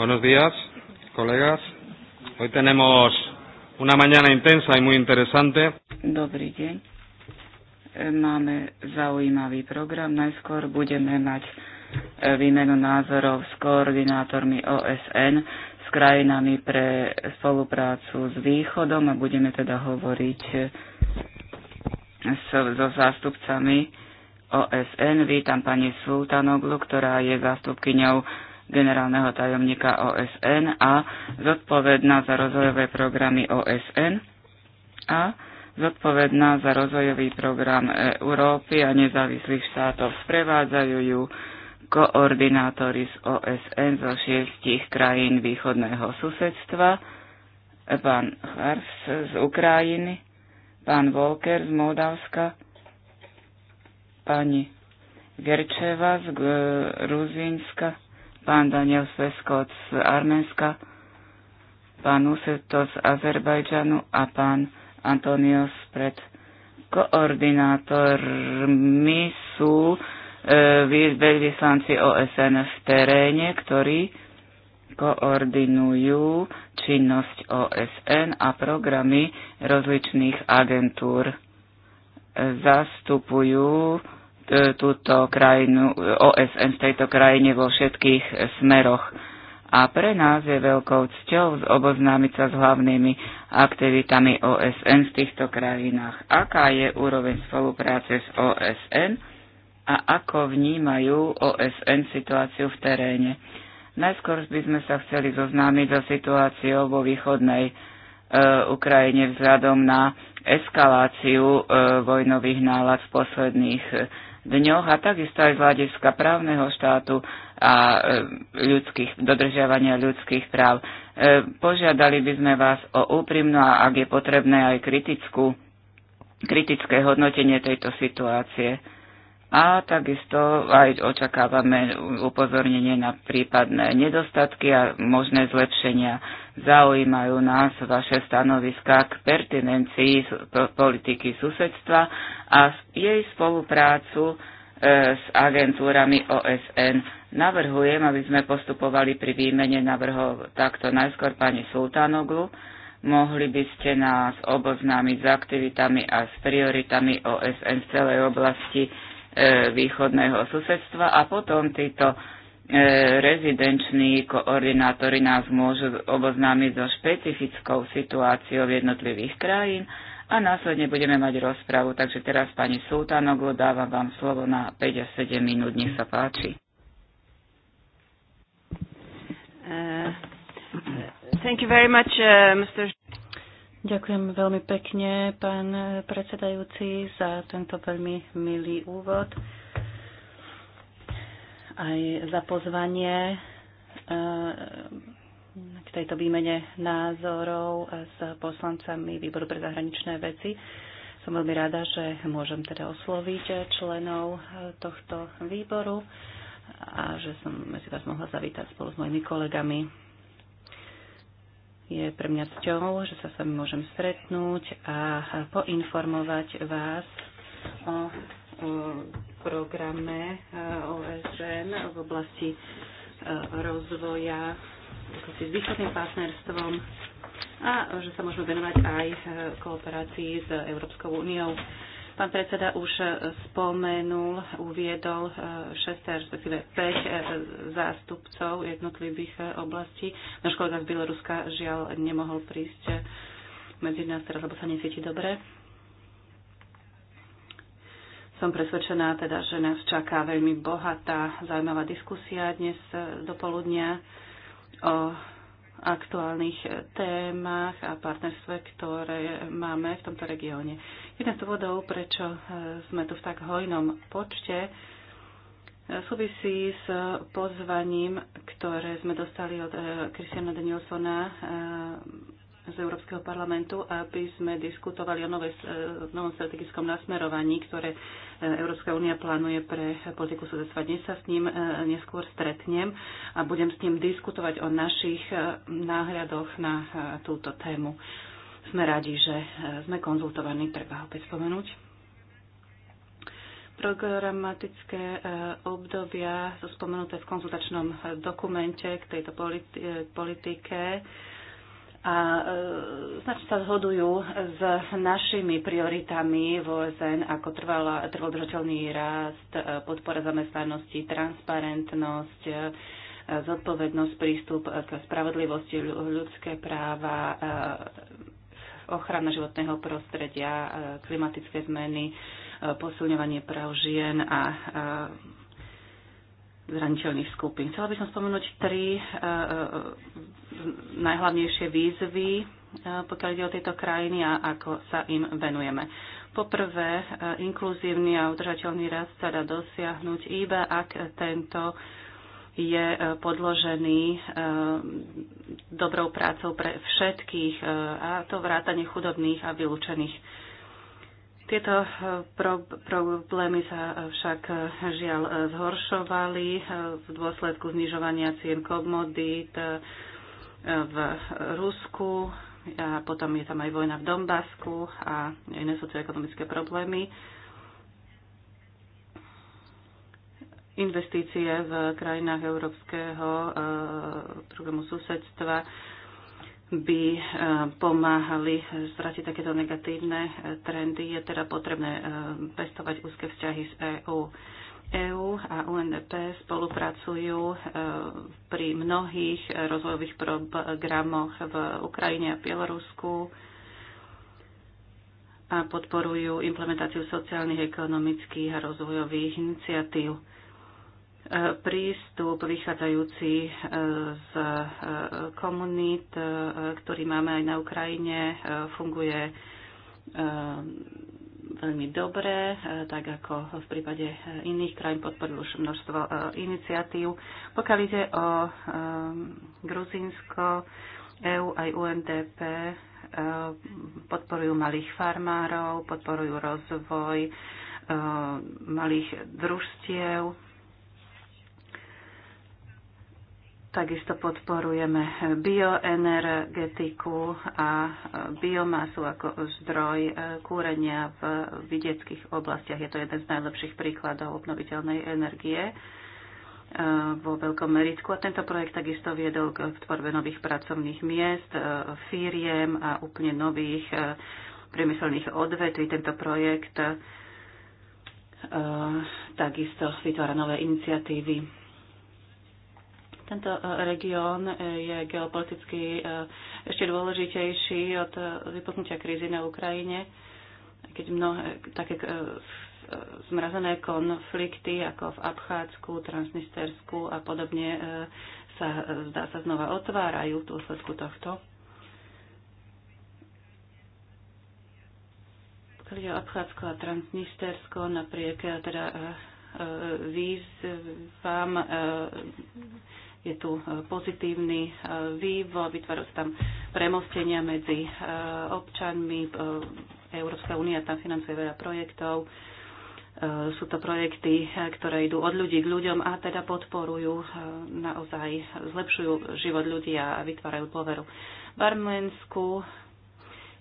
Buenos días, colegas. Hoy tenemos una mañana intensa y muy interesante. Dobrý deň. E, máme zaujímavý program. Najskôr budeme mať e, výmenu názorov s koordinátormi OSN s krajinami pre spoluprácu s Východom a budeme teda hovoriť e, so, so zástupcami OSN. Vítam pani Sultanoglu, ktorá je zástupkyňou generálneho tajomníka OSN a zodpovedná za rozvojové programy OSN a zodpovedná za rozvojový program Európy a nezávislých štátov. Sprevádzajú ju koordinátori z OSN zo šiestich krajín východného susedstva, pán Hars z Ukrajiny, pán Volker z Moldavska, pani Gerčeva z Gruzínska, pán Daniel Sveskot z Arménska, pán Useto z Azerbajdžanu a pán Antonios pred koordinátormi sú e, veľvyslanci OSN v teréne, ktorí koordinujú činnosť OSN a programy rozličných agentúr. Zastupujú E, túto krajinu, e, OSN v tejto krajine vo všetkých smeroch. A pre nás je veľkou cťou oboznámiť sa s hlavnými aktivitami OSN v týchto krajinách. Aká je úroveň spolupráce s OSN a ako vnímajú OSN situáciu v teréne. Najskôr by sme sa chceli zoznámiť so situáciou vo východnej e, Ukrajine vzhľadom na eskaláciu e, vojnových nálad v posledných e, dňoch a takisto aj z hľadiska právneho štátu a e, ľudských, dodržiavania ľudských práv. E, požiadali by sme vás o úprimnú a ak je potrebné aj kritickú, kritické hodnotenie tejto situácie. A takisto aj očakávame upozornenie na prípadné nedostatky a možné zlepšenia. Zaujímajú nás vaše stanoviská k pertinencii politiky susedstva a jej spoluprácu e, s agentúrami OSN. Navrhujem, aby sme postupovali pri výmene navrhov takto najskôr pani Sultanoglu. Mohli by ste nás oboznámiť s aktivitami a s prioritami OSN v celej oblasti e, východného susedstva a potom títo rezidenční koordinátori nás môžu oboznámiť so špecifickou situáciou jednotlivých krajín a následne budeme mať rozpravu. Takže teraz, pani Sultanoglu, dávam vám slovo na 5 a 7 minút. Nech sa páči. Uh, thank you very much, uh, Mr. Ďakujem veľmi pekne, pán predsedajúci, za tento veľmi milý úvod. Uh, aj za pozvanie eh, k tejto výmene názorov s poslancami Výboru pre zahraničné veci. Som veľmi rada, že môžem teda osloviť členov tohto výboru a že som si vás mohla zavítať spolu s mojimi kolegami. Je pre mňa cťou, že sa s vami môžem stretnúť a poinformovať vás o programe eh, OSN v oblasti eh, rozvoja s východným partnerstvom a že sa môžeme venovať aj eh, kooperácii s Európskou úniou. Pán predseda už spomenul, uviedol 6, respektíve 5 zástupcov jednotlivých oblastí. Náš kolega z Bieloruska žiaľ nemohol prísť medzi nás teraz, lebo sa necíti dobre. Som presvedčená teda, že nás čaká veľmi bohatá, zaujímavá diskusia dnes e, do poludnia o aktuálnych e, témach a partnerstve, ktoré máme v tomto regióne. Jedna z dôvodov, prečo e, sme tu v tak hojnom počte, súvisí s pozvaním, ktoré sme dostali od Kristiana Danielsona, z Európskeho parlamentu, aby sme diskutovali o nové, e, novom strategickom nasmerovaní, ktoré e, Európska únia plánuje pre politiku susedstva. Dnes sa s ním e, neskôr stretnem a budem s ním diskutovať o našich náhľadoch na túto tému. Sme radi, že sme konzultovaní, treba opäť spomenúť programatické obdobia sú spomenuté v konzultačnom dokumente k tejto politike a e, značne sa zhodujú s našimi prioritami v OSN ako trvalá, trvodržateľný rast, e, podpora zamestnanosti, transparentnosť, e, zodpovednosť, prístup k spravodlivosti, ľudské práva, ochrana životného prostredia, klimatické zmeny, posilňovanie práv žien a zraniteľných skupín. Chcela by som spomenúť tri e, e, najhlavnejšie výzvy, e, pokiaľ ide o tieto krajiny a ako sa im venujeme. Poprvé, inkluzívny a udržateľný rast sa dá dosiahnuť iba, ak tento je podložený dobrou prácou pre všetkých, a to vrátanie chudobných a vylúčených tieto eh, pro, problémy sa eh, však eh, žiaľ zhoršovali v dôsledku znižovania cien komodít v Rusku a potom je tam aj vojna v Donbasku a iné socioekonomické problémy. Investície v krajinách európskeho programu susedstva by e, pomáhali zvratiť takéto negatívne e, trendy, je teda potrebné e, pestovať úzke vzťahy s EÚ. EÚ a UNDP spolupracujú pri mnohých rozvojových programoch v Ukrajine a Bielorusku a podporujú implementáciu sociálnych, ekonomických a rozvojových iniciatív prístup vychádzajúci e, z e, komunít, e, ktorý máme aj na Ukrajine, funguje veľmi dobre, tak ako v prípade iných krajín podporil už množstvo iniciatív. Pokiaľ ide o Gruzínsko, EU aj UNDP podporujú malých farmárov, podporujú rozvoj malých družstiev, Takisto podporujeme bioenergetiku a biomasu ako zdroj kúrenia v vidieckých oblastiach. Je to jeden z najlepších príkladov obnoviteľnej energie e, vo veľkom meritku. A tento projekt takisto viedol k tvorbe nových pracovných miest, e, firiem a úplne nových e, priemyselných odvetví. Tento projekt takisto vytvára nové iniciatívy tento e, región e, je geopoliticky e, ešte dôležitejší od vypuknutia krízy na Ukrajine, keď mnohé také zmrazené konflikty ako v Abchádsku, Transnistersku a podobne sa zdá sa znova otvárajú v dôsledku tohto. Pokiaľ je Abchádsko a Transnistersko napriek teda výzvam je tu e, pozitívny e, vývoj, vytvárajú sa tam premostenia medzi e, občanmi. Európska únia tam financuje veľa projektov. Sú to projekty, ktoré idú od ľudí k ľuďom a teda podporujú, naozaj zlepšujú život ľudí a vytvárajú dôveru. V Arménsku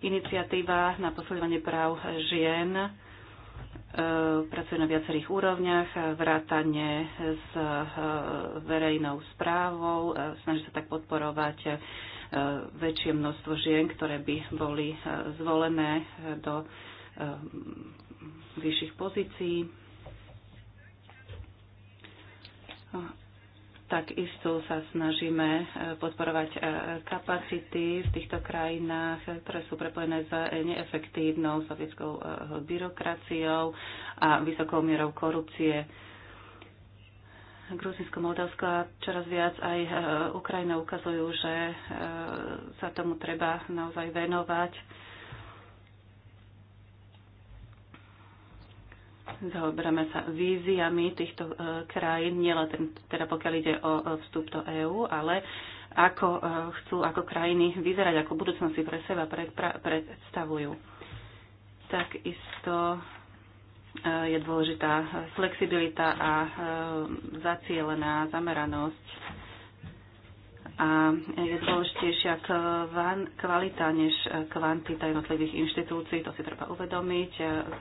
iniciatíva na posledovanie práv žien E, pracuje na viacerých úrovniach, e, vrátane s e, verejnou správou, snaží sa tak podporovať väčšie množstvo žien, ktoré by boli zvolené do vyšších pozícií. Takisto sa snažíme e, podporovať e, kapacity v týchto krajinách, e, ktoré sú prepojené s neefektívnou sovietskou byrokraciou a vysokou mierou korupcie. Gruzinsko, Moldavsko a čoraz viac aj Ukrajina ukazujú, že sa tomu treba naozaj venovať Zaoberáme sa víziami týchto e, krajín, nielen teda pokiaľ ide o e, vstup do EÚ, ale ako e, chcú ako krajiny vyzerať, ako budúcnosť si pre seba predstavujú. Takisto je dôležitá flexibilita a zacielená zameranosť a je dôležitejšia kvalita než kvantita jednotlivých inštitúcií. To si treba uvedomiť.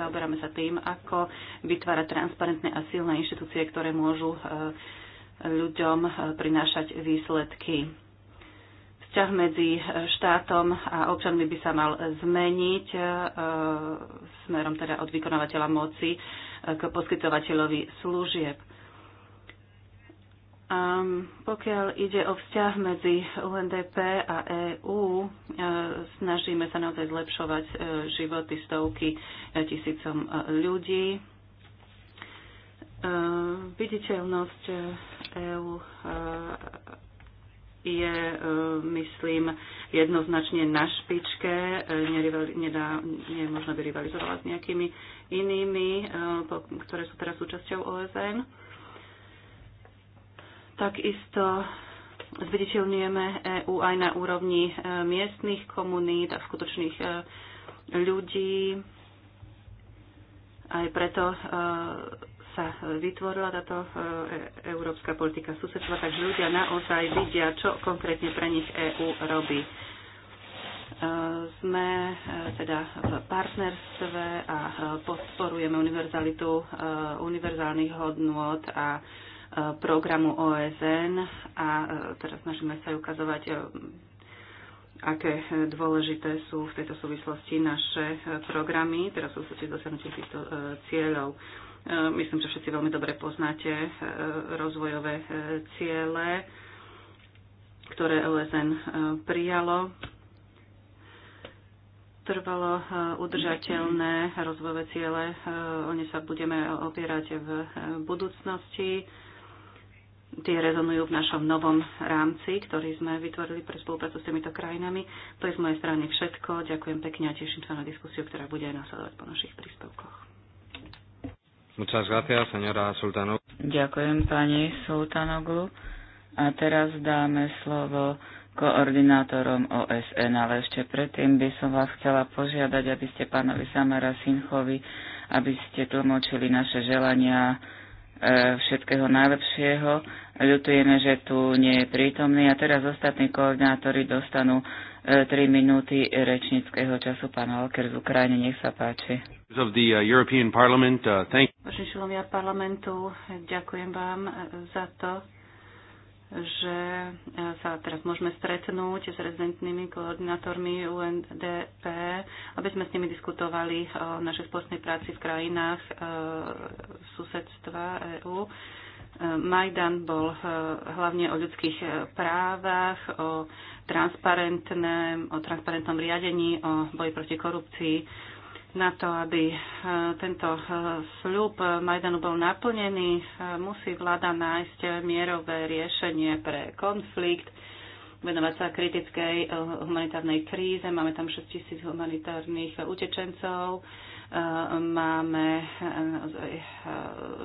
Zaoberáme sa tým, ako vytvárať transparentné a silné inštitúcie, ktoré môžu e, ľuďom e, prinášať výsledky. Vzťah medzi e, štátom a občanmi by sa mal zmeniť smerom teda od vykonávateľa moci k poskytovateľovi služieb a pokiaľ ide o vzťah medzi UNDP a EÚ, e, snažíme sa naozaj zlepšovať e, životy stovky e, tisícom ľudí. Viditeľnosť EÚ je, myslím, jednoznačne na špičke. Nedá, nie je možno by rivalizovala s nejakými inými, ktoré sú teraz súčasťou OSN Takisto zviditeľňujeme EÚ aj na úrovni e, miestnych komunít a skutočných e, ľudí. Aj preto e, sa vytvorila táto európska politika susedstva, takže ľudia naozaj vidia, čo konkrétne pre nich EÚ robí. Sme teda v partnerstve a podporujeme univerzalitu univerzálnych hodnôt a programu OSN a e, teraz snažíme sa ukazovať, e, aké dôležité sú v tejto súvislosti naše e, programy, ktoré sú s dosiahnutia týchto cieľov. Myslím, že všetci veľmi dobre poznáte rozvojové ciele, ktoré OSN prijalo trvalo udržateľné rozvojové ciele. O ne sa budeme opierať v budúcnosti. Tie rezonujú v našom novom rámci, ktorý sme vytvorili pre spoluprácu s týmito krajinami. To je z mojej strany všetko. Ďakujem pekne a teším sa na diskusiu, ktorá bude aj nasledovať po našich príspevkoch. Muchas gracias, señora Sultanoglu. Ďakujem pani Sultanoglu. A teraz dáme slovo koordinátorom OSN, ale ešte predtým by som vás chcela požiadať, aby ste pánovi Samara Sinchovi, aby ste tlmočili naše želania E, všetkého najlepšieho. Ľutujeme, že tu nie je prítomný a teraz ostatní koordinátori dostanú 3 e, minúty rečníckého času. Pán Walker z Ukrajiny, nech sa páči. Of the uh, European Parliament, uh, thank... parlamentu, ďakujem vám e, za to, že e, sa teraz môžeme stretnúť s rezidentnými koordinátormi UNDP, aby sme s nimi diskutovali o našej spoločnej práci v krajinách e, susedstva EÚ. E, Majdan bol hlavne o ľudských právach, o transparentnom, o transparentnom riadení, o boji proti korupcii na to, aby e, tento e, sľub Majdanu bol naplnený, e, musí vláda nájsť mierové riešenie pre konflikt, venovať sa kritickej humanitárnej kríze. Máme tam 6 tisíc humanitárnych utečencov, máme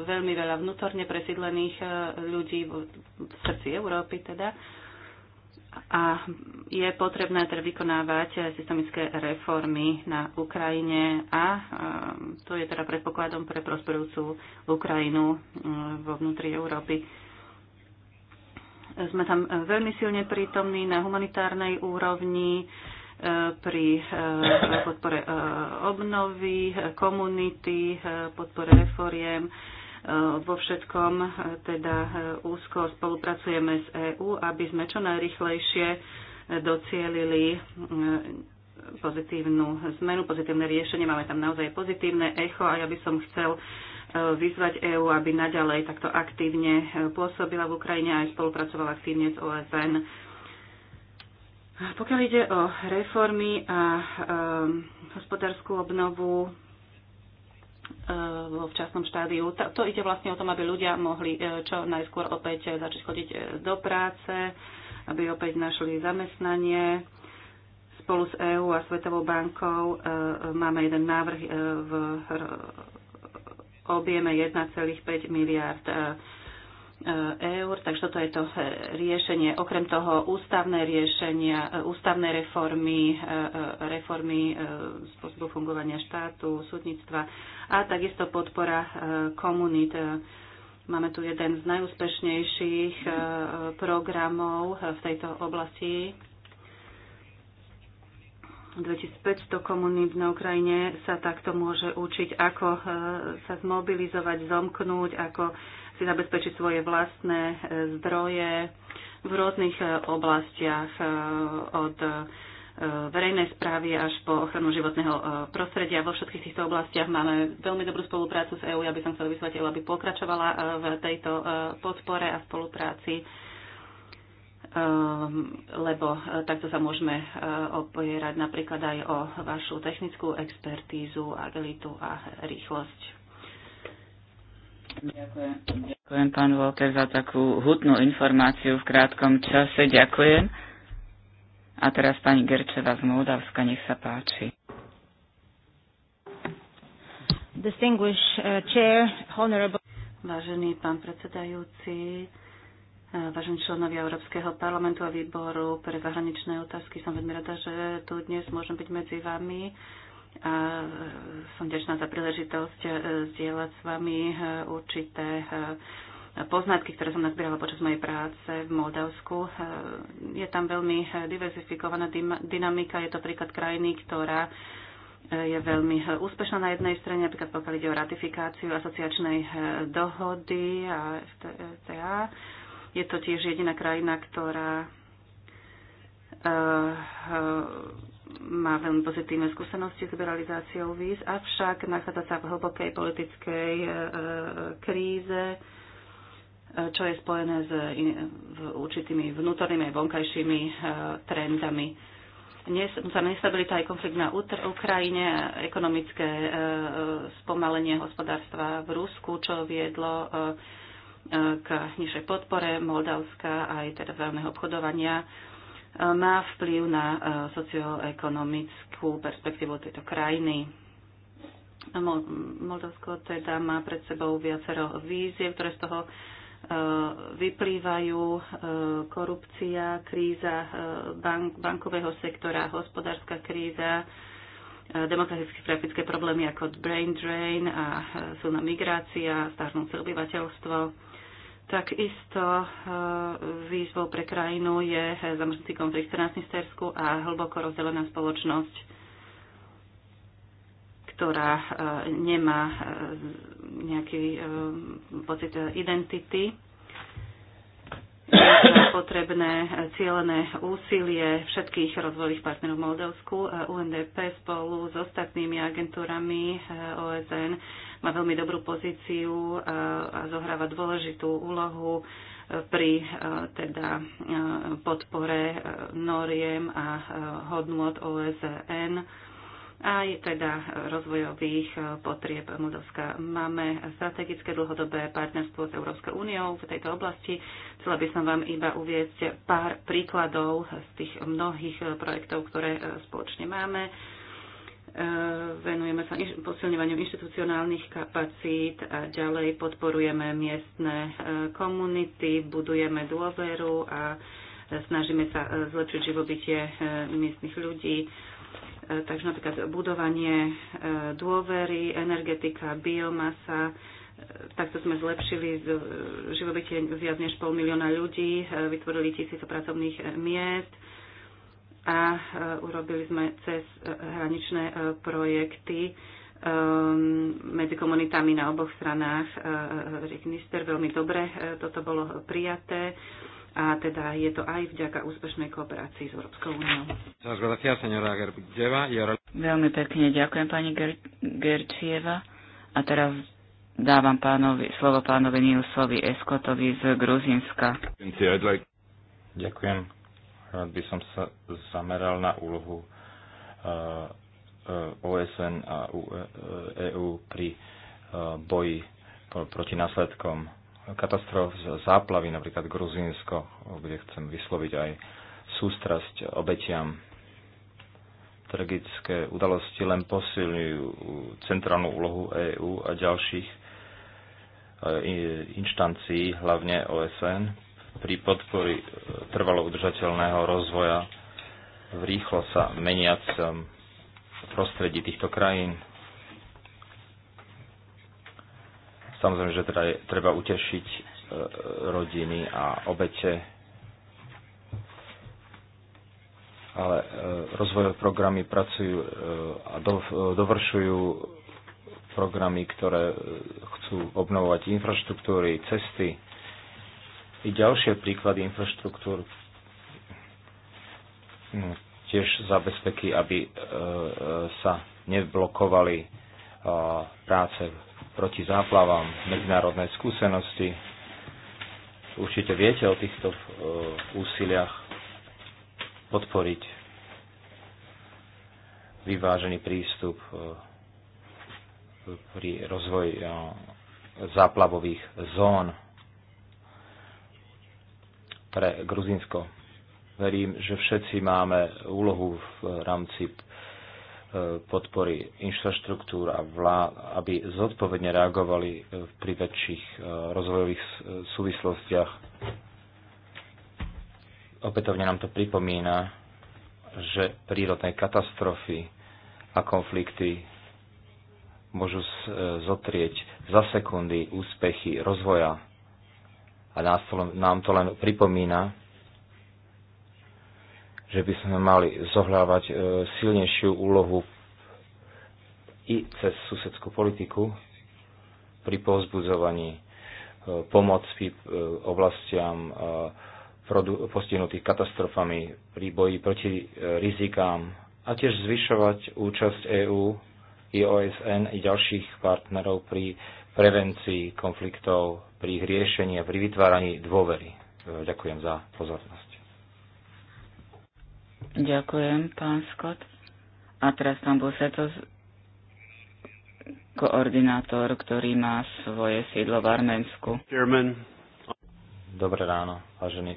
veľmi veľa vnútorne presídlených ľudí v srdci Európy teda a je potrebné teda vykonávať systemické reformy na Ukrajine a um, to je teda predpokladom pre prosperujúcu Ukrajinu um, vo vnútri Európy. Sme tam uh, veľmi silne prítomní na humanitárnej úrovni uh, pri uh, podpore obnovy komunity, podpore reforiem vo všetkom eh, teda eh, úzko spolupracujeme s EÚ, aby sme čo najrychlejšie eh, docielili pozitívnu zmenu, pozitívne riešenie. Máme tam naozaj pozitívne echo a ja by som chcel vyzvať EÚ, aby naďalej takto aktívne pôsobila v Ukrajine a aj spolupracovala aktívne s OSN. Pokiaľ ide o reformy a um, hospodárskú obnovu, Eh, vo včasnom štádiu. To ide vlastne o tom, aby ľudia mohli eh, čo najskôr opäť eh, začať chodiť do práce, aby opäť našli zamestnanie. Spolu s EÚ a Svetovou bankou máme jeden návrh v objeme 1,5 miliard eur, takže toto je to e, riešenie. Okrem toho ústavné riešenia, e, ústavné reformy, e, reformy spôsobu fungovania štátu, súdnictva a takisto podpora komunít. Máme tu jeden z najúspešnejších programov v tejto oblasti. 2500 komunít na Ukrajine sa takto môže učiť, ako sa zmobilizovať, zomknúť, ako si zabezpečiť svoje vlastné e, zdroje v rôznych e, oblastiach e, od verejnej správy až po ochranu životného prostredia. Vo všetkých týchto oblastiach máme veľmi dobrú spoluprácu s EÚ. Ja by som chcel vyzvať EÚ, aby pokračovala v tejto podpore a spolupráci, ehm, lebo takto sa môžeme opierať napríklad aj o vašu technickú expertízu, agilitu a rýchlosť. Ďakujem, ďakujem pán Volker za takú hutnú informáciu v krátkom čase. Ďakujem. A teraz pani Gerčeva z Moldavska, nech sa páči. Uh, Vážený pán predsedajúci, uh, vážení členovia Európskeho parlamentu a výboru pre zahraničné otázky, som veľmi rada, že tu dnes môžem byť medzi vami a e, som ďačná za príležitosť e, zdieľať s vami e, určité poznatky, ktoré som nazbierala počas mojej práce v Moldavsku. Je tam veľmi diverzifikovaná dynamika, je to príklad krajiny, ktorá je veľmi úspešná na jednej strane, napríklad pokiaľ ide o ratifikáciu asociačnej dohody a FTA. Je to tiež jediná krajina, ktorá má veľmi pozitívne skúsenosti s liberalizáciou víz, avšak nachádza sa v hlbokej politickej e, kríze, e, čo je spojené s určitými vnútornými a vonkajšími e, trendami. Nestabilita aj konflikt na Ukrajine, ekonomické spomalenie hospodárstva v Rusku, čo viedlo k nižšej podpore Moldavska aj teda veľného obchodovania má vplyv na eh, socioekonomickú perspektívu tejto krajiny. Moldavsko teda má pred sebou viacero víziev, ktoré z toho eh, vyplývajú eh, korupcia, kríza bank, bankového sektora, hospodárska kríza, demokratické praktické problémy ako brain drain a silná migrácia, starnúce obyvateľstvo Takisto e, výzvou pre krajinu je e, zamrznutý konflikt v Transnistersku a hlboko rozdelená spoločnosť, ktorá e, nemá nejaký pocit identity. Je potrebné cielené úsilie všetkých rozvojových partnerov v Moldavsku, UNDP spolu s ostatnými agentúrami OSN má veľmi dobrú pozíciu e, a zohráva dôležitú úlohu e, pri e, teda podpore noriem a hodnot OSN aj teda rozvojových potrieb Moldovska. Máme strategické dlhodobé partnerstvo s Európskou úniou v tejto oblasti. Chcela by som vám iba uviezť pár príkladov z tých mnohých projektov, ktoré spoločne máme venujeme sa posilňovaniu inštitucionálnych kapacít a ďalej podporujeme miestne e, komunity, budujeme dôveru a snažíme sa e, zlepšiť živobytie e, miestnych ľudí. Takže napríklad budovanie dôvery, energetika, biomasa, takto sme zlepšili živobytie viac než pol milióna ľudí, vytvorili tisíce pracovných miest, a e, urobili sme cez e, hraničné e, projekty medzi komunitami na oboch stranách riek Nister. Veľmi dobre toto bolo prijaté a teda je to aj vďaka úspešnej kooperácii s Európskou úniou. Veľmi pekne ďakujem pani Ger- Gerčieva a teraz dávam pánovi, slovo pánovi Nilsovi Eskotovi z Gruzinska. Ďakujem. Rád by som sa zameral na úlohu eh, OSN a EÚ eh, e pri eh, boji proti následkom katastrof záplavy, napríklad Gruzínsko, kde chcem vysloviť aj sústrasť obetiam. Tragické udalosti len posilňujú centrálnu úlohu EÚ a ďalších inštancií, hlavne OSN, pri podpory e, trvalo udržateľného rozvoja v rýchlo sa meniacom prostredí týchto krajín. Samozrejme, že teda je, treba utešiť e, rodiny a obete ale e, rozvojové programy pracujú a dovršujú programy, ktoré chcú obnovovať infraštruktúry, cesty, i ďalšie príklady infraštruktúr no, tiež zabezpeky, aby e, e, sa neblokovali e, práce proti záplavám, medzinárodné skúsenosti. Určite viete o týchto e, úsiliach podporiť vyvážený prístup e, pri rozvoji e, záplavových zón pre Gruzinsko. Verím, že všetci máme úlohu v rámci e, podpory infraštruktúr a vlád, aby zodpovedne reagovali e, pri väčších e, rozvojových súvislostiach. Opätovne nám to pripomína, že prírodné katastrofy a konflikty môžu zotrieť za sekundy úspechy rozvoja a nás to, nám to len pripomína, že by sme mali zohľávať e, silnejšiu úlohu i cez susedskú politiku pri povzbudzovaní e, pomoci e, oblastiam e, produ- postihnutých katastrofami pri boji proti e, rizikám a tiež zvyšovať účasť EÚ i OSN i ďalších partnerov pri prevencii konfliktov, pri ich riešení a pri vytváraní dôvery. Ďakujem za pozornosť. Ďakujem, pán Scott. A teraz tam bol koordinátor, ktorý má svoje sídlo v Arménsku. Dobré ráno, vážený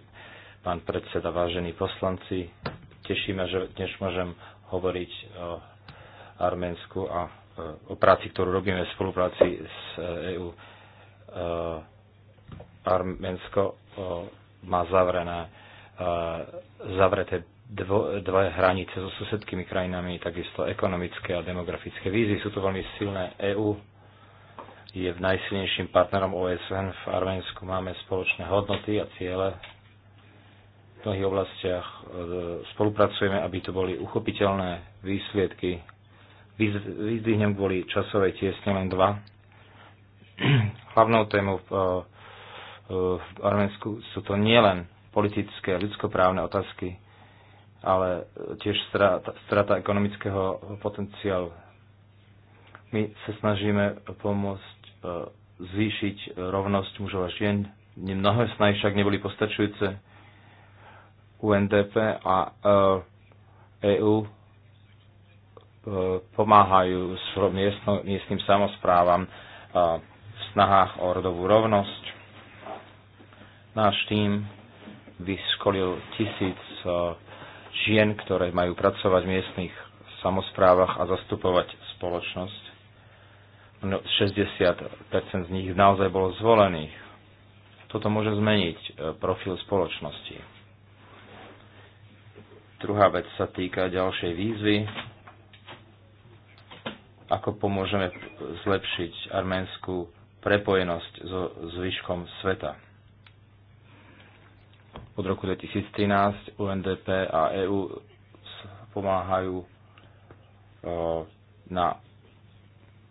pán predseda, vážení poslanci. Teší ma, že dnes môžem hovoriť o Arménsku a o práci, ktorú robíme v spolupráci s EU. Eh, e eh, Arménsko eh, má zavrené, zavreté dve hranice so susedkými krajinami, takisto ekonomické a demografické vízy. Sú to veľmi silné. EU je v najsilnejším partnerom OSN v Arménsku. Máme spoločné hodnoty a ciele. V mnohých oblastiach spolupracujeme, aby to boli uchopiteľné výsledky Vyzdvihnem kvôli časovej tiesne len dva. Hlavnou témou v, e, v Arménsku sú to nielen politické a ľudskoprávne otázky, ale tiež strata, strata ekonomického potenciálu. My sa snažíme pomôcť e, zvýšiť rovnosť mužov a žien. Mnohé snahy však neboli postačujúce. UNDP a EU e pomáhajú s miestno, miestnym samozprávam v snahách o rodovú rovnosť. Náš tým vyskolil tisíc žien, ktoré majú pracovať v miestnych samozprávach a zastupovať spoločnosť. 60% no, z nich naozaj bolo zvolených. Toto môže zmeniť e, profil spoločnosti. Druhá vec sa týka ďalšej výzvy, ako pomôžeme zlepšiť arménskú prepojenosť so zvyškom sveta. Od roku 2013 UNDP a EU pomáhajú e, na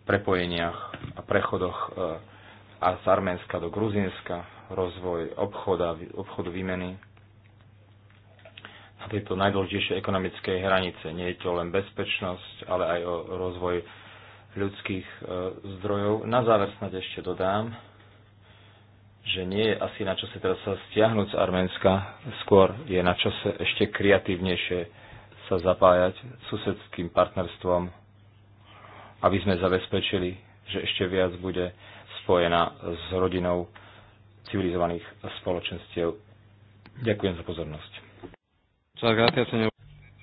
prepojeniach a prechodoch e, a z Arménska do Gruzínska, rozvoj obchoda, obchodu výmeny na tejto najdôležitejšej ekonomickej hranice. Nie je to len bezpečnosť, ale aj o rozvoj ľudských e, zdrojov. Na záver snad ešte dodám, že nie je asi na čase teraz sa stiahnuť z Arménska, skôr je na čase ešte kreatívnejšie sa zapájať susedským partnerstvom, aby sme zabezpečili, že ešte viac bude spojená s rodinou civilizovaných spoločenstiev. Ďakujem za pozornosť.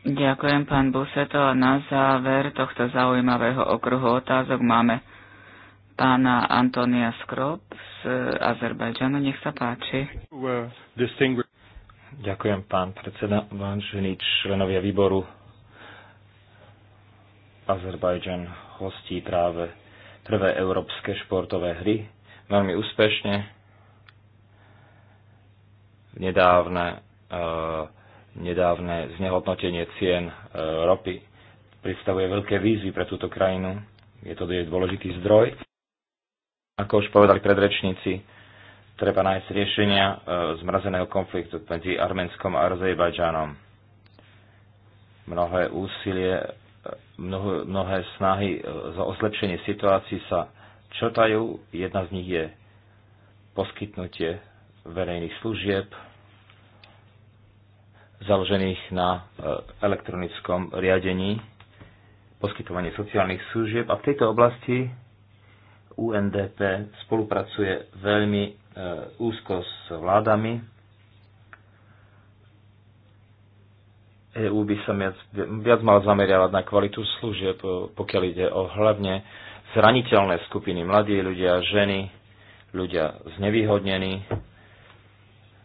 Ďakujem, pán Buseto. A na záver tohto zaujímavého okruhu otázok máme pána Antonia Skrop z Azerbajdžanu. Nech sa páči. Ďakujem, pán predseda, vážení členovia výboru. Azerbajdžan hostí práve prvé európske športové hry. Veľmi úspešne. Nedávne uh, Nedávne znehodnotenie cien e, ropy predstavuje veľké výzvy pre túto krajinu. Je to dôležitý zdroj. Ako už povedali predrečníci, treba nájsť riešenia e, zmrazeného konfliktu medzi Arménskom a Azerbajdžanom. Mnohé úsilie, e, mnohé, mnohé snahy za oslepšenie situácií sa črtajú. Jedna z nich je poskytnutie verejných služieb, založených na e, elektronickom riadení, poskytovanie sociálnych služieb a v tejto oblasti UNDP spolupracuje veľmi e, úzko s vládami. EU by sa viac, viac mal zameriavať na kvalitu služieb, e, pokiaľ ide o hlavne zraniteľné skupiny, mladí ľudia, ženy, ľudia znevýhodnení,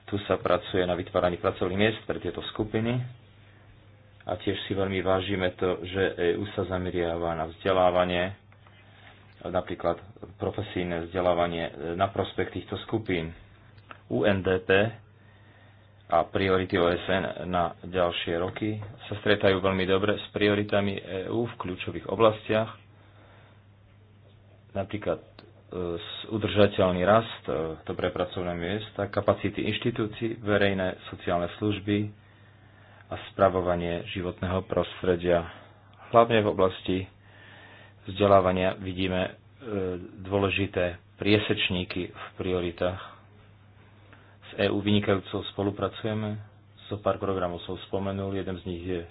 tu sa pracuje na vytváraní pracovných miest pre tieto skupiny a tiež si veľmi vážime to, že EU sa zameriava na vzdelávanie, napríklad profesijné vzdelávanie e, na prospech týchto skupín. UNDP a priority OSN na ďalšie roky sa stretajú veľmi dobre s prioritami EÚ v kľúčových oblastiach, napríklad udržateľný rast, e, dobré pracovné miesta, kapacity inštitúcií, verejné sociálne služby a spravovanie životného prostredia. Hlavne v oblasti vzdelávania vidíme e, dôležité priesečníky v prioritách. S EU vynikajúcov spolupracujeme, so pár programov som spomenul, jeden z nich je,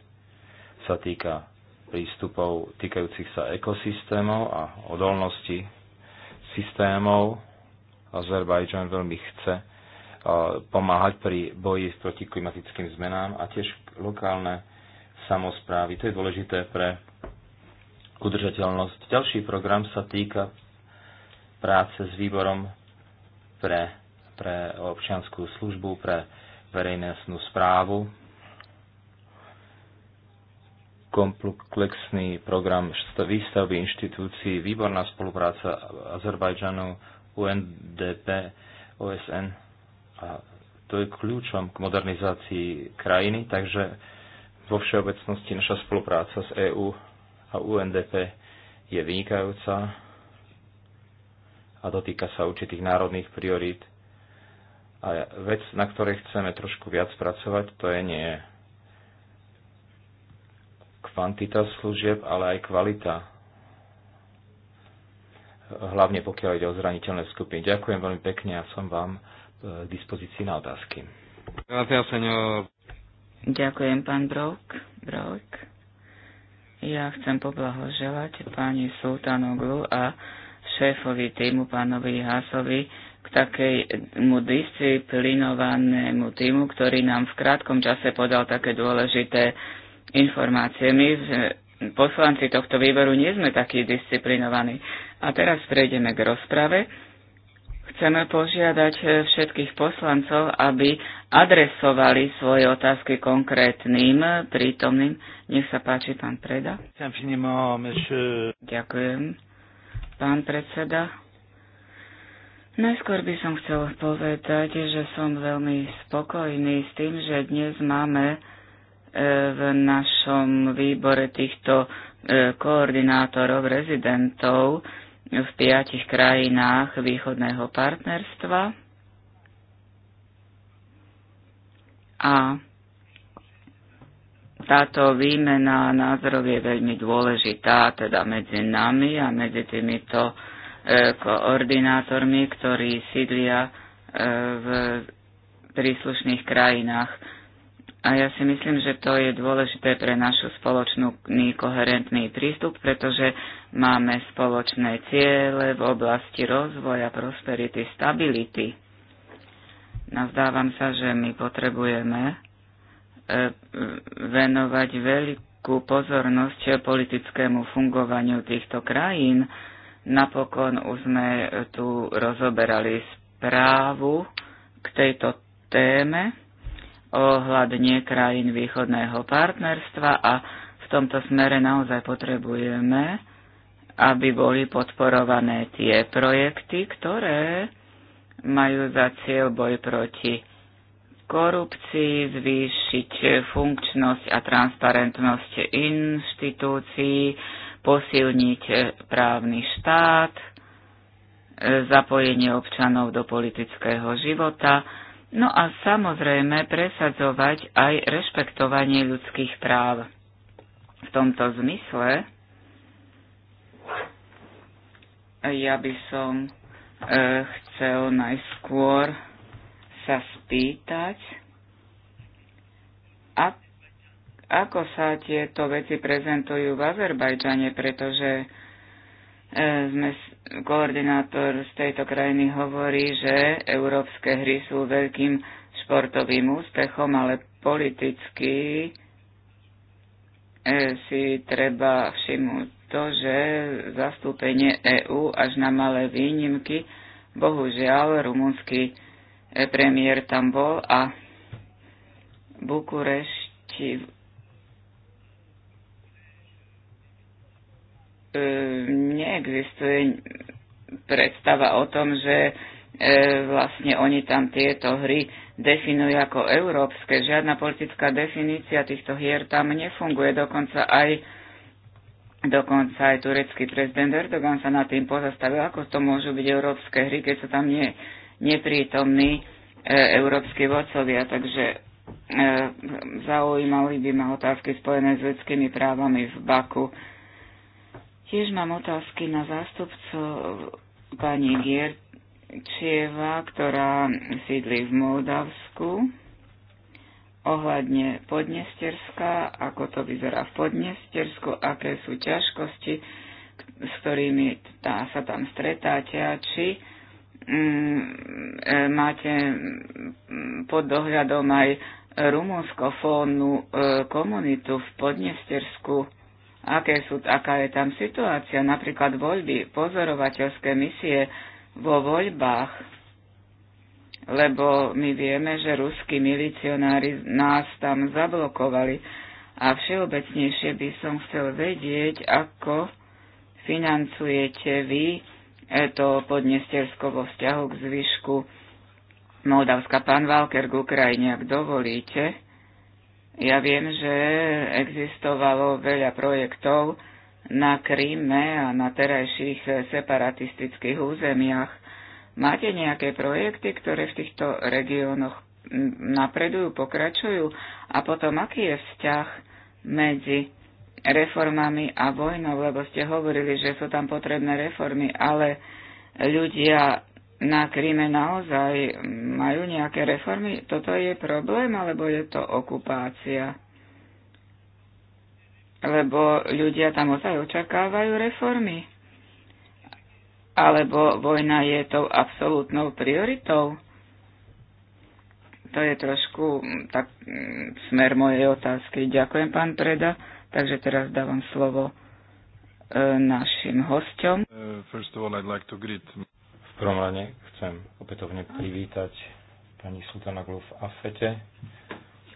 sa týka prístupov týkajúcich sa ekosystémov a odolnosti systémov. Azerbajdžan veľmi chce pomáhať pri boji proti klimatickým zmenám a tiež lokálne samozprávy. To je dôležité pre udržateľnosť. Ďalší program sa týka práce s výborom pre, pre občianskú službu, pre verejnú správu komplexný program výstavby inštitúcií, výborná spolupráca Azerbajdžanu, UNDP, OSN a to je kľúčom k modernizácii krajiny, takže vo všeobecnosti naša spolupráca s EÚ a UNDP je vynikajúca a dotýka sa určitých národných priorít. A vec, na ktorej chceme trošku viac pracovať, to je nie kvantita služieb, ale aj kvalita. Hlavne pokiaľ ide o zraniteľné skupiny. Ďakujem veľmi pekne a som vám e, k dispozícii na otázky. Ďakujem, pán Brok. Brok. Ja chcem poblahoželať pani Sultanoglu a šéfovi týmu pánovi Hasovi k takému disciplinovanému týmu, ktorý nám v krátkom čase podal také dôležité informácie. My, e, poslanci tohto výboru, nie sme takí disciplinovaní. A teraz prejdeme k rozprave. Chceme požiadať e, všetkých poslancov, aby adresovali svoje otázky konkrétnym e, prítomným. Nech sa páči, pán Preda. Ďakujem, pán predseda. Najskôr by som chcel povedať, že som veľmi spokojný s tým, že dnes máme E, v našom výbore týchto e, koordinátorov, rezidentov v piatich krajinách východného partnerstva. A táto výmena názorov je veľmi dôležitá, teda medzi nami a medzi týmito e, koordinátormi, ktorí sídlia v príslušných krajinách a ja si myslím, že to je dôležité pre našu spoločnú koherentný prístup, pretože máme spoločné ciele v oblasti rozvoja, prosperity, stability. Nazdávam sa, že my potrebujeme e, venovať veľkú pozornosť politickému fungovaniu týchto krajín. Napokon už sme tu rozoberali správu k tejto téme ohľadne krajín východného partnerstva a v tomto smere naozaj potrebujeme, aby boli podporované tie projekty, ktoré majú za cieľ boj proti korupcii, zvýšiť funkčnosť a transparentnosť inštitúcií, posilniť právny štát, zapojenie občanov do politického života, no a samozrejme presadzovať aj rešpektovanie ľudských práv. V tomto zmysle ja by som e, chcel najskôr sa spýtať, a, ako sa tieto veci prezentujú v Azerbajdžane, pretože E, sme, koordinátor z tejto krajiny hovorí, že európske hry sú veľkým športovým úspechom, ale politicky e, si treba všimnúť to, že zastúpenie EÚ až na malé výnimky, bohužiaľ, rumunský e, premiér tam bol a Bukurešti E, neexistuje predstava o tom, že e, vlastne oni tam tieto hry definujú ako európske. Žiadna politická definícia týchto hier tam nefunguje. Dokonca aj, dokonca aj turecký prezident Erdogan sa nad tým pozastavil, ako to môžu byť európske hry, keď sú tam nie, neprítomní e, európsky vodcovia. Takže e, zaujímali by ma otázky spojené s ľudskými právami v Baku. E, Tiež mám otázky na zástupcu pani Gierčieva, ktorá sídli v Moldavsku ohľadne Podnesterska, ako to vyzerá v Podnestersku, aké sú ťažkosti, s ktorými tá, sa tam stretáte a či mm, e, máte pod dohľadom aj rumúnskofónnu e, komunitu v Podnestersku aké sú, aká je tam situácia, napríklad voľby, pozorovateľské misie vo voľbách, lebo my vieme, že ruskí milicionári nás tam zablokovali a všeobecnejšie by som chcel vedieť, ako financujete vy to podnestersko vo vzťahu k zvyšku Moldavska. Pán Valker k Ukrajine, ak dovolíte, ja viem, že existovalo veľa projektov na Kríme a na terajších separatistických územiach. Máte nejaké projekty, ktoré v týchto regiónoch napredujú, pokračujú? A potom, aký je vzťah medzi reformami a vojnou, lebo ste hovorili, že sú tam potrebné reformy, ale ľudia na Kríme naozaj majú nejaké reformy? Toto je problém, alebo je to okupácia? Lebo ľudia tam ozaj očakávajú reformy? Alebo vojna je tou absolútnou prioritou? To je trošku tak, mm, smer mojej otázky. Ďakujem, pán Preda. Takže teraz dávam slovo e, našim hostom. Uh, prvom rade chcem opätovne privítať pani Sultanoglu v AFETE,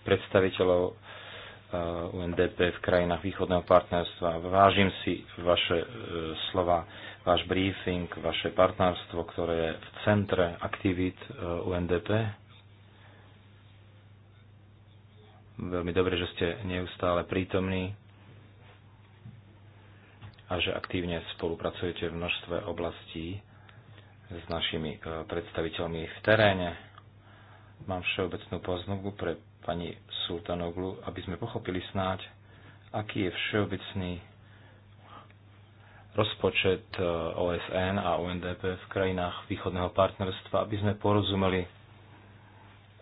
predstaviteľov eh, UNDP v krajinách východného partnerstva. Vážim si vaše eh, slova, váš briefing, vaše partnerstvo, ktoré je v centre aktivít eh, UNDP. Veľmi dobre, že ste neustále prítomní a že aktívne spolupracujete v množstve oblastí s našimi e, predstaviteľmi v teréne. Mám všeobecnú poznámku pre pani Sultanoglu, aby sme pochopili snáď, aký je všeobecný rozpočet e, OSN a UNDP v krajinách východného partnerstva, aby sme porozumeli,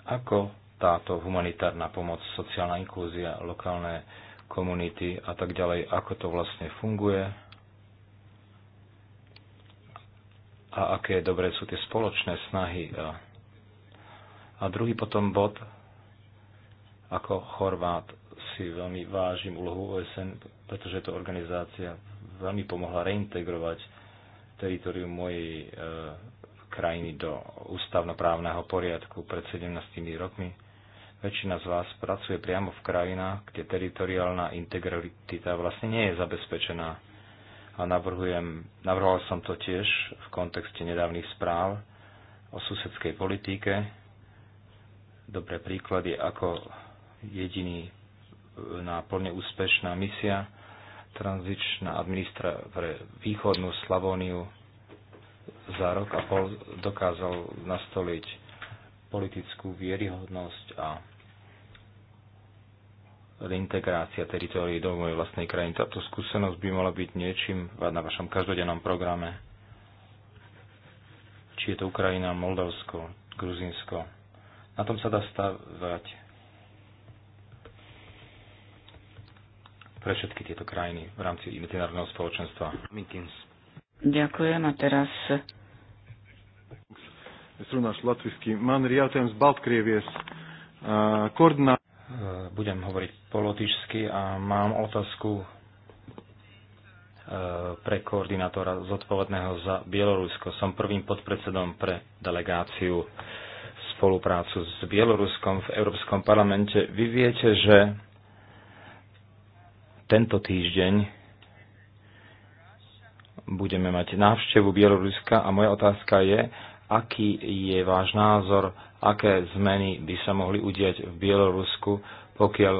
ako táto humanitárna pomoc, sociálna inklúzia, lokálne komunity a tak ďalej, ako to vlastne funguje, a aké dobré sú tie spoločné snahy. A, a druhý potom bod, ako Chorvát si veľmi vážim úlohu OSN, pretože to organizácia veľmi pomohla reintegrovať teritorium mojej e, krajiny do ústavnoprávneho poriadku pred 17 rokmi. Väčšina z vás pracuje priamo v krajinách, kde teritoriálna integralita vlastne nie je zabezpečená a navrhujem, navrhoval som to tiež v kontexte nedávnych správ o susedskej politike. Dobré príklady ako jediný e, na plne úspešná misia tranzičná administra pre východnú Slavóniu za rok a pol dokázal nastoliť politickú vieryhodnosť a reintegrácia teritórií do mojej vlastnej krajiny. Táto skúsenosť by mala byť niečím na vašom každodennom programe. Či je to Ukrajina, Moldavsko, Gruzinsko. Na tom sa dá stavať pre všetky tieto krajiny v rámci medzinárodného spoločenstva. Mikins. Ďakujem a teraz Srunáš Latvijský. latviski. Man ir koordinátor. uh, Eh, budem hovoriť polotyšsky a mám otázku eh, pre koordinátora zodpovedného za Bielorusko. Som prvým podpredsedom pre delegáciu spoluprácu s Bieloruskom v Európskom parlamente. Vy viete, že tento týždeň budeme mať návštevu Bieloruska a moja otázka je, aký je váš názor aké zmeny by sa mohli udiať v Bielorusku, pokiaľ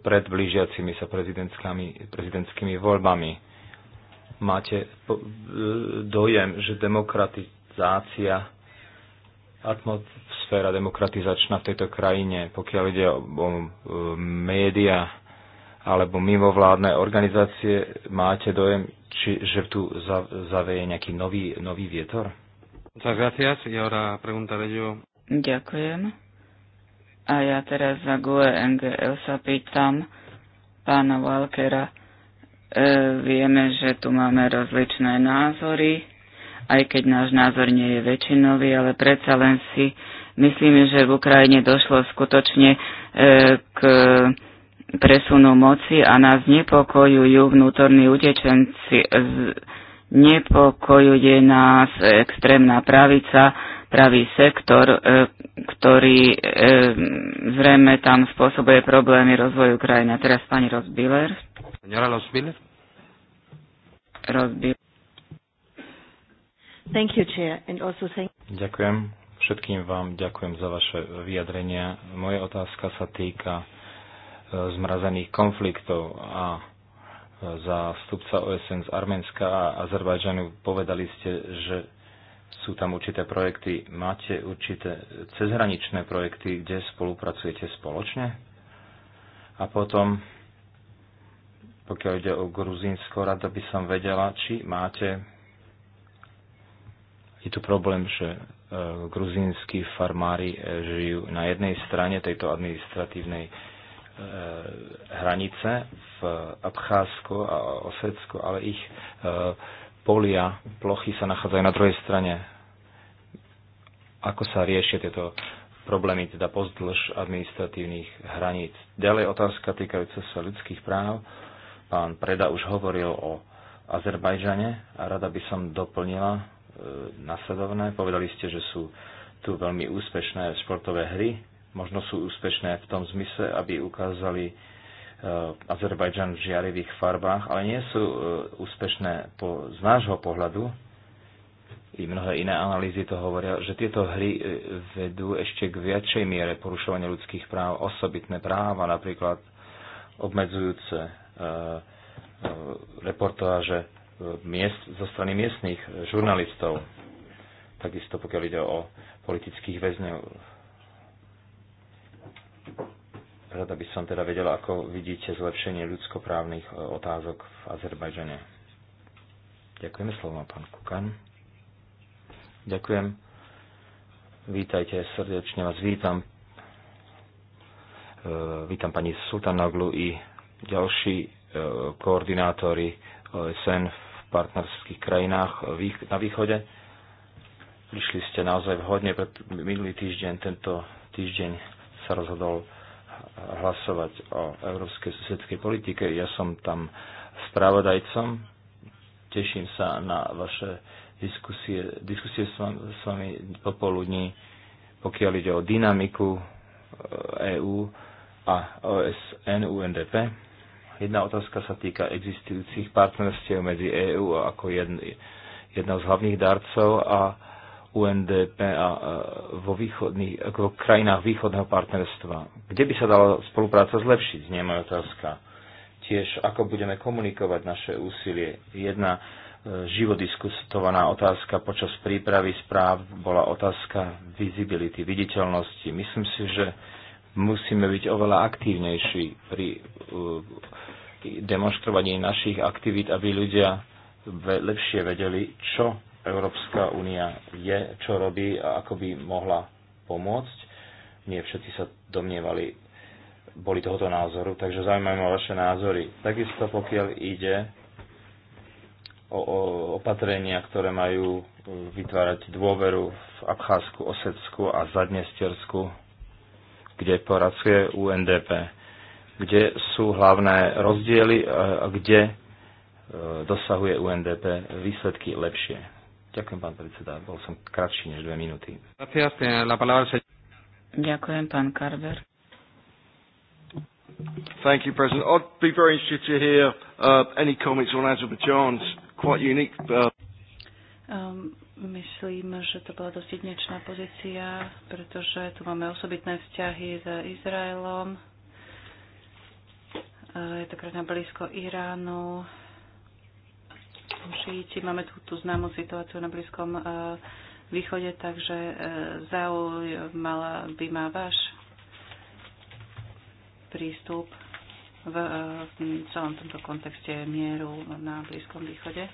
pred blížiacimi sa prezidentskými, prezidentskými voľbami máte e, dojem, že demokratizácia, atmosféra demokratizačná v tejto krajine, pokiaľ ide o, o média alebo mimovládne organizácie, máte dojem, či, že tu zaveje nejaký nový, nový vietor? Muchas gracias y ahora preguntaré yo. Ďakujem. A ja teraz za GUE NGL sa pýtam pána Walkera. E, vieme, že tu máme rozličné názory, aj keď náš názor nie je väčšinový, ale predsa len si myslíme, že v Ukrajine došlo skutočne e, k presunu moci a nás nepokojujú vnútorní utečenci. Z, nepokojuje nás extrémna pravica, pravý sektor, e, ktorý e, zrejme tam spôsobuje problémy rozvoju krajiny. A teraz pani Rozbiller. Señora Rozbiller. Rozbiller. Thank you, Chair, and also thank Ďakujem. Všetkým vám ďakujem za vaše vyjadrenia. Moja otázka sa týka e, zmrazených konfliktov a za zástupca OSN z Arménska a Azerbajdžanu povedali ste, že sú tam určité projekty, máte určité cezhraničné projekty, kde spolupracujete spoločne? A potom, pokiaľ ide o Gruzínsko, rada by som vedela, či máte... Je tu problém, že e, gruzínsky farmári e, žijú na jednej strane tejto administratívnej e, hranice v Abcházsko a Osecko, ale ich polia, plochy sa nachádzajú na druhej strane. Ako sa riešia tieto problémy teda pozdĺž administratívnych hraníc. Ďalej otázka týkajúca sa ľudských práv. Pán Preda už hovoril o Azerbajdžane a rada by som doplnila e, nasledovné. Povedali ste, že sú tu veľmi úspešné športové hry. Možno sú úspešné v tom zmysle, aby ukázali Eh, Azerbajdžan v žiarivých farbách, ale nie sú eh, úspešné po, z nášho pohľadu. I mnohé iné analýzy to hovoria, že tieto hry eh, vedú ešte k väčšej miere porušovania ľudských práv, osobitné práva napríklad, obmedzujúce e, e, reportáže miest, zo strany miestných žurnalistov. Takisto pokiaľ ide o politických väzňov Rada by som teda vedela, ako vidíte zlepšenie ľudskoprávnych e, otázok v Azerbajdžane. Ďakujeme slovo, pán Kukan. Ďakujem. Vítajte, srdečne vás vítam. E, vítam pani Sultanoglu i ďalší e, koordinátori OSN v partnerských krajinách na východe. Prišli ste naozaj vhodne, minulý týždeň, tento týždeň sa rozhodol hlasovať o európskej susedskej politike. Ja som tam spravodajcom. Teším sa na vaše diskusie, diskusie s vami popoludní, pokiaľ ide o dynamiku EÚ e a OSN UNDP. Jedna otázka sa týka existujúcich partnerstiev medzi EÚ ako jedn, jednou z hlavných darcov a UNDP a e, vo, východných, v krajinách východného partnerstva. Kde by sa dala spolupráca zlepšiť, nie je moja otázka. Tiež, ako budeme komunikovať naše úsilie. Jedna e, živo otázka počas prípravy správ bola otázka visibility, viditeľnosti. Myslím si, že musíme byť oveľa aktívnejší pri demonstrovaní našich aktivít, aby ľudia lepšie vedeli, čo Európska únia je, čo robí a ako by mohla pomôcť. Nie všetci sa domnievali, boli tohoto názoru, takže zaujímajú ma vaše názory. Takisto pokiaľ ide o, o opatrenia, ktoré majú e, vytvárať dôveru v Abcházsku, Osecku a Zadnestersku, kde poracuje UNDP, kde sú hlavné rozdiely a kde e, dosahuje UNDP výsledky lepšie. Ďakujem, pán predseda. Bol som kratší než dve minúty. Eh, Ďakujem, pán Carver. Thank you, President. I'd be very interested to hear uh, any comments on Azerbaijan's quite unique. Uh... Um, myslím, že to bola dosť jedinečná pozícia, pretože tu máme osobitné vzťahy s Izraelom. Uh, je to krajina blízko Iránu šíti. Máme tu tú známu situáciu na Blízkom e, východe, takže e, zaujímala by ma váš prístup e, v, celom tomto kontexte mieru na Blízkom východe.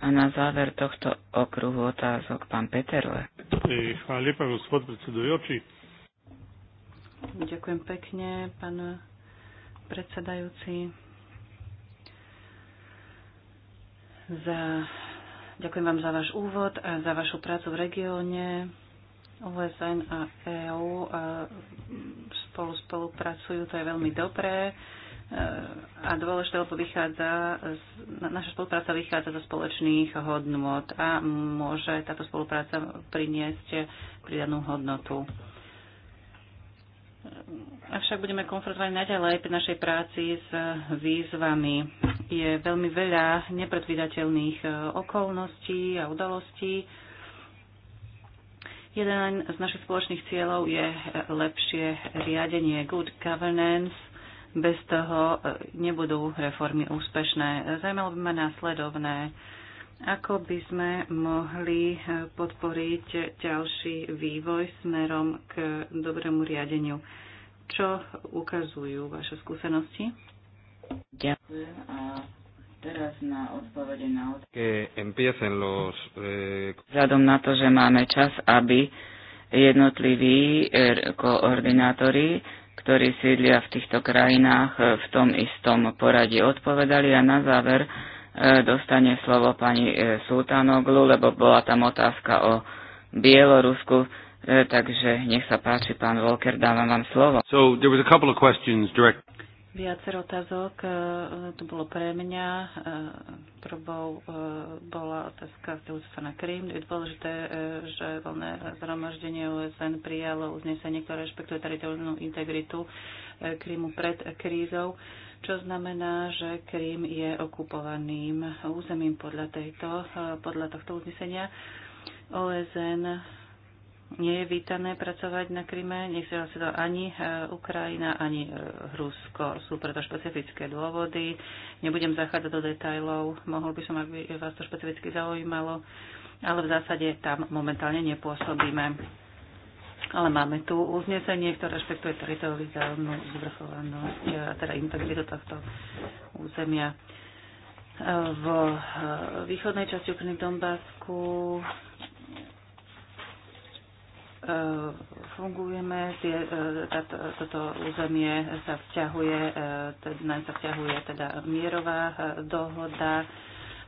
A na záver tohto okruhu otázok pán Peterle. Ďakujem pekne, pán predsedajúci. za, ďakujem vám za váš úvod a za vašu prácu v regióne. OSN a EÚ e, spolu spolupracujú, to je veľmi dobré e, a dôležité, lebo vychádza, naša spolupráca vychádza zo spoločných hodnôt a môže táto spolupráca priniesť pridanú hodnotu. Avšak budeme konfrontovať naďalej pri našej práci s výzvami. Je veľmi veľa nepredvídateľných e, okolností a udalostí. Jeden z našich spoločných cieľov je lepšie riadenie, good governance. Bez toho e, nebudú reformy úspešné. Zajímalo by ma následovné ako by sme mohli eh, podporiť ďalší vývoj smerom k dobrému riadeniu? Čo ukazujú vaše skúsenosti? Ďakujem a teraz na odpovede na otázky. Eh, Vzhľadom na to, že máme čas, aby jednotliví er, koordinátori ktorí sídlia v týchto krajinách eh, v tom istom poradí odpovedali a na záver E, dostane slovo pani e, Sultanoglu, lebo bola tam otázka o Bielorusku, e, takže nech sa páči, pán Volker, dávam vám slovo. So, there was a couple of questions direct... Viacero otázok, to bolo pre mňa. Prvou bola otázka vzťahujúca na Krym. Je dôležité, že voľné zhromaždenie OSN prijalo uznesenie, ktoré rešpektuje teritoriálnu integritu Krymu pred krízou čo znamená, že Krím je okupovaným územím podľa, tejto, podľa tohto uznesenia. OSN nie je vítané pracovať na Kryme, nechcela sa to ani e, Ukrajina, ani e, Rusko. Sú preto špecifické dôvody. Nebudem zachádzať do detajlov, mohol by som, ak by vás to špecificky zaujímalo, ale v zásade tam momentálne nepôsobíme. Ale máme tu uznesenie, ktoré rešpektuje teritoriálnu zvrchovanosť, e, teda integritu tohto územia. E, v e, východnej časti Ukrajiny v Donbásku fungujeme, toto územie sa vzťahuje, teda naň sa vzťahuje teda mierová dohoda,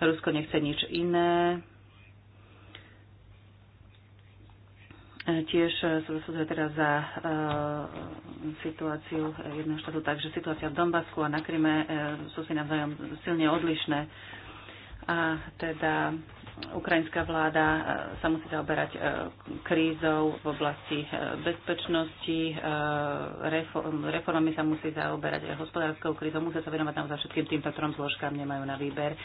Rusko nechce nič iné, Tiež e, súvisuje teda za e, situáciu jedného štátu, takže situácia v Donbasku a na Kryme e, sú si navzájom silne odlišné. A teda ukrajinská vláda sa musí zaoberať krízou v oblasti bezpečnosti, reformami sa musí zaoberať hospodárskou krízou, musia sa venovať naozaj všetkým tým faktorom zložkám, nemajú na výber.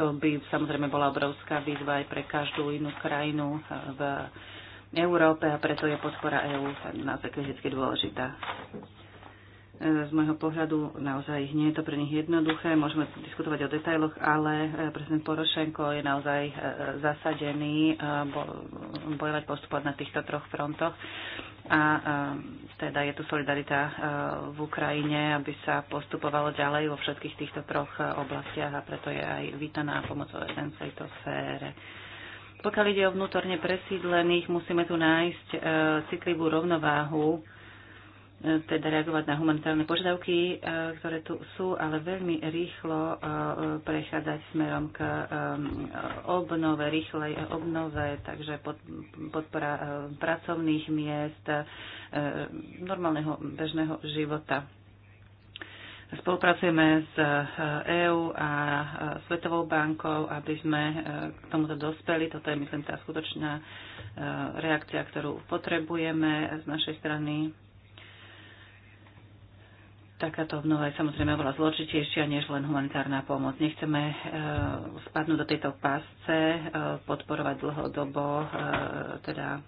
To by samozrejme bola obrovská výzva aj pre každú inú krajinu v Európe a preto je podpora EÚ naozaj kriticky dôležitá. E, z môjho pohľadu naozaj nie je to pre nich jednoduché, môžeme diskutovať o detailoch, ale e, prezident Porošenko je naozaj e, zasadený bojovať postupovať na týchto troch frontoch a teda je tu solidarita v Ukrajine, aby sa postupovalo ďalej vo všetkých týchto troch oblastiach a preto je aj vítaná pomoc OSN v tejto sfére. Pokiaľ ide o vnútorne presídlených, musíme tu nájsť e, citlivú rovnováhu, e, teda reagovať na humanitárne požiadavky, e, ktoré tu sú, ale veľmi rýchlo e, prechádzať smerom k e, obnove, rýchlej obnove, takže pod, podpora e, pracovných miest, e, normálneho bežného života. Spolupracujeme s EÚ eh, e a eh, Svetovou bankou, aby sme eh, k tomuto dospeli. Toto je, myslím, tá skutočná reakcia, ktorú potrebujeme z našej strany. Takáto obnova je samozrejme oveľa zložitejšia než len humanitárna pomoc. Nechceme spadnúť do tejto pásce, podporovať dlhodobo, teda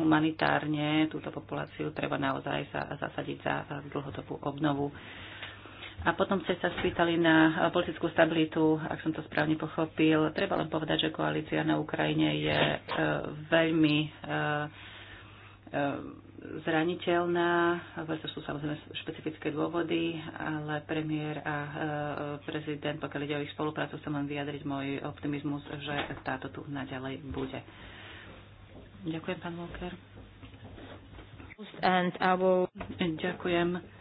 humanitárne túto populáciu. Treba naozaj sa zasadiť za dlhodobú obnovu a potom ste sa spýtali na politickú stabilitu, ak som to správne pochopil. Treba len povedať, že koalícia na Ukrajine je e, veľmi e, e, zraniteľná, sú samozrejme špecifické dôvody, ale premiér a prezident, pokiaľ ide o ich spoluprácu, chcem len vyjadriť môj optimizmus, že táto tu naďalej bude. Ďakujem, pán Walker. And I will... Ďakujem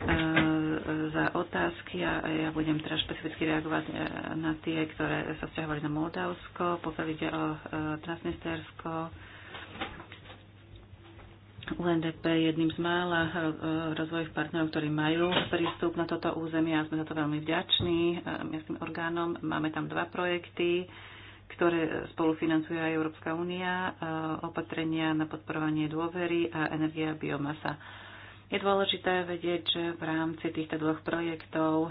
E, e, za otázky a ja budem teraz špecificky reagovať e, na tie, ktoré sa vzťahovali na Moldavsko, pokiaľ ide o Transnistersko. UNDP je jedným z mála rozvojových partnerov, ktorí majú prístup na toto územie a sme za to veľmi vďační miestnym orgánom. Máme tam dva projekty, ktoré spolufinancuje aj Európska únia, opatrenia na podporovanie dôvery a energia a biomasa. Je dôležité vedieť, že v rámci týchto dvoch projektov e,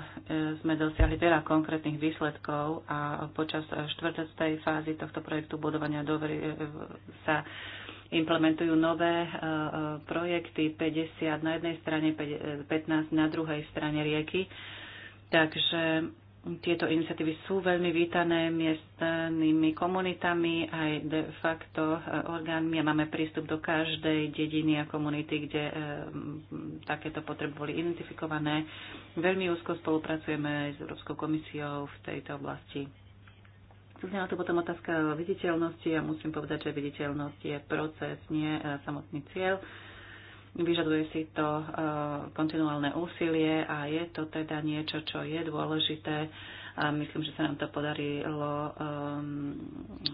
sme dosiahli veľa konkrétnych výsledkov a počas e, štvrtej fázy tohto projektu budovania dôvery e, sa implementujú nové projekty 50 na jednej strane, 15 na druhej strane rieky. Takže tieto iniciatívy sú veľmi vítané miestnymi komunitami aj de facto e, orgánmi a máme prístup do každej dediny a komunity, kde e, takéto potreby boli identifikované. Veľmi úzko spolupracujeme s Európskou komisiou v tejto oblasti. Znala tu potom otázka o viditeľnosti a ja musím povedať, že viditeľnosť je proces, nie e, samotný cieľ. Vyžaduje si to e, kontinuálne úsilie a je to teda niečo, čo je dôležité a myslím, že sa nám to podarilo ehm,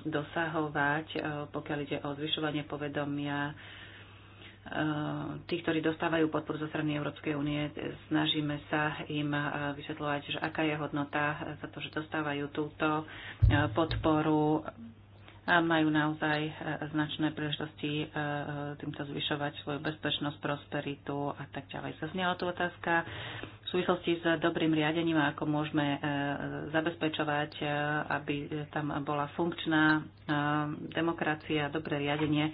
dosahovať, e, pokiaľ ide o zvyšovanie povedomia e, tých, ktorí dostávajú podporu zo strany Európskej únie, snažíme sa im vysvetľovať, že aká je hodnota za to, že dostávajú túto podporu majú naozaj e, značné príležitosti e, e, týmto zvyšovať svoju bezpečnosť, prosperitu a tak ďalej. Zaznela tu otázka v súvislosti s dobrým riadením a ako môžeme zabezpečovať, aby tam bola funkčná demokracia, dobré riadenie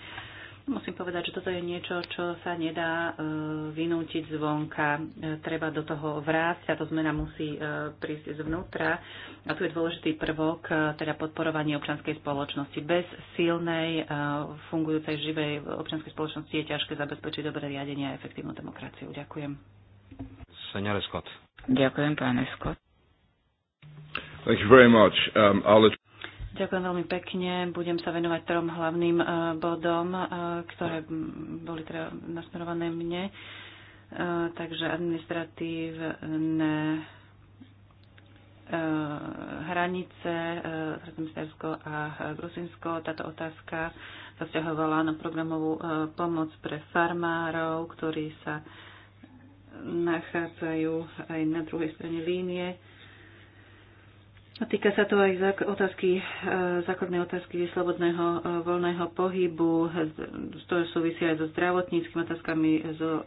Musím povedať, že toto je niečo, čo sa nedá e, vynútiť zvonka. E, treba do toho vrásť, to zmena musí e, prísť zvnútra. A tu je dôležitý prvok, teda podporovanie občanskej spoločnosti. Bez silnej, fungujúcej, živej občanskej spoločnosti je ťažké zabezpečiť dobré riadenie a efektívnu demokraciu. Ďakujem. Scott. Ďakujem, pán Scott. Thank you very much. Um, I'll... Ďakujem veľmi pekne. Budem sa venovať trom hlavným e, bodom, e, ktoré boli teda nasmerované mne. E, takže administratívne hranice Srbsko a Gruzinsko. Táto otázka sa vzťahovala na programovú pomoc pre farmárov, ktorí sa nachádzajú aj na druhej strane línie Týka sa to aj otázky, e, základnej otázky slobodného e, voľného pohybu. To súvisí aj so zdravotníckými otázkami, so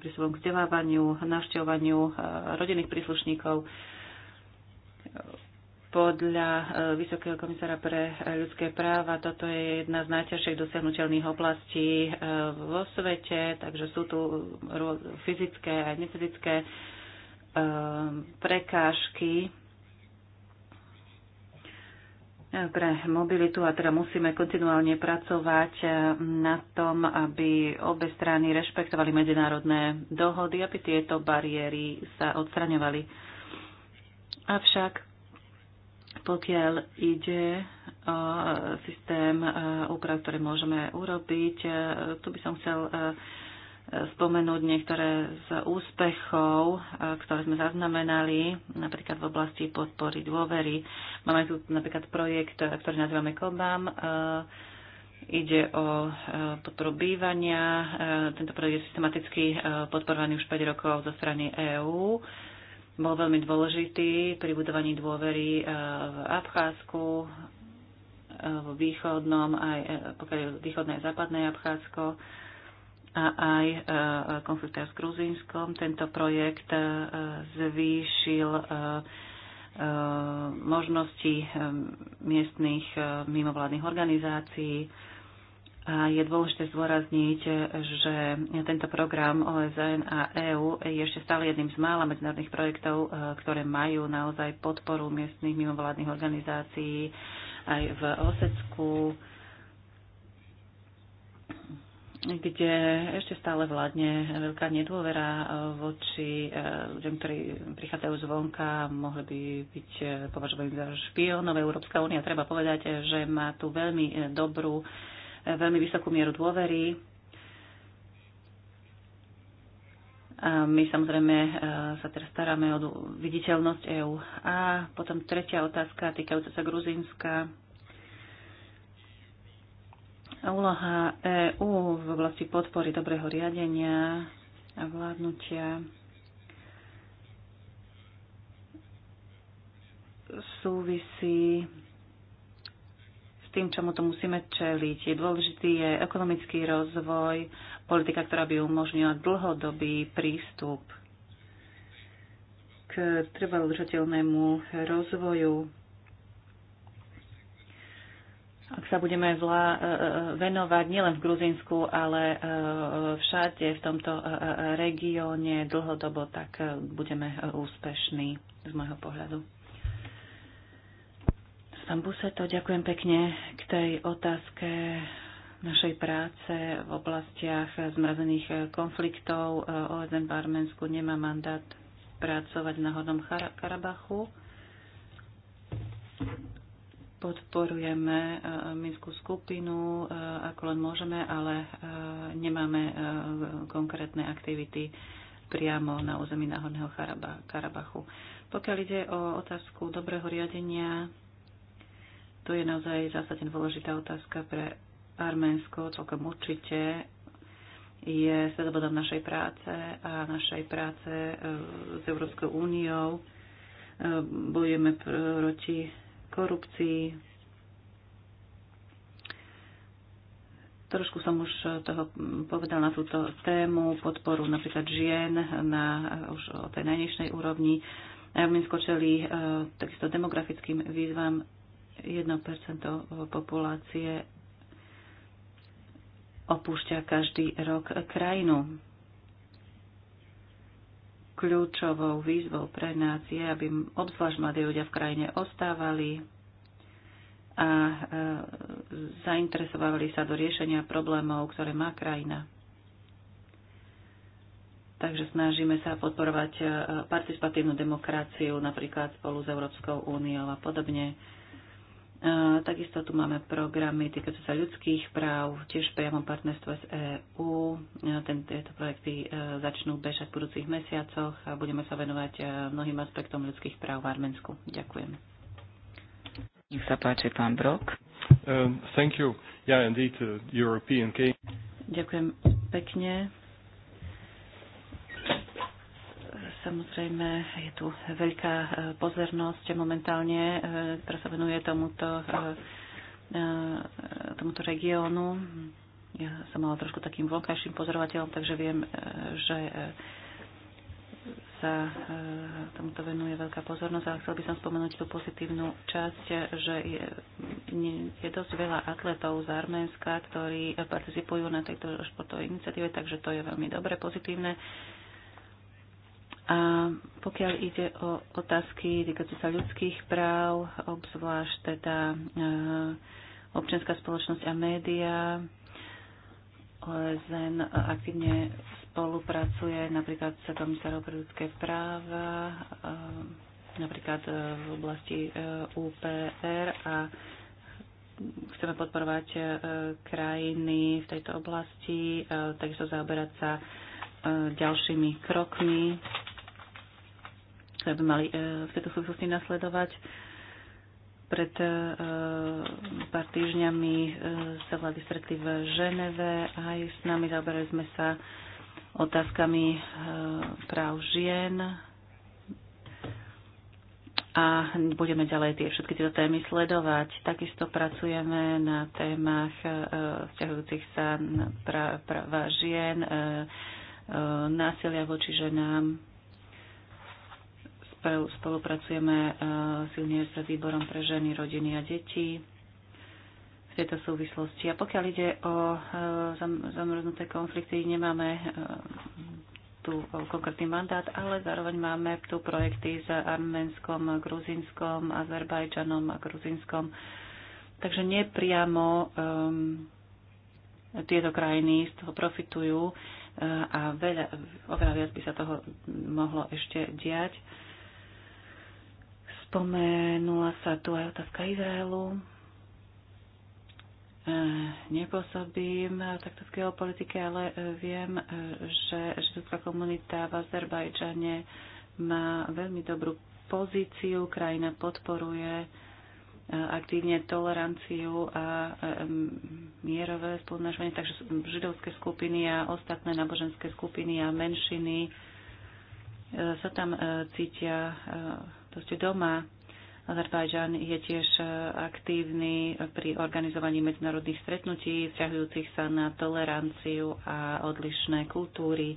prísobom k vzdelávaniu, navšťovaniu e, rodinných príslušníkov. Podľa Vysokého komisára pre ľudské práva toto je jedna z najťažších dosiahnutelných oblastí vo svete, takže sú tu fyzické a nefyzické prekážky pre mobilitu a teda musíme kontinuálne pracovať eh, na tom, aby obe strany rešpektovali medzinárodné dohody, aby tieto bariéry sa odstraňovali. Avšak pokiaľ ide o eh, systém eh, úprav, ktoré môžeme urobiť, tu by som chcel spomenúť niektoré z úspechov, e, ktoré sme zaznamenali, napríklad v oblasti podpory dôvery. Máme tu napríklad projekt, e, ktorý nazývame Kobam, e, Ide o podporu bývania. Tento projekt je systematicky podporovaný už 5 rokov zo strany EÚ. Bol veľmi dôležitý pri budovaní dôvery v Abcházku, v východnom, aj pokiaľ východné a západné Abcházsko a aj e, konfliktov s Gruzínskom. Tento projekt e, zvýšil e, možnosti miestných mimovládnych organizácií. A je dôležité zdôrazniť, že tento program OSN a EÚ je ešte stále jedným z mála medzinárodných projektov, ktoré majú naozaj podporu miestnych mimovládnych organizácií aj v Osecku kde ešte stále vládne veľká nedôvera eh, voči eh, ľuďom, ktorí prichádzajú zvonka, mohli by byť eh, považovaní za špionov. Európska únia treba povedať, že má tu veľmi dobrú, veľmi vysokú mieru dôvery. A my samozrejme sa teraz staráme o viditeľnosť EÚ. A potom tretia otázka týkajúca sa Gruzínska Úloha EÚ v oblasti podpory dobrého riadenia a vládnutia súvisí s tým, čomu to musíme čeliť. Je dôležitý je ekonomický rozvoj, politika, ktorá by umožnila dlhodobý prístup k trvalodržateľnému rozvoju ak sa budeme vla, e, e, venovať nielen v Gruzinsku, ale e, všade v tomto regióne dlhodobo, tak budeme úspešní z môjho pohľadu. Pán Buseto, ďakujem pekne k tej otázke našej práce v oblastiach zmrazených konfliktov. OSN v Arménsku nemá mandát pracovať na Hornom Karabachu podporujeme e, Minskú skupinu, e, ako len môžeme, ale e, nemáme konkrétne aktivity priamo na území Náhodného Karabachu. Pokiaľ ide o otázku dobrého riadenia, to je naozaj zásadne dôležitá otázka pre Arménsko, celkom určite je sledobodom našej práce a našej práce s Európskou úniou. Bojujeme proti korupcii. Trošku som už toho povedal na túto tému, podporu napríklad žien na, už o tej najnižšej úrovni. my skočili e, takisto demografickým výzvam 1% populácie opúšťa každý rok krajinu kľúčovou výzvou pre nás je, aby obzvlášť mladí ľudia v krajine ostávali a e, zainteresovali sa do riešenia problémov, ktoré má krajina. Takže snažíme sa podporovať e, participatívnu demokraciu napríklad spolu s Európskou úniou a podobne Takisto tu máme programy týkajúce sa ľudských práv, tiež v priamom partnerstve s EÚ. Tieto projekty e, začnú bežať v budúcich mesiacoch a budeme sa venovať e, mnohým aspektom ľudských práv v Arménsku. Ďakujem. Nech sa páči, pán Brok. Um, thank you. Yeah, indeed, uh, European Ďakujem pekne. Samozrejme, je tu veľká e, pozornosť momentálne, e, ktorá sa venuje tomuto, e, tomuto regiónu. Ja som mala trošku takým vonkajším pozorovateľom, takže viem, že sa tomuto venuje veľká pozornosť, ale chcel by som spomenúť tú pozitívnu časť, že je, je dosť veľa atletov z Arménska, ktorí participujú na tejto športovej iniciatíve, takže to je veľmi dobre, pozitívne. A pokiaľ ide o otázky týkajúce sa ľudských práv, obzvlášť teda e, občianská spoločnosť a média, OSN aktívne spolupracuje napríklad s komisárov pre ľudské práva, e, napríklad e, v oblasti UPR a chceme podporovať krajiny v tejto oblasti, takisto zaoberať sa ďalšími krokmi ktoré by mali e, v tejto súvislosti nasledovať. Pred e, pár týždňami e, sa vlády stretli v Ženeve aj s nami zaoberali sme sa otázkami práv žien a budeme ďalej tie všetky tieto témy sledovať. Takisto pracujeme na témach vzťahujúcich sa práva žien, násilia voči ženám, Spolupracujeme eh, silne s výborom pre ženy, rodiny a deti v tejto súvislosti. A pokiaľ ide o eh, zamrznuté konflikty, nemáme eh, tu konkrétny mandát, ale zároveň máme tu projekty s Arménskom, Gruzinskom, Azerbajčanom a Gruzinskom. Takže nepriamo um, tieto krajiny z toho profitujú a veľa, oveľa viac by sa toho mohlo ešte diať. Spomenula sa tu aj otázka Izraelu. E, nepôsobím takto v geopolitike, ale e, viem, e, že židovská komunita v Azerbajdžane má veľmi dobrú pozíciu. Krajina podporuje aktívne toleranciu a mierové spolunažovanie, takže židovské skupiny a ostatné náboženské skupiny a menšiny sa tam cítia záležitosti doma. Azerbajdžan je tiež e, aktívny pri organizovaní medzinárodných stretnutí, vzťahujúcich sa na toleranciu a odlišné kultúry.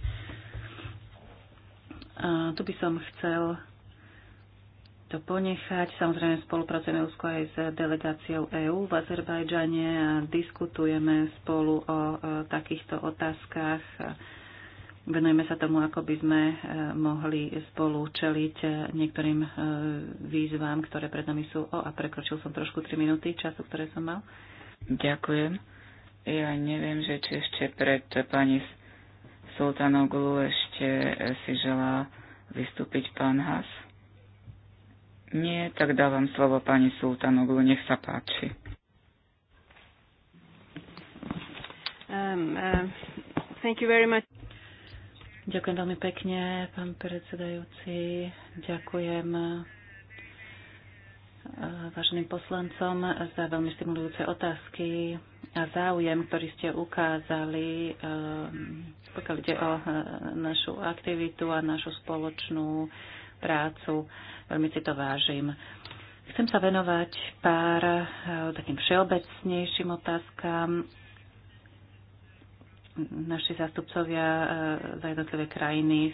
A tu by som chcel to ponechať. Samozrejme spolupracujeme úzko aj s delegáciou EÚ v Azerbajdžane a diskutujeme spolu o e, takýchto otázkach Venujeme sa tomu, ako by sme e, mohli spolu čeliť e, niektorým e, výzvám, ktoré pred nami sú. O, a prekročil som trošku 3 minúty času, ktoré som mal. Ďakujem. Ja neviem, že či ešte pred pani Sultanoglu ešte si želá vystúpiť pán Has. Nie, tak dávam slovo pani Sultanoglu, nech sa páči. Um, uh, thank you very much. Ďakujem veľmi pekne, pán predsedajúci. Ďakujem e, váženým poslancom za veľmi stimulujúce otázky a záujem, ktorý ste ukázali, e, pokiaľ ide o e, našu aktivitu a našu spoločnú prácu. Veľmi si to vážim. Chcem sa venovať pár takým všeobecnejším otázkam naši zástupcovia e, za jednotlivé krajiny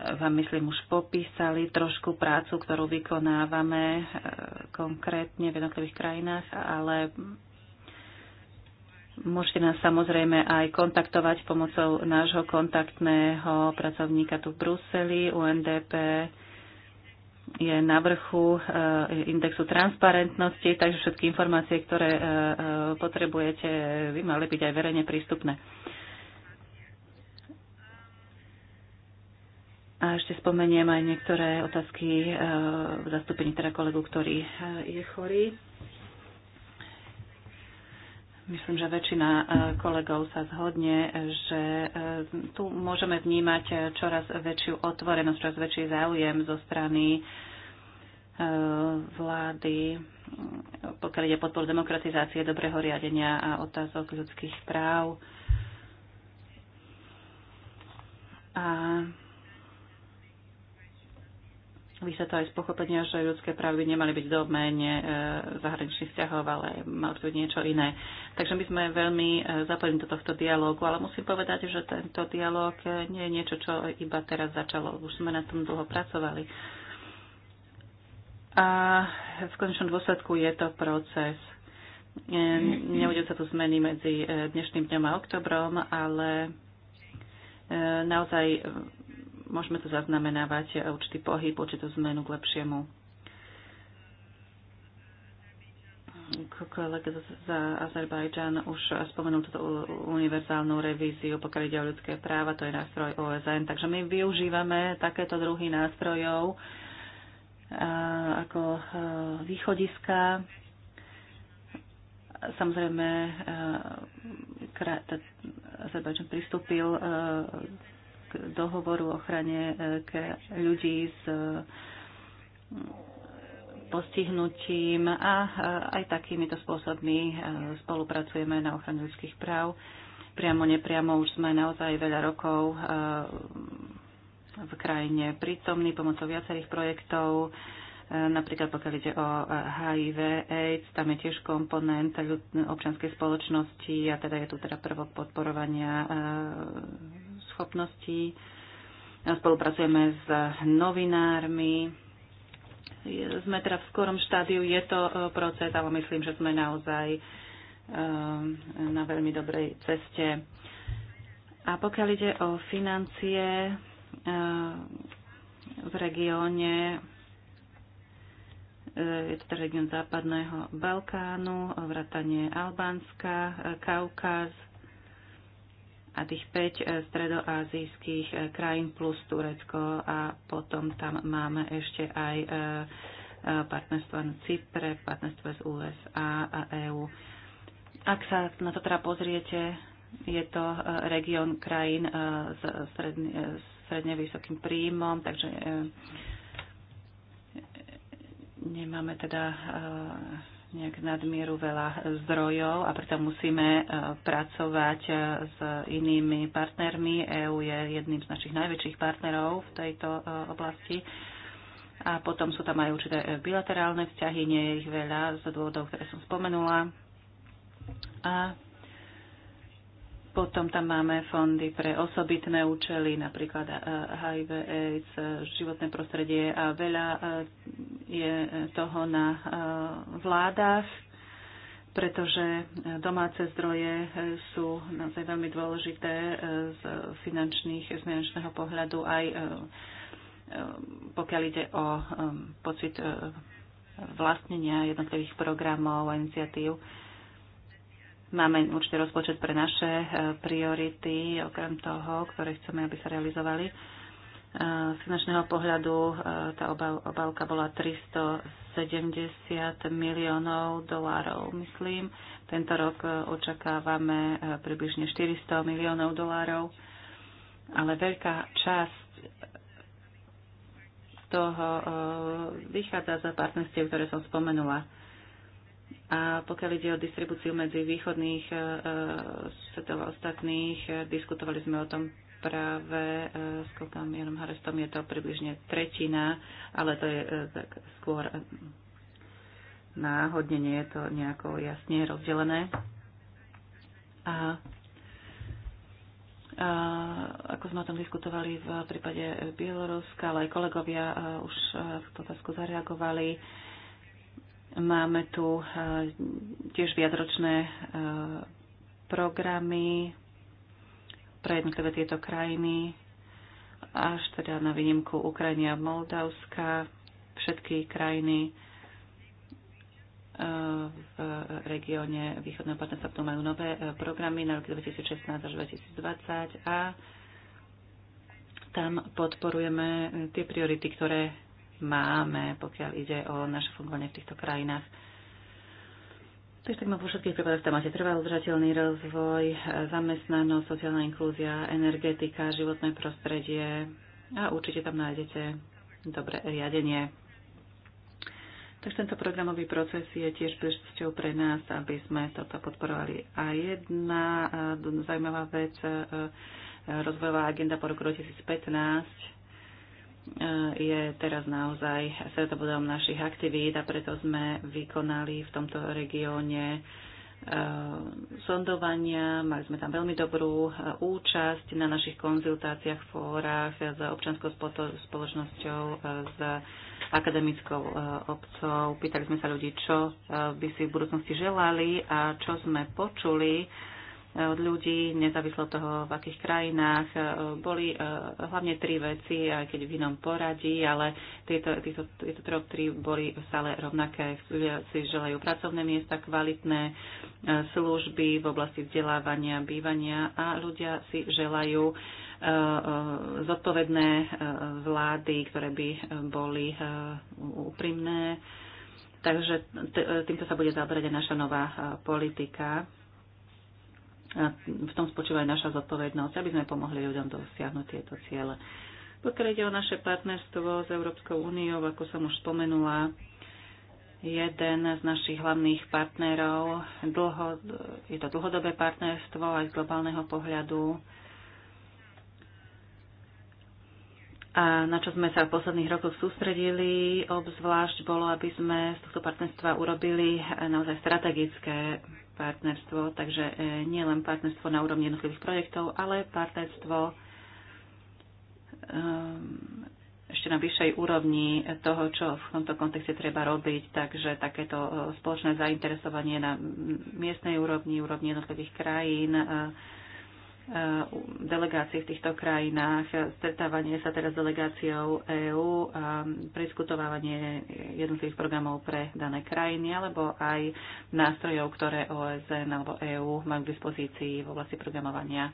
vám myslím už popísali trošku prácu, ktorú vykonávame e, konkrétne v jednotlivých krajinách, ale môžete nás samozrejme aj kontaktovať pomocou nášho kontaktného pracovníka tu v Bruseli, UNDP, je na vrchu e, indexu transparentnosti, takže všetky informácie, ktoré e, e, potrebujete, by mali byť aj verejne prístupné. A ešte spomeniem aj niektoré otázky v zastúpení teda kolegu, ktorý je chorý. Myslím, že väčšina e, kolegov sa zhodne, že e, tu môžeme vnímať e, čoraz väčšiu otvorenosť, čoraz väčší záujem zo strany vlády, pokiaľ ide podporu demokratizácie, dobrého riadenia a otázok ľudských práv. A Vyšlo to aj z pochopenia, že ľudské právy nemali byť v domene e, zahraničných vzťahov, ale malo to byť niečo iné. Takže my sme veľmi e, zapojení do tohto dialógu, ale musím povedať, že tento dialóg e, nie je niečo, čo iba teraz začalo. Už sme na tom dlho pracovali. A v konečnom dôsledku je to proces. Neudejú sa tu zmeny medzi dnešným dňom a oktobrom, ale naozaj môžeme to zaznamenávať určitý pohyb, určitú zmenu k lepšiemu. Kolega za Azerbajdžan už spomenul túto univerzálnu revíziu, pokiaľ ide o ľudské práva, to je nástroj OSN, takže my využívame takéto druhy nástrojov ako východiska samozrejme Azerbajdžan pristúpil k dohovoru o ochrane e, ľudí s e, postihnutím a e, aj takýmito spôsobmi spolupracujeme na ochranu ľudských práv. Priamo, nepriamo už sme naozaj veľa rokov v krajine prítomní pomocou viacerých projektov, napríklad pokiaľ ide o HIV, AIDS, tam je tiež komponent občianskej spoločnosti a teda je tu teda prvok podporovania schopností. Spolupracujeme s novinármi. Sme teda v skorom štádiu, je to e, proces, ale myslím, že sme naozaj e, na veľmi dobrej ceste. A pokiaľ ide o financie e, v regióne, je to teda región západného Balkánu, vrátanie Albánska, Kaukaz, a tých 5 e, stredoázijských e, krajín plus Turecko a potom tam máme ešte aj e, partnerstva na Cypre, partnerstvo z USA a EÚ. Ak sa na to teda pozriete, je to región krajín s stredne, stredne vysokým príjmom, takže nemáme teda nejak nadmieru veľa zdrojov a preto musíme e, pracovať e, s inými partnermi. EÚ je jedným z našich najväčších partnerov v tejto e, oblasti. A potom sú tam aj určité bilaterálne vzťahy, nie je ich veľa z dôvodov, ktoré som spomenula. A potom tam máme fondy pre osobitné účely, napríklad eh, HIV, AIDS, životné prostredie a veľa eh, je toho na eh, vládach, pretože domáce zdroje sú naozaj veľmi dôležité z, finančných, z finančného pohľadu aj pokiaľ ide o pocit vlastnenia jednotlivých programov a iniciatív. Máme určite rozpočet pre naše e, priority, okrem toho, ktoré chceme, aby sa realizovali. E, z finančného pohľadu e, tá obálka bola 370 miliónov dolárov, myslím. Tento rok očakávame približne 400 miliónov dolárov, ale veľká časť toho vychádza za partnerstiev, ktoré som spomenula a pokiaľ ide o distribúciu medzi východných e, e, svetov a ostatných, e, diskutovali sme o tom práve s kolkám Janom Harestom, je to približne tretina, ale to je tak skôr náhodne, nie je to nejako jasne rozdelené. A ako sme o tom diskutovali v prípade Bieloruska, ale aj kolegovia už v otázku zareagovali. Máme tu e, tiež viacročné e, programy pre jednotlivé tieto krajiny, až teda na výnimku Ukrajiny a Moldavska, všetky krajiny e, v regióne východného partnerstva tu majú nové programy na roky 2016 až 2020 a tam podporujeme tie priority, ktoré máme, pokiaľ ide o naše fungovanie v týchto krajinách. Takže tak vo všetkých prípadoch tam máte trvalý udržateľný rozvoj, zamestnanosť, sociálna inklúzia, energetika, životné prostredie a určite tam nájdete dobré riadenie. Takže tento programový proces je tiež príležitosťou pre nás, aby sme toto podporovali. A jedna e, zaujímavá vec, e, e, rozvojová agenda po roku 2015, E, je teraz naozaj svetobodom našich aktivít a preto sme vykonali v tomto regióne e, sondovania, mali sme tam veľmi dobrú e, účasť na našich konzultáciách, fórach s občanskou spoločnosťou, s akademickou obcov. Pýtali sme sa ľudí, čo by si v budúcnosti želali a čo sme počuli od ľudí, nezávislo od toho, v akých krajinách. E, boli e, hlavne tri veci, aj keď v inom poradí, ale tieto, tieto, tieto troch tri boli stále rovnaké. Ľudia si želajú pracovné miesta, kvalitné e, služby v oblasti vzdelávania, bývania a ľudia si želajú zodpovedné vlády, ktoré by boli úprimné. Takže týmto sa bude zaoberať aj naša nová politika a v tom spočíva aj naša zodpovednosť, aby sme pomohli ľuďom dosiahnuť tieto ciele. Pokiaľ ide o naše partnerstvo s Európskou úniou, ako som už spomenula, jeden z našich hlavných partnerov, dlho, je to dlhodobé partnerstvo aj z globálneho pohľadu, a na čo sme sa v posledných rokoch sústredili, obzvlášť bolo, aby sme z tohto partnerstva urobili naozaj strategické partnerstvo, takže e, nie len partnerstvo na úrovni jednotlivých projektov, ale partnerstvo ehm, ešte na vyššej úrovni toho, čo v tomto kontexte treba robiť, takže takéto e, spoločné zainteresovanie na miestnej úrovni, úrovni jednotlivých krajín, e, Eh, delegácie v týchto krajinách, stretávanie sa teraz s delegáciou EÚ, preskutovávanie jednotlivých programov pre dané krajiny, alebo aj nástrojov, ktoré OSN alebo EÚ majú k dispozícii v oblasti programovania.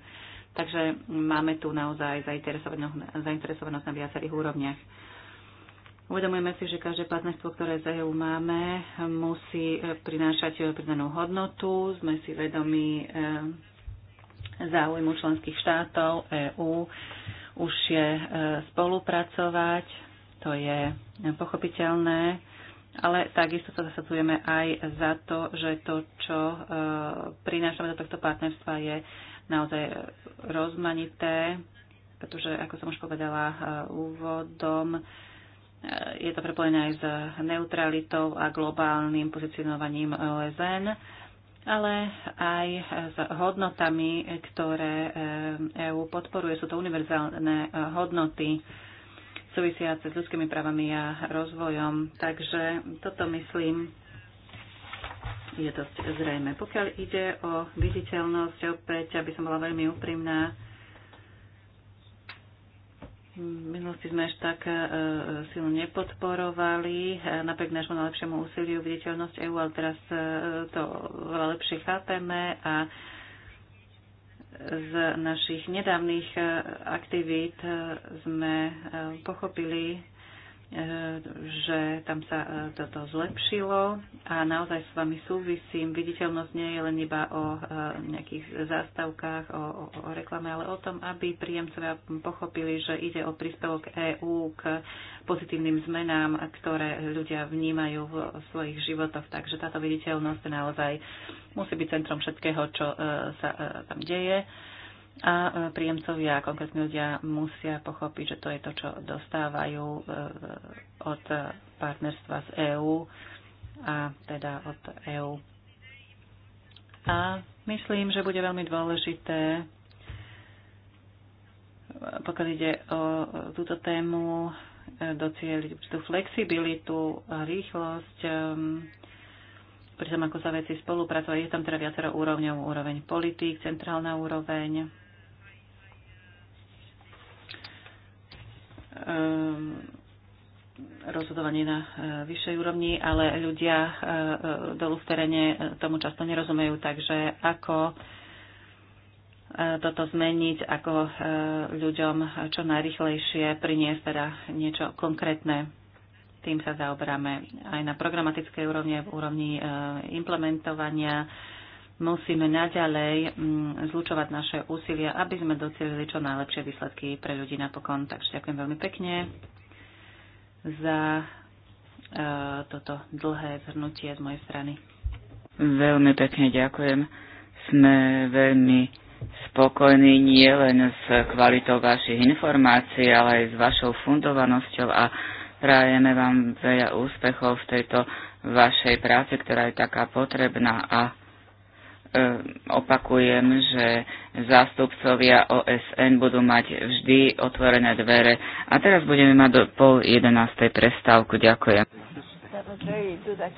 Takže máme tu naozaj zainteresovanosť na viacerých úrovniach. Uvedomujeme si, že každé partnerstvo, ktoré z EU máme, musí prinášať pridanú hodnotu. Sme si vedomi eh, záujmu členských štátov EÚ už je e, spolupracovať, to je pochopiteľné, ale takisto sa zasadzujeme aj za to, že to, čo e, prinášame do tohto partnerstva, je naozaj rozmanité, pretože, ako som už povedala e, úvodom, je to prepojené aj s neutralitou a globálnym pozicionovaním OSN ale aj s hodnotami, ktoré EÚ eh, e podporuje. Sú to univerzálne eh, hodnoty súvisiace s ľudskými právami a rozvojom. Takže toto myslím je dosť zrejme. Pokiaľ ide o viditeľnosť, opäť, aby som bola veľmi úprimná, v minulosti sme až tak e, e, silu nepodporovali, e, napriek nášmu najlepšiemu úsiliu viditeľnosť EU, ale teraz to veľa lepšie chápeme a z našich nedávnych aktivít sme pochopili, E, že tam sa e, toto zlepšilo a naozaj s vami súvisím. Viditeľnosť nie je len iba o e, nejakých zástavkách, o, o, o reklame, ale o tom, aby príjemcovia pochopili, že ide o príspevok EÚ k pozitívnym zmenám, ktoré ľudia vnímajú v svojich životoch. Takže táto viditeľnosť naozaj musí byť centrom všetkého, čo sa tam deje a e, príjemcovia, konkrétne ľudia, musia pochopiť, že to je to, čo dostávajú e, od partnerstva z EÚ a teda od EÚ. A myslím, že bude veľmi dôležité, e, pokiaľ ide o túto tému, docieliť určitú flexibilitu, rýchlosť, pri tom, ako sa veci spolupracovať. Je tam teda viacero úrovňov, úroveň politík, centrálna úroveň, Ehm, rozhodovanie na e, vyššej úrovni, ale ľudia e, e, dolu v teréne tomu často nerozumejú. Takže ako toto zmeniť, ako ľuďom čo najrychlejšie priniesť teda niečo konkrétne. Tým sa zaoberáme aj na programatickej úrovni, v úrovni implementovania musíme naďalej mm, zlučovať naše úsilia, aby sme docelili čo najlepšie výsledky pre ľudí napokon. Takže ďakujem veľmi pekne za e, toto dlhé zhrnutie z mojej strany. Veľmi pekne ďakujem. Sme veľmi spokojní nie len s kvalitou vašich informácií, ale aj s vašou fundovanosťou a prajeme vám veľa úspechov v tejto vašej práci, ktorá je taká potrebná a E, opakujem, že zástupcovia OSN budú mať vždy otvorené dvere. A teraz budeme mať do pol jedenástej prestávku. Ďakujem. That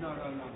no, no, no.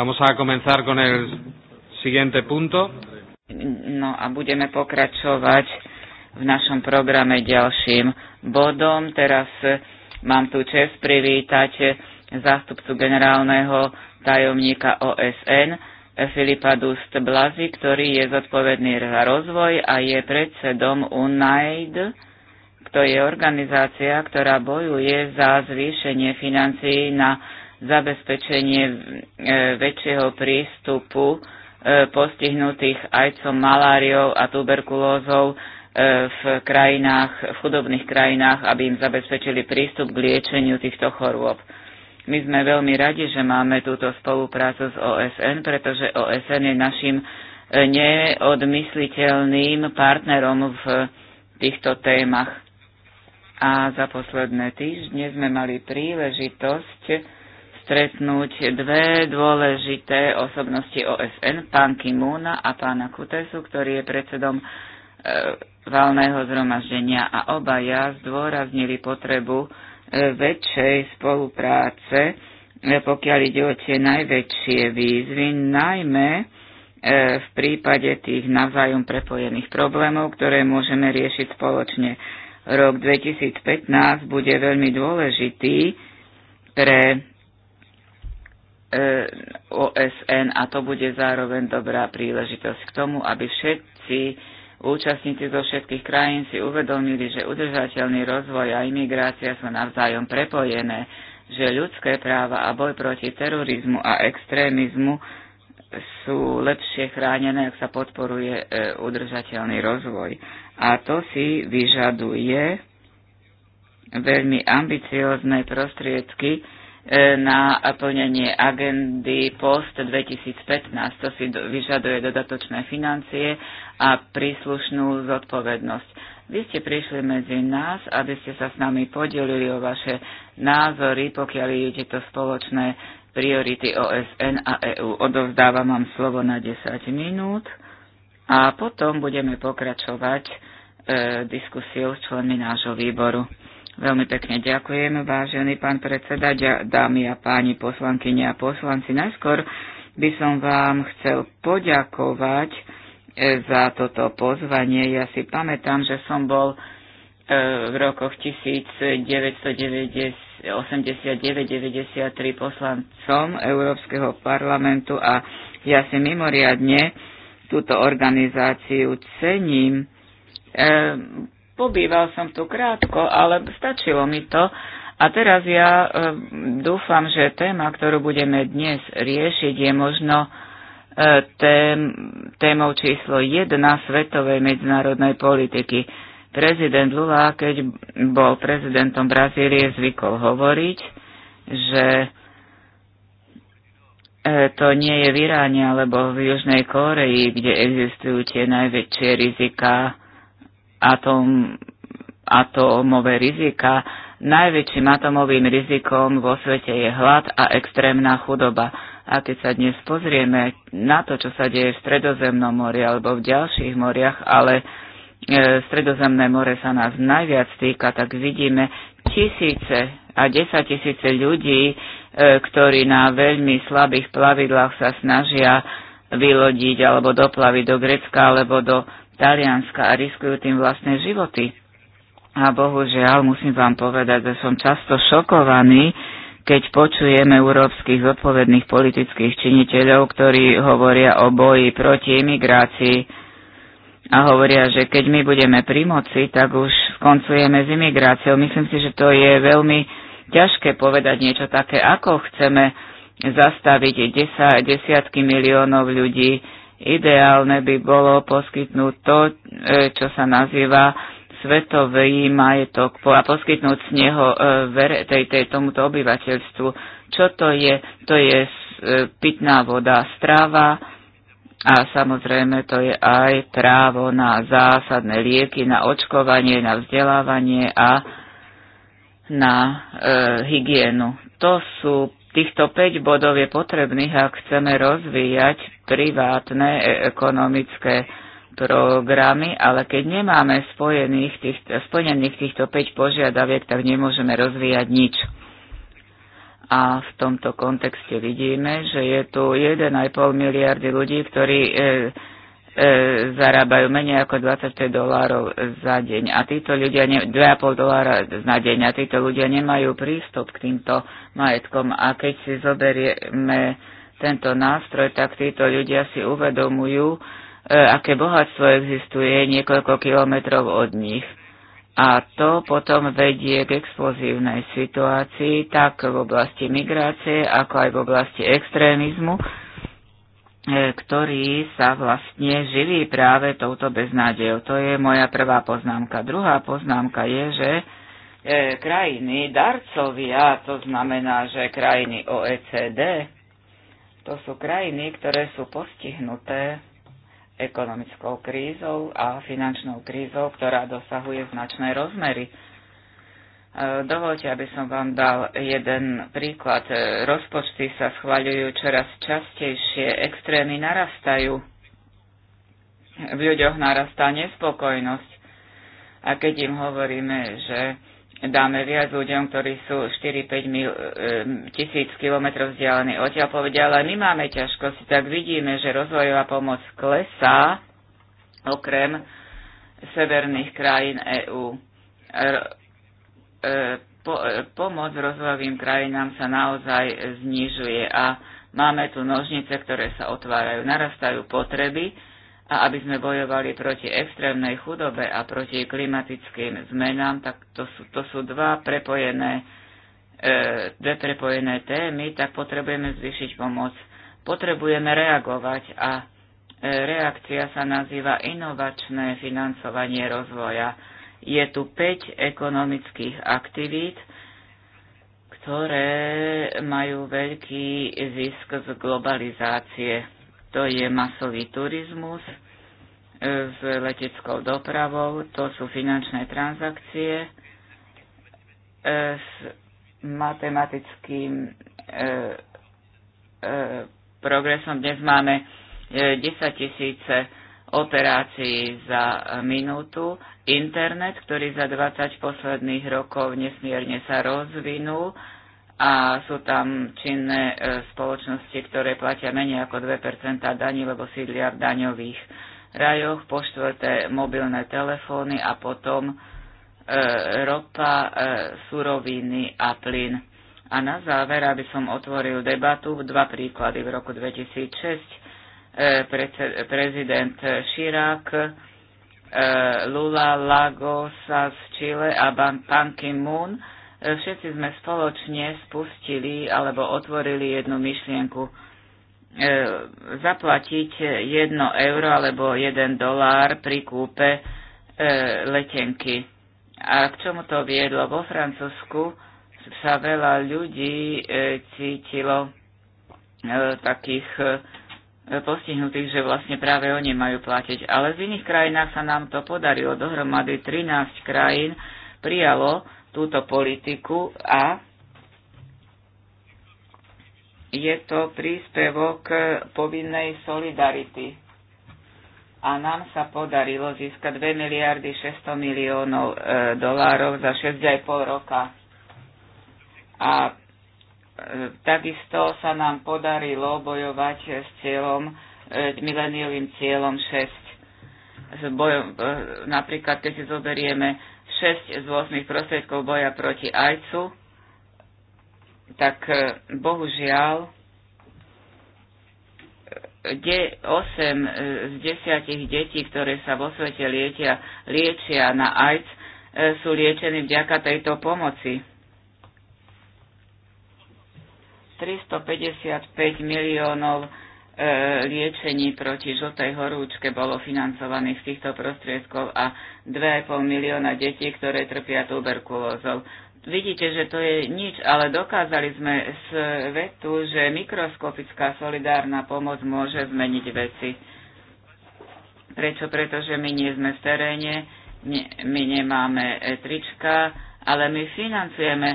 Vamos a comenzar con el siguiente punto. No a budeme pokračovať v našom programe ďalším bodom. Teraz eh, mám tu čest privítať eh, zástupcu generálneho tajomníka OSN eh, Filipa Dust Blazy, ktorý je zodpovedný za rozvoj a je predsedom UNAID, to je organizácia, ktorá bojuje za zvýšenie financií na zabezpečenie E, väčšieho prístupu e, postihnutých ajcom, maláriou a tuberkulózou e, v krajinách, v chudobných krajinách, aby im zabezpečili prístup k liečeniu týchto chorôb. My sme veľmi radi, že máme túto spoluprácu s OSN, pretože OSN je našim neodmysliteľným partnerom v týchto témach. A za posledné týždne sme mali príležitosť stretnúť dve dôležité osobnosti OSN, pán Kimúna a pána Kutesu, ktorý je predsedom e, valného zhromaždenia a obaja zdôraznili potrebu e, väčšej spolupráce, e, pokiaľ ide o tie najväčšie výzvy, najmä e, v prípade tých navzájom prepojených problémov, ktoré môžeme riešiť spoločne. Rok 2015 bude veľmi dôležitý pre E, OSN a to bude zároveň dobrá príležitosť k tomu, aby všetci účastníci zo všetkých krajín si uvedomili, že udržateľný rozvoj a imigrácia sú navzájom prepojené, že ľudské práva a boj proti terorizmu a extrémizmu sú lepšie chránené, ak sa podporuje e, udržateľný rozvoj. A to si vyžaduje veľmi ambiciozne prostriedky, E, na plnenie agendy POST 2015. To si vyžaduje dodatočné financie a príslušnú zodpovednosť. Vy ste prišli medzi nás, aby ste sa s nami podelili o vaše názory, pokiaľ idete to spoločné priority OSN a EU. Odovzdávam vám slovo na 10 minút a potom budeme pokračovať e, diskusiou s členmi nášho výboru. Veľmi pekne ďakujem, vážený pán predseda, dámy a páni poslankyne a poslanci. Najskôr by som vám chcel poďakovať e, za toto pozvanie. Ja si pamätám, že som bol e, v rokoch 1989 93 poslancom Európskeho parlamentu a ja si mimoriadne túto organizáciu cením. E, Pobýval som tu krátko, ale stačilo mi to. A teraz ja e, dúfam, že téma, ktorú budeme dnes riešiť, je možno e, tém, témou číslo 1 svetovej medzinárodnej politiky. Prezident Lula, keď bol prezidentom Brazílie, zvykol hovoriť, že e, to nie je v Iráne alebo v Južnej Koreji, kde existujú tie najväčšie rizika atom, atomové rizika. Najväčším atomovým rizikom vo svete je hlad a extrémna chudoba. A keď sa dnes pozrieme na to, čo sa deje v Stredozemnom mori alebo v ďalších moriach, ale e, Stredozemné more sa nás najviac týka, tak vidíme tisíce a desať tisíce ľudí, e, ktorí na veľmi slabých plavidlách sa snažia vylodiť alebo doplaviť do Grecka alebo do Talianska a riskujú tým vlastné životy. A bohužiaľ, musím vám povedať, že som často šokovaný, keď počujeme európskych zodpovedných politických činiteľov, ktorí hovoria o boji proti imigrácii a hovoria, že keď my budeme pri moci, tak už skoncujeme s imigráciou. Myslím si, že to je veľmi ťažké povedať niečo také, ako chceme zastaviť desa, desiatky miliónov ľudí Ideálne by bolo poskytnúť to, e, čo sa nazýva svetový majetok a poskytnúť z neho e, vere, tej, tej, tomuto obyvateľstvu. Čo to je? To je e, pitná voda, strava a samozrejme to je aj právo na zásadné lieky, na očkovanie, na vzdelávanie a na e, hygienu. To sú Týchto 5 bodov je potrebných, ak chceme rozvíjať privátne e, ekonomické programy, ale keď nemáme spojených tých, splnených týchto 5 požiadaviek, tak nemôžeme rozvíjať nič. A v tomto kontexte vidíme, že je tu 1,5 miliardy ľudí, ktorí e, E, zarábajú menej ako 25 dolárov za deň a títo ľudia, 2,5 dolára na deň a títo ľudia nemajú prístup k týmto majetkom a keď si zoberieme tento nástroj, tak títo ľudia si uvedomujú, e, aké bohatstvo existuje niekoľko kilometrov od nich. A to potom vedie k explozívnej situácii tak v oblasti migrácie, ako aj v oblasti extrémizmu, E, ktorý sa vlastne živí práve touto beznádejou. To je moja prvá poznámka. Druhá poznámka je, že e, krajiny darcovia, to znamená, že krajiny OECD, to sú krajiny, ktoré sú postihnuté ekonomickou krízou a finančnou krízou, ktorá dosahuje značné rozmery. Eh, dovolte, aby som vám dal jeden príklad. Eh, rozpočty sa schvaľujú čoraz častejšie, extrémy narastajú. V ľuďoch narastá nespokojnosť. A keď im hovoríme, že dáme viac ľuďom, ktorí sú 4-5 eh, tisíc kilometrov vzdialení odtiaľ, povedia, ale my máme ťažkosti, tak vidíme, že rozvojová pomoc klesá okrem severných krajín EÚ E, po, e, pomoc rozvojovým krajinám sa naozaj znižuje a máme tu nožnice, ktoré sa otvárajú, narastajú potreby a aby sme bojovali proti extrémnej chudobe a proti klimatickým zmenám, tak to sú, to sú dva prepojené, e, dve prepojené témy, tak potrebujeme zvýšiť pomoc. Potrebujeme reagovať a reakcia sa nazýva inovačné financovanie rozvoja je tu 5 ekonomických aktivít, ktoré majú veľký zisk z globalizácie. To je masový turizmus e, s leteckou dopravou, to sú finančné transakcie e, s matematickým e, progresom. Dnes máme 10 tisíce operácií za minútu. Internet, ktorý za 20 posledných rokov nesmierne sa rozvinul a sú tam činné e, spoločnosti, ktoré platia menej ako 2% daní, lebo sídlia v daňových rajoch, po štvrté mobilné telefóny a potom e, ropa, e, suroviny a plyn. A na záver, aby som otvoril debatu, dva príklady v roku 2006 prezident Širák, e, Lula Lagosa z Chile a Ban Ki-moon. E, všetci sme spoločne spustili alebo otvorili jednu myšlienku e, zaplatiť 1 euro alebo 1 dolár pri kúpe letenky. A k čomu to viedlo? Vo Francúzsku sa veľa ľudí cítilo takých postihnutých, že vlastne práve oni majú platiť. Ale v iných krajinách sa nám to podarilo. Dohromady 13 krajín prijalo túto politiku a je to príspevok povinnej solidarity. A nám sa podarilo získať 2 miliardy 600 miliónov e, dolárov za 6,5 roka. A takisto sa nám podarilo bojovať s cieľom, e, mileniovým cieľom 6. S bojom, e, napríklad, keď si zoberieme 6 z 8 prostriedkov boja proti ajcu, tak e, bohužiaľ 8 z 10 detí, ktoré sa vo svete lietia, liečia na AIDS, sú liečení vďaka tejto pomoci 355 miliónov e, liečení proti žltej horúčke bolo financovaných z týchto prostriedkov a 2,5 milióna detí, ktoré trpia tuberkulózou. Vidíte, že to je nič, ale dokázali sme vetu, že mikroskopická solidárna pomoc môže zmeniť veci. Prečo? Pretože my nie sme v teréne, my nemáme trička, ale my financujeme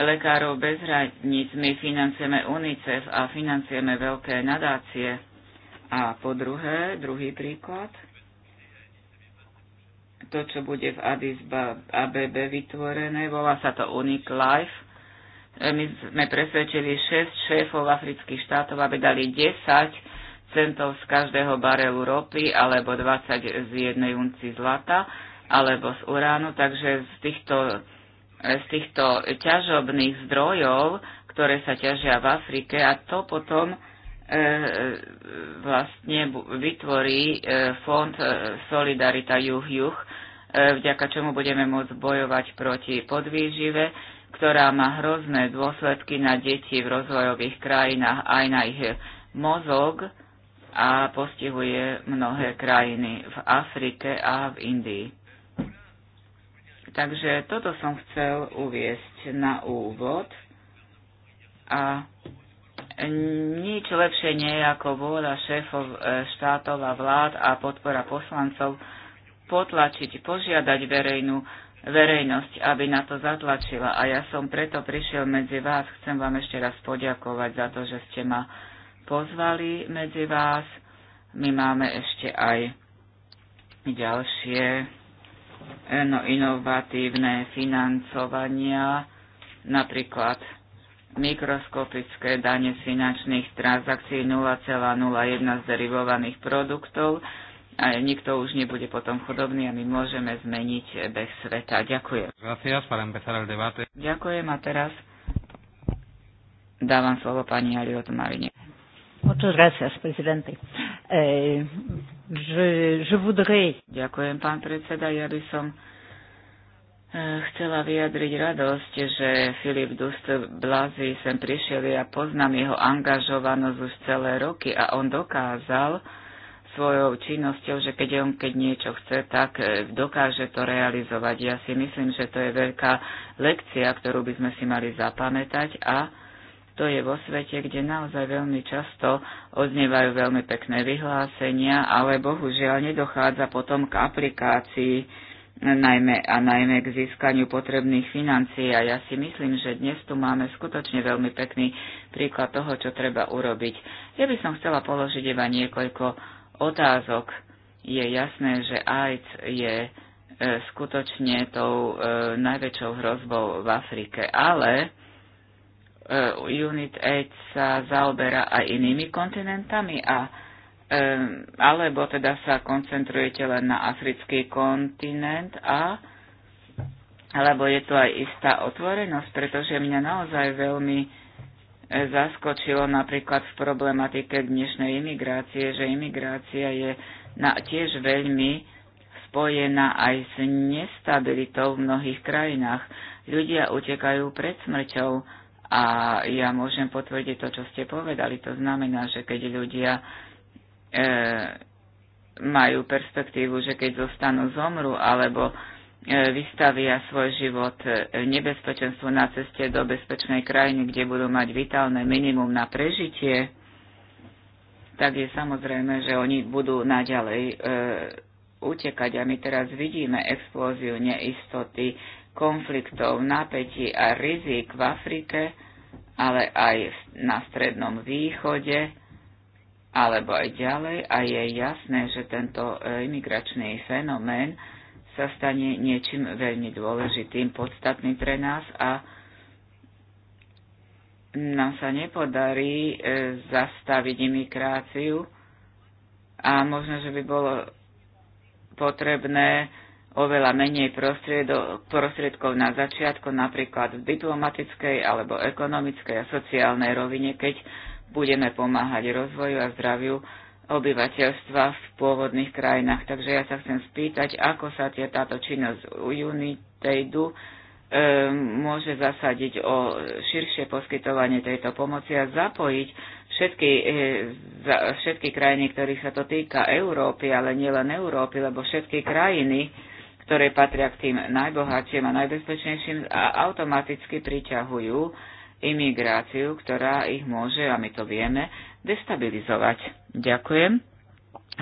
lekárov bez hraníc. My financujeme UNICEF a financujeme veľké nadácie. A po druhé, druhý príklad, to, čo bude v Addis ABB vytvorené, volá sa to Unic Life. E, my sme presvedčili 6 šéfov afrických štátov, aby dali 10 centov z každého barelu ropy alebo 20 z jednej unci zlata alebo z uránu, takže z týchto z týchto ťažobných zdrojov, ktoré sa ťažia v Afrike a to potom e, e, vlastne vytvorí e, fond Solidarita Juh-Juh, vďaka čomu budeme môcť bojovať proti podvýžive, ktorá má hrozné dôsledky na deti v rozvojových krajinách, aj na ich mozog a postihuje mnohé krajiny v Afrike a v Indii. Takže toto som chcel uviesť na úvod a nič lepšie nie je ako vôľa šéfov e, štátov a vlád a podpora poslancov potlačiť, požiadať verejnú verejnosť, aby na to zatlačila. A ja som preto prišiel medzi vás. Chcem vám ešte raz poďakovať za to, že ste ma pozvali medzi vás. My máme ešte aj ďalšie inovatívne financovania, napríklad mikroskopické dane z finančných transakcií 0,01 z derivovaných produktov a nikto už nebude potom chudobný a my môžeme zmeniť beh sveta. Ďakujem. Ďakujem a teraz dávam slovo pani Aliot Marine. Muchas gracias, presidente. Eh, je, je voudrais... Ďakujem, pán predseda. Ja by som eh, chcela vyjadriť radosť, že Filip Dust Blázy sem prišiel. Ja poznám jeho angažovanosť už celé roky a on dokázal svojou činnosťou, že keď on keď niečo chce, tak eh, dokáže to realizovať. Ja si myslím, že to je veľká lekcia, ktorú by sme si mali zapamätať a to je vo svete, kde naozaj veľmi často odznievajú veľmi pekné vyhlásenia, ale bohužiaľ nedochádza potom k aplikácii najmä, a najmä k získaniu potrebných financií. A ja si myslím, že dnes tu máme skutočne veľmi pekný príklad toho, čo treba urobiť. Ja by som chcela položiť iba niekoľko otázok. Je jasné, že AIDS je e, skutočne tou e, najväčšou hrozbou v Afrike. Ale Eh, Unit Aid sa zaoberá aj inými kontinentami, a, eh, alebo teda sa koncentrujete len na africký kontinent a alebo je tu aj istá otvorenosť, pretože mňa naozaj veľmi eh, zaskočilo napríklad v problematike dnešnej imigrácie, že imigrácia je na, tiež veľmi spojená aj s nestabilitou v mnohých krajinách. Ľudia utekajú pred smrťou a ja môžem potvrdiť to, čo ste povedali. To znamená, že keď ľudia e, majú perspektívu, že keď zostanú zomru alebo e, vystavia svoj život e, nebezpečenstvu na ceste do bezpečnej krajiny, kde budú mať vitálne minimum na prežitie, tak je samozrejme, že oni budú naďalej e, utekať. A my teraz vidíme explóziu neistoty, konfliktov, napätí a rizik v Afrike, ale aj na Strednom východe, alebo aj ďalej a je jasné, že tento e, imigračný fenomén sa stane niečím veľmi dôležitým, podstatným pre nás a nám sa nepodarí e, zastaviť imigráciu a možno, že by bolo potrebné oveľa menej prostriedkov na začiatko, napríklad v diplomatickej alebo ekonomickej a sociálnej rovine, keď budeme pomáhať rozvoju a zdraviu obyvateľstva v pôvodných krajinách. Takže ja sa chcem spýtať, ako sa tie, táto činnosť u UNITEDu e, môže zasadiť o širšie poskytovanie tejto pomoci a zapojiť všetky, e, za, všetky krajiny, ktorých sa to týka Európy, ale nielen Európy, lebo všetky krajiny, ktoré patria k tým najbohatším a najbezpečnejším a automaticky priťahujú imigráciu, ktorá ich môže, a my to vieme, destabilizovať. Ďakujem.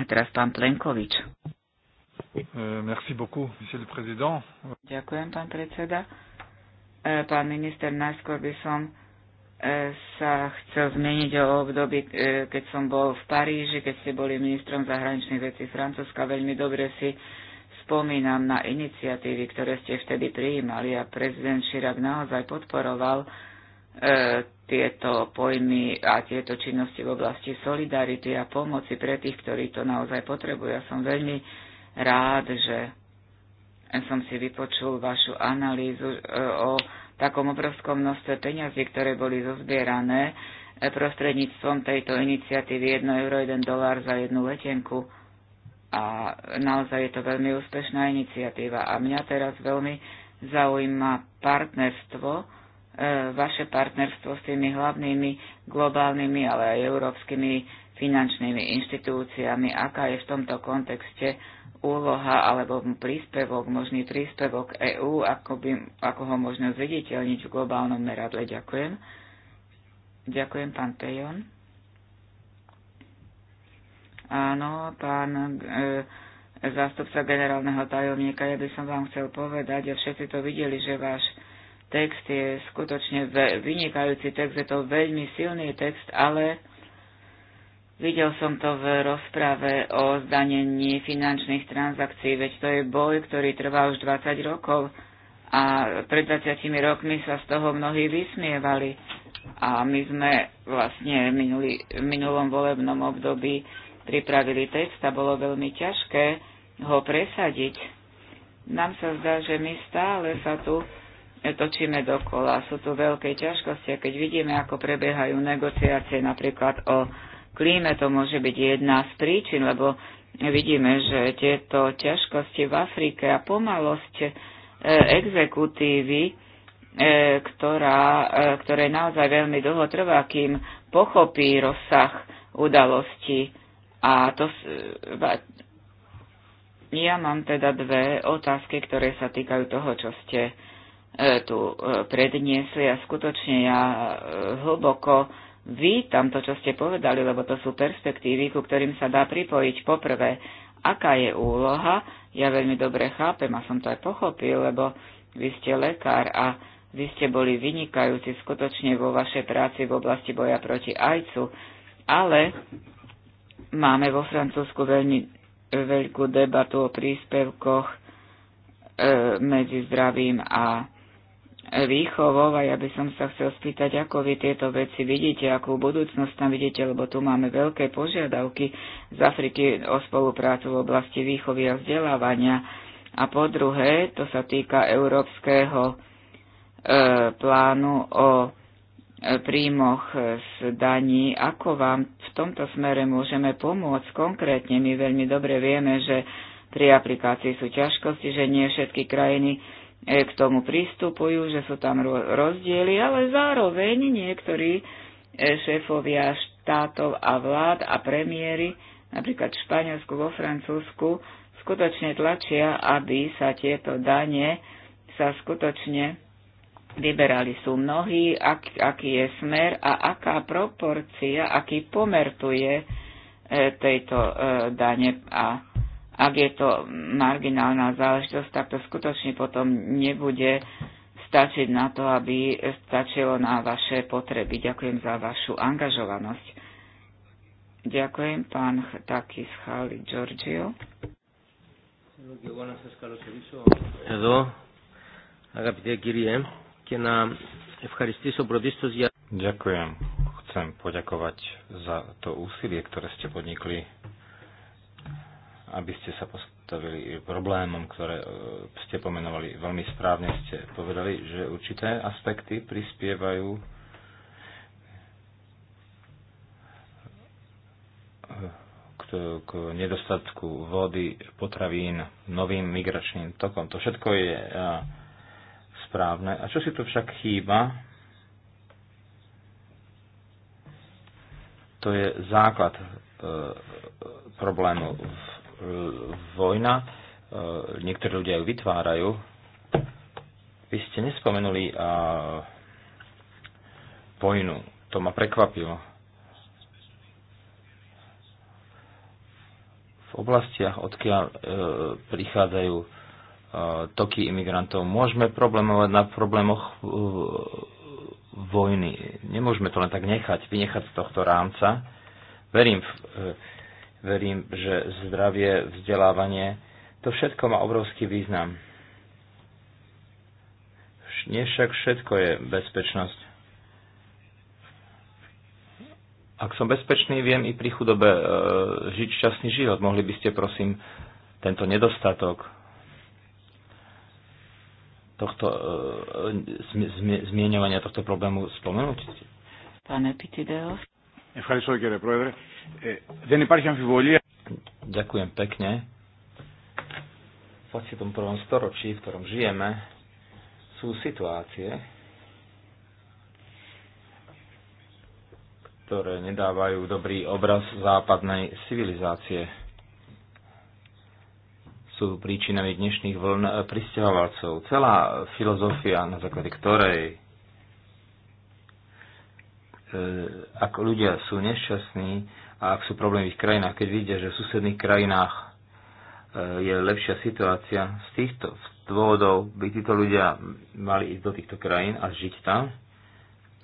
A teraz pán Plenkovič. Euh, merci beaucoup, monsieur le président. Ďakujem, pán predseda. E, pán minister, najskôr by som e, sa chcel zmeniť o období, e, keď som bol v Paríži, keď ste boli ministrom zahraničných vecí Francúzska. Veľmi dobre si Spomínam na iniciatívy, ktoré ste vtedy prijímali a prezident Širak naozaj podporoval e, tieto pojmy a tieto činnosti v oblasti solidarity a pomoci pre tých, ktorí to naozaj potrebujú. Ja som veľmi rád, že som si vypočul vašu analýzu e, o takom obrovskom množstve peňazí, ktoré boli zozbierané e, prostredníctvom tejto iniciatívy 1 euro, 1 dolár za jednu letenku a naozaj je to veľmi úspešná iniciatíva. A mňa teraz veľmi zaujíma partnerstvo, e, vaše partnerstvo s tými hlavnými globálnymi, ale aj európskymi finančnými inštitúciami, aká je v tomto kontexte úloha alebo príspevok, možný príspevok EÚ, ako, by, ako ho možno zviditeľniť v globálnom meradle. Ďakujem. Ďakujem, pán Pejon. Áno, pán e, zástupca generálneho tajomníka, ja by som vám chcel povedať, a všetci to videli, že váš text je skutočne vynikajúci text, je to veľmi silný text, ale videl som to v rozprave o zdanení finančných transakcií, veď to je boj, ktorý trvá už 20 rokov a pred 20 rokmi sa z toho mnohí vysmievali. A my sme vlastne minuli, v minulom volebnom období pripravili text a bolo veľmi ťažké ho presadiť. Nám sa zdá, že my stále sa tu točíme dokola. Sú tu veľké ťažkosti a keď vidíme, ako prebiehajú negociácie napríklad o klíme, to môže byť jedna z príčin, lebo vidíme, že tieto ťažkosti v Afrike a pomalosť e, exekutívy, e, ktorá, e, ktoré naozaj veľmi dlho trvá, kým pochopí rozsah udalostí. A to, e, e, ja mám teda dve otázky, ktoré sa týkajú toho, čo ste e, tu predniesli a skutočne ja hlboko vítam to, čo ste povedali, lebo to sú perspektívy, ku ktorým sa dá pripojiť. Poprvé, aká je úloha, ja veľmi dobre chápem a som to aj pochopil, lebo vy ste lekár a vy ste boli vynikajúci skutočne vo vašej práci v oblasti boja proti ajcu, ale Máme vo Francúzsku veľmi veľkú debatu o príspevkoch e, medzi zdravím a výchovou a ja by som sa chcel spýtať, ako vy tieto veci vidíte, akú budúcnosť tam vidíte, lebo tu máme veľké požiadavky z Afriky o spoluprácu v oblasti výchovy a vzdelávania. A po druhé, to sa týka európskeho e, plánu o príjmoch e, z daní. Ako vám v tomto smere môžeme pomôcť konkrétne? My veľmi dobre vieme, že pri aplikácii sú ťažkosti, že nie všetky krajiny e, k tomu pristupujú, že sú tam rozdiely, ale zároveň niektorí e, šéfovia štátov a vlád a premiéry, napríklad v Španielsku, vo Francúzsku, skutočne tlačia, aby sa tieto dane sa skutočne Vyberali sú mnohí, ak, aký je smer a aká proporcia, aký pomer tu je e, tejto e, dane a ak je to marginálna záležitosť, tak to skutočne potom nebude stačiť na to, aby stačilo na vaše potreby. Ďakujem za vašu angažovanosť. Ďakujem, pán Takis Chali Giorgio. Hello. Ďakujem. Chcem poďakovať za to úsilie, ktoré ste podnikli, aby ste sa postavili problémom, ktoré e, ste pomenovali. Veľmi správne ste povedali, že určité aspekty prispievajú e, k, k nedostatku vody, potravín, novým migračným tokom. To všetko je správne. A čo si tu však chýba, to je základ e, problému. Vojna, e, niektorí ľudia ju vytvárajú. Vy ste nespomenuli a, e, vojnu. To ma prekvapilo. V oblastiach, odkiaľ e, prichádzajú toky imigrantov. Môžeme problémovať na problémoch uh, vojny. Nemôžeme to len tak nechať, vynechať z tohto rámca. Verím, uh, verím, že zdravie, vzdelávanie, to všetko má obrovský význam. Nie však všetko je bezpečnosť. Ak som bezpečný, viem i pri chudobe e, žiť šťastný život. Mohli by ste, prosím, tento nedostatok tohto e, e, zmieňovania tohto problému spomenúť? Pane Pitideos. Ďakujem pekne. V 21. storočí, v ktorom žijeme, sú situácie, ktoré nedávajú dobrý obraz západnej civilizácie sú príčinami dnešných vln eh, pristahovalcov. Celá filozofia, na základe ktorej eh, ak ľudia sú nešťastní a ak sú problémy v krajinách, keď vidia, že v susedných krajinách eh, je lepšia situácia, z týchto dôvodov by títo ľudia mali ísť do týchto krajín a žiť tam,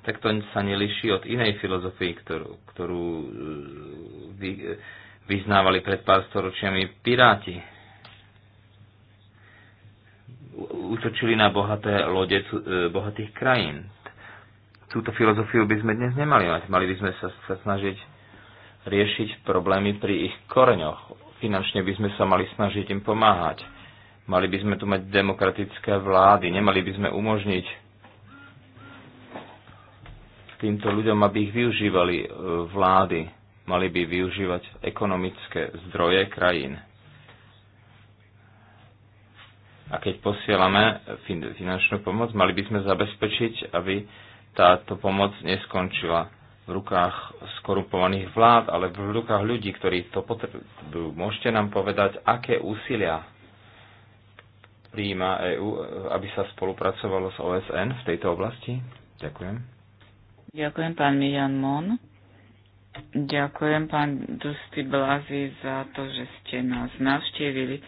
tak to sa neliší od inej filozofii, ktorú, ktorú vy, vyznávali pred pár storočiami piráti útočili na bohaté lode e, bohatých krajín. Túto filozofiu by sme dnes nemali mať. Mali by sme sa, sa snažiť riešiť problémy pri ich koreňoch. Finančne by sme sa mali snažiť im pomáhať. Mali by sme tu mať demokratické vlády. Nemali by sme umožniť týmto ľuďom, aby ich využívali e, vlády. Mali by využívať ekonomické zdroje krajín. A keď posielame finančnú pomoc, mali by sme zabezpečiť, aby táto pomoc neskončila v rukách skorumpovaných vlád, ale v rukách ľudí, ktorí to potrebujú. Môžete nám povedať, aké úsilia prijíma EÚ, aby sa spolupracovalo s OSN v tejto oblasti? Ďakujem. Ďakujem, pán Mijan Mon. Ďakujem, pán Dusty Blazi, za to, že ste nás navštívili.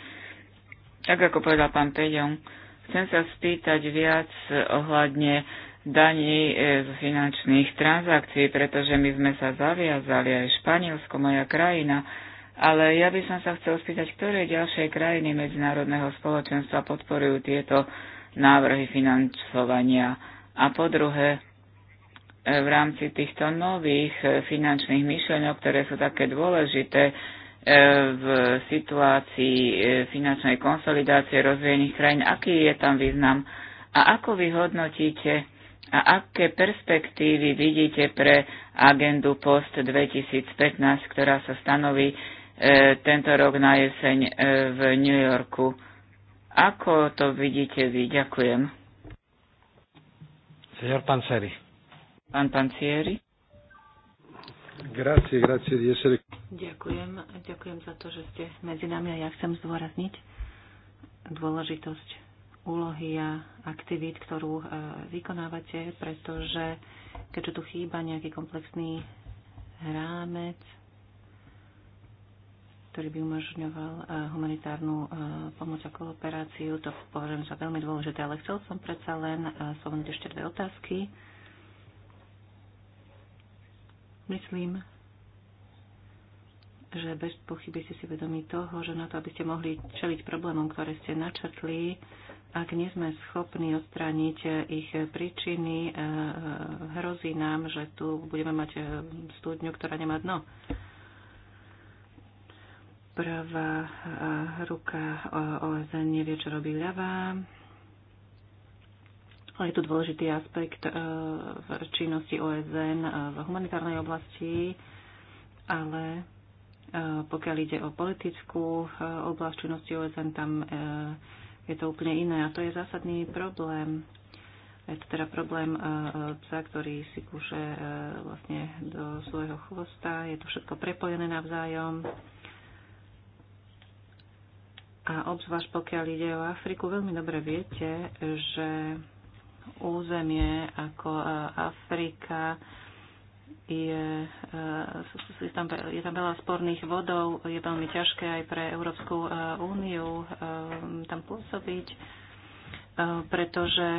Tak ako povedal pán Peďon, chcem sa spýtať viac ohľadne daní e, z finančných transakcií, pretože my sme sa zaviazali aj Španielsko, moja krajina, ale ja by som sa chcel spýtať, ktoré ďalšie krajiny medzinárodného spoločenstva podporujú tieto návrhy financovania. A po druhé, e, v rámci týchto nových e, finančných myšlenok, ktoré sú také dôležité E, v situácii e, finančnej konsolidácie rozvojených krajín, aký je tam význam a ako vy hodnotíte a aké perspektívy vidíte pre agendu post 2015, ktorá sa stanoví e, tento rok na jeseň v New Yorku. Ako to vidíte vy? Ďakujem. Señor Pancieri. Pán Pancieri. Grazie, grazie di essere... Ďakujem, ďakujem za to, že ste medzi nami a ja chcem zdôrazniť dôležitosť úlohy a aktivít, ktorú e, vykonávate, pretože keďže tu chýba nejaký komplexný rámec, ktorý by umožňoval e, humanitárnu e, pomoc a kooperáciu. To považujem za veľmi dôležité, ale chcel som predsa len spomenúť ešte dve otázky. Myslím, že bez pochyby ste si vedomi toho, že na to, aby ste mohli čeliť problémom, ktoré ste načrtli, ak nie sme schopní odstrániť ich príčiny, eh, hrozí nám, že tu budeme mať eh, studňu, ktorá nemá dno. Pravá eh, ruka OSN nevie, čo robí ľavá ale je tu dôležitý aspekt eh, v činnosti OSN eh, v humanitárnej oblasti, ale eh, pokiaľ ide o politickú oblasť činnosti OSN, tam je to úplne iné. A to je zásadný problém. Je to teda problém psa, ktorý si kúše vlastne do svojho chvosta. Je to všetko prepojené navzájom. A obzvlášť pokiaľ ide o Afriku, veľmi dobre viete, že územie ako e, Afrika. Je, je, tam, je tam veľa sporných vodov, je veľmi ťažké aj pre Európsku e, úniu e, tam pôsobiť, pretože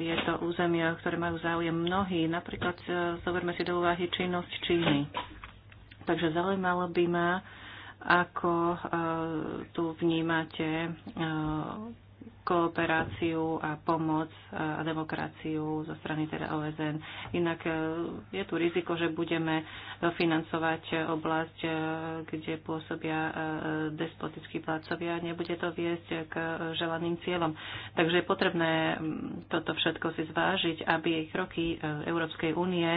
je to územie, ktoré majú záujem mnohí. Napríklad zoberme si do úvahy činnosť Číny. Takže zaujímalo by ma, ako tu vnímate kooperáciu a pomoc a demokraciu zo strany teda OSN. Inak e, je tu riziko, že budeme financovať oblasť, e, kde pôsobia e, despotickí vládcovia a nebude to viesť k želaným cieľom. Takže je potrebné toto všetko si zvážiť, aby kroky Európskej únie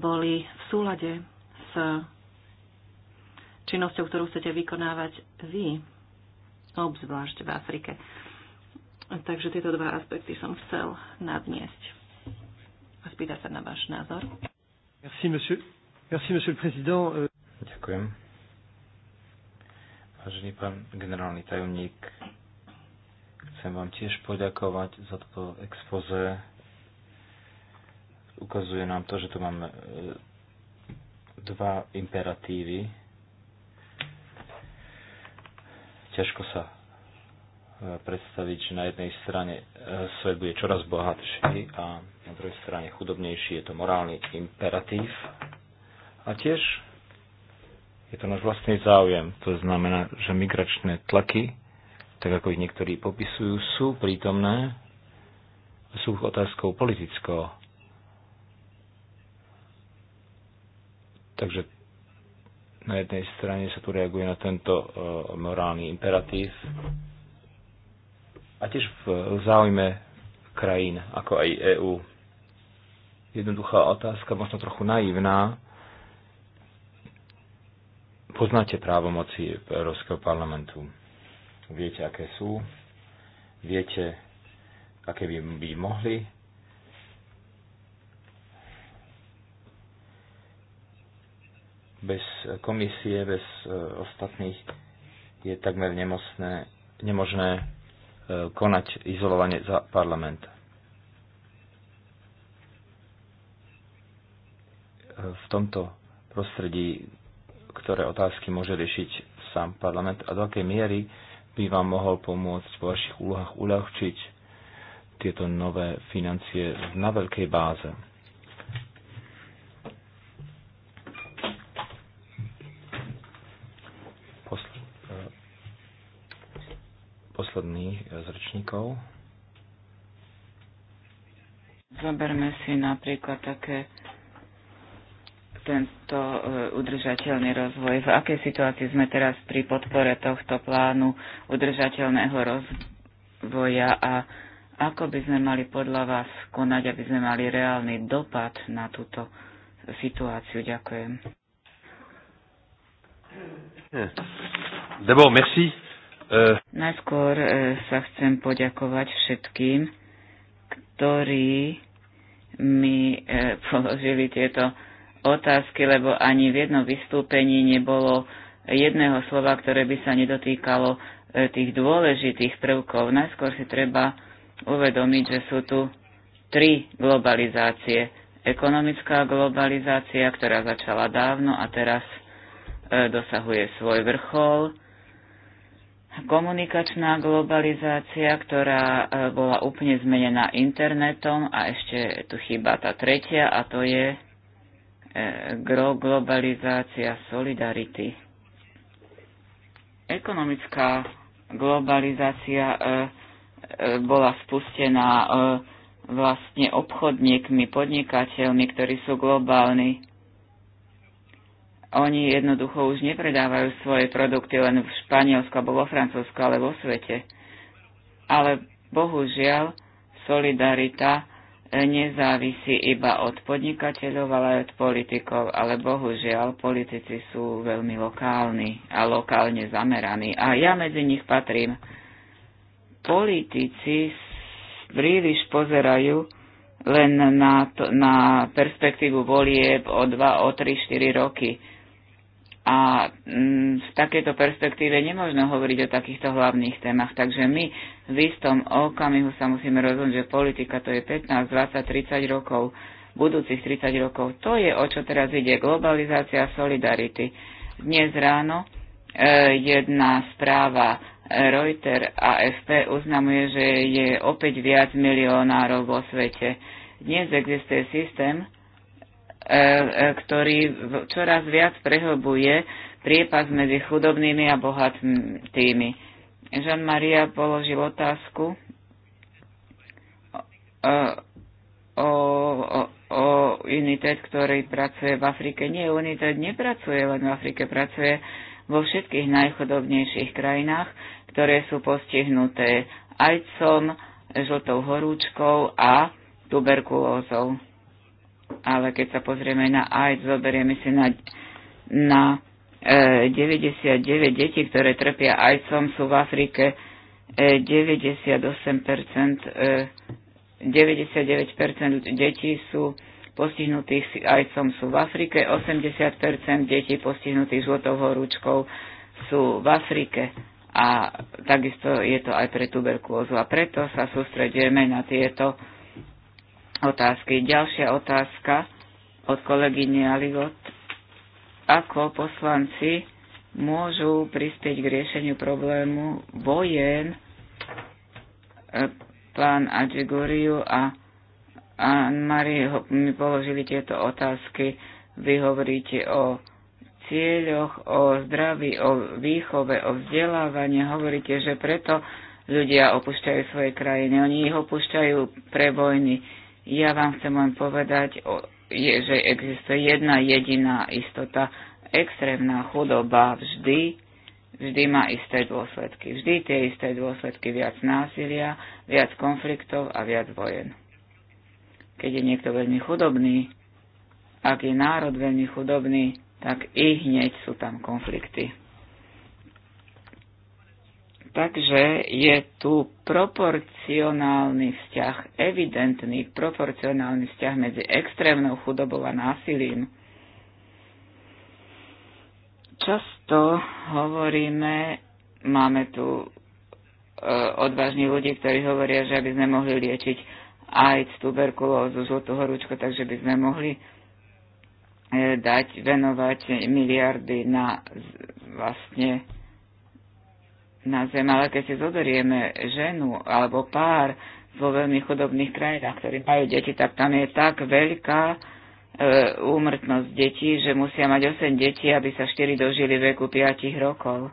boli v súlade s činnosťou, ktorú chcete vykonávať vy obzvlášť v Afrike. Takže tieto dva aspekty som chcel nadniesť a spýtať sa na váš názor. Merci, monsieur. Merci, monsieur le président. Ďakujem. Vážený pán generálny tajomník, chcem vám tiež poďakovať za toto expoze. Ukazuje nám to, že tu máme e, dva imperatívy Ťažko sa e, predstaviť, že na jednej strane e, svet bude čoraz bohatší a na druhej strane chudobnejší. Je to morálny imperatív. A tiež je to náš vlastný záujem. To znamená, že migračné tlaky, tak ako ich niektorí popisujú, sú prítomné, sú otázkou politickou. Takže na jednej strane sa tu reaguje na tento e, morálny imperatív a tiež v záujme krajín ako aj EÚ. Jednoduchá otázka, možno trochu naivná. Poznáte právomoci Európskeho parlamentu. Viete, aké sú. Viete, aké by, by mohli bez komisie, bez e, ostatných je takmer nemocné, nemožné e, konať izolovanie za parlament. E, v tomto prostredí, ktoré otázky môže riešiť sám parlament a do akej miery by vám mohol pomôcť vo vašich úlohách uľahčiť tieto nové financie na veľkej báze. posledný z rečníkov. Zoberme si napríklad také tento e, udržateľný rozvoj. V akej situácii sme teraz pri podpore tohto plánu udržateľného rozvoja a ako by sme mali podľa vás konať, aby sme mali reálny dopad na túto situáciu? Ďakujem. D'abord, merci E, Najskôr e, sa chcem poďakovať všetkým, ktorí mi e, položili tieto otázky, lebo ani v jednom vystúpení nebolo jedného slova, ktoré by sa nedotýkalo tých dôležitých prvkov. Najskôr si treba uvedomiť, že sú tu tri globalizácie. Ekonomická globalizácia, ktorá začala dávno a teraz dosahuje svoj vrchol komunikačná globalizácia, ktorá e, bola úplne zmenená internetom a ešte tu chýba tá tretia a to je e, globalizácia solidarity. Ekonomická globalizácia e, bola spustená vlastne obchodníkmi, podnikateľmi, ktorí sú globálni oni jednoducho už nepredávajú svoje produkty len v Španielsku alebo vo Francúzsku, ale vo svete. Ale bohužiaľ, solidarita e, nezávisí iba od podnikateľov, ale aj od politikov. Ale bohužiaľ, politici sú veľmi lokálni a lokálne zameraní. A ja medzi nich patrím. Politici príliš pozerajú len na, to, na perspektívu volieb o 2, o 3, 4 roky a v mm, takejto perspektíve nemôžno hovoriť o takýchto hlavných témach. Takže my v istom okamihu sa musíme rozhodnúť, že politika to je 15, 20, 30 rokov, budúcich 30 rokov. To je, o čo teraz ide globalizácia solidarity. Dnes ráno e, jedna správa e, Reuter a FP uznamuje, že je opäť viac milionárov vo svete. Dnes existuje systém, E, e, ktorý čoraz viac prehlbuje priepas medzi chudobnými a bohatými. Jean-Maria položil otázku o, o, o Unitet, ktorý pracuje v Afrike. Nie, Unitet nepracuje len v Afrike, pracuje vo všetkých najchodobnejších krajinách, ktoré sú postihnuté ajcom, žltou horúčkou a tuberkulózou ale keď sa pozrieme na AIDS, zoberieme si na, na e, 99 detí, ktoré trpia AIDSom, sú v Afrike e, 98%, e, 99% detí sú postihnutých AIDSom sú v Afrike, 80% detí postihnutých žlotou horúčkou sú v Afrike a takisto je to aj pre tuberkulózu. A preto sa sústredujeme na tieto otázky. Ďalšia otázka od kolegyne Aligot. Ako poslanci môžu prispieť k riešeniu problému vojen e, pán Adžigoriu a a Marie mi položili tieto otázky. Vy hovoríte o cieľoch, o zdraví, o výchove, o vzdelávaní. Hovoríte, že preto ľudia opúšťajú svoje krajiny. Oni ich opúšťajú pre vojny. Ja vám chcem len povedať, že existuje jedna jediná istota. Extrémna chudoba vždy vždy má isté dôsledky. Vždy tie isté dôsledky viac násilia, viac konfliktov a viac vojen. Keď je niekto veľmi chudobný, ak je národ veľmi chudobný, tak i hneď sú tam konflikty. Takže je tu proporcionálny vzťah, evidentný proporcionálny vzťah medzi extrémnou chudobou a násilím. Často hovoríme, máme tu e, odvážni ľudí, ktorí hovoria, že aby sme mohli liečiť aj tuberkulózu, žltú horúčku, takže by sme mohli e, dať, venovať miliardy na z, vlastne na zem, ale keď si zoberieme ženu alebo pár vo veľmi chudobných krajinách, ktorí majú deti, tak tam je tak veľká e, úmrtnosť detí, že musia mať 8 detí, aby sa 4 dožili veku 5 rokov.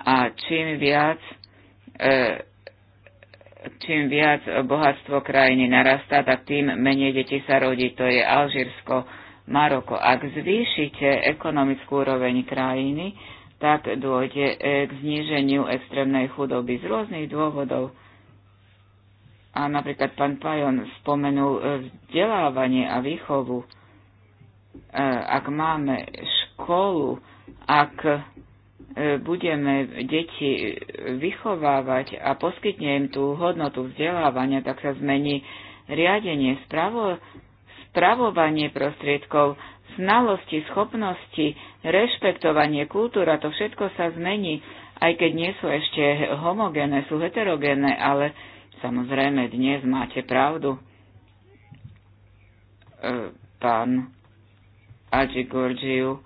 A čím viac, e, čím viac bohatstvo krajiny narastá, tak tým menej detí sa rodí. To je Alžírsko, Maroko. Ak zvýšite ekonomickú úroveň krajiny, tak dôjde e, k zníženiu extrémnej chudoby z rôznych dôvodov. A napríklad pán Pajon spomenul e, vzdelávanie a výchovu. E, ak máme školu, ak budeme deti vychovávať a poskytne im tú hodnotu vzdelávania, tak sa zmení riadenie, spravo, spravovanie prostriedkov Znalosti, schopnosti, rešpektovanie, kultúra, to všetko sa zmení, aj keď nie sú ešte homogénne, sú heterogénne, ale samozrejme dnes máte pravdu. E, pán Aji Gorgiu,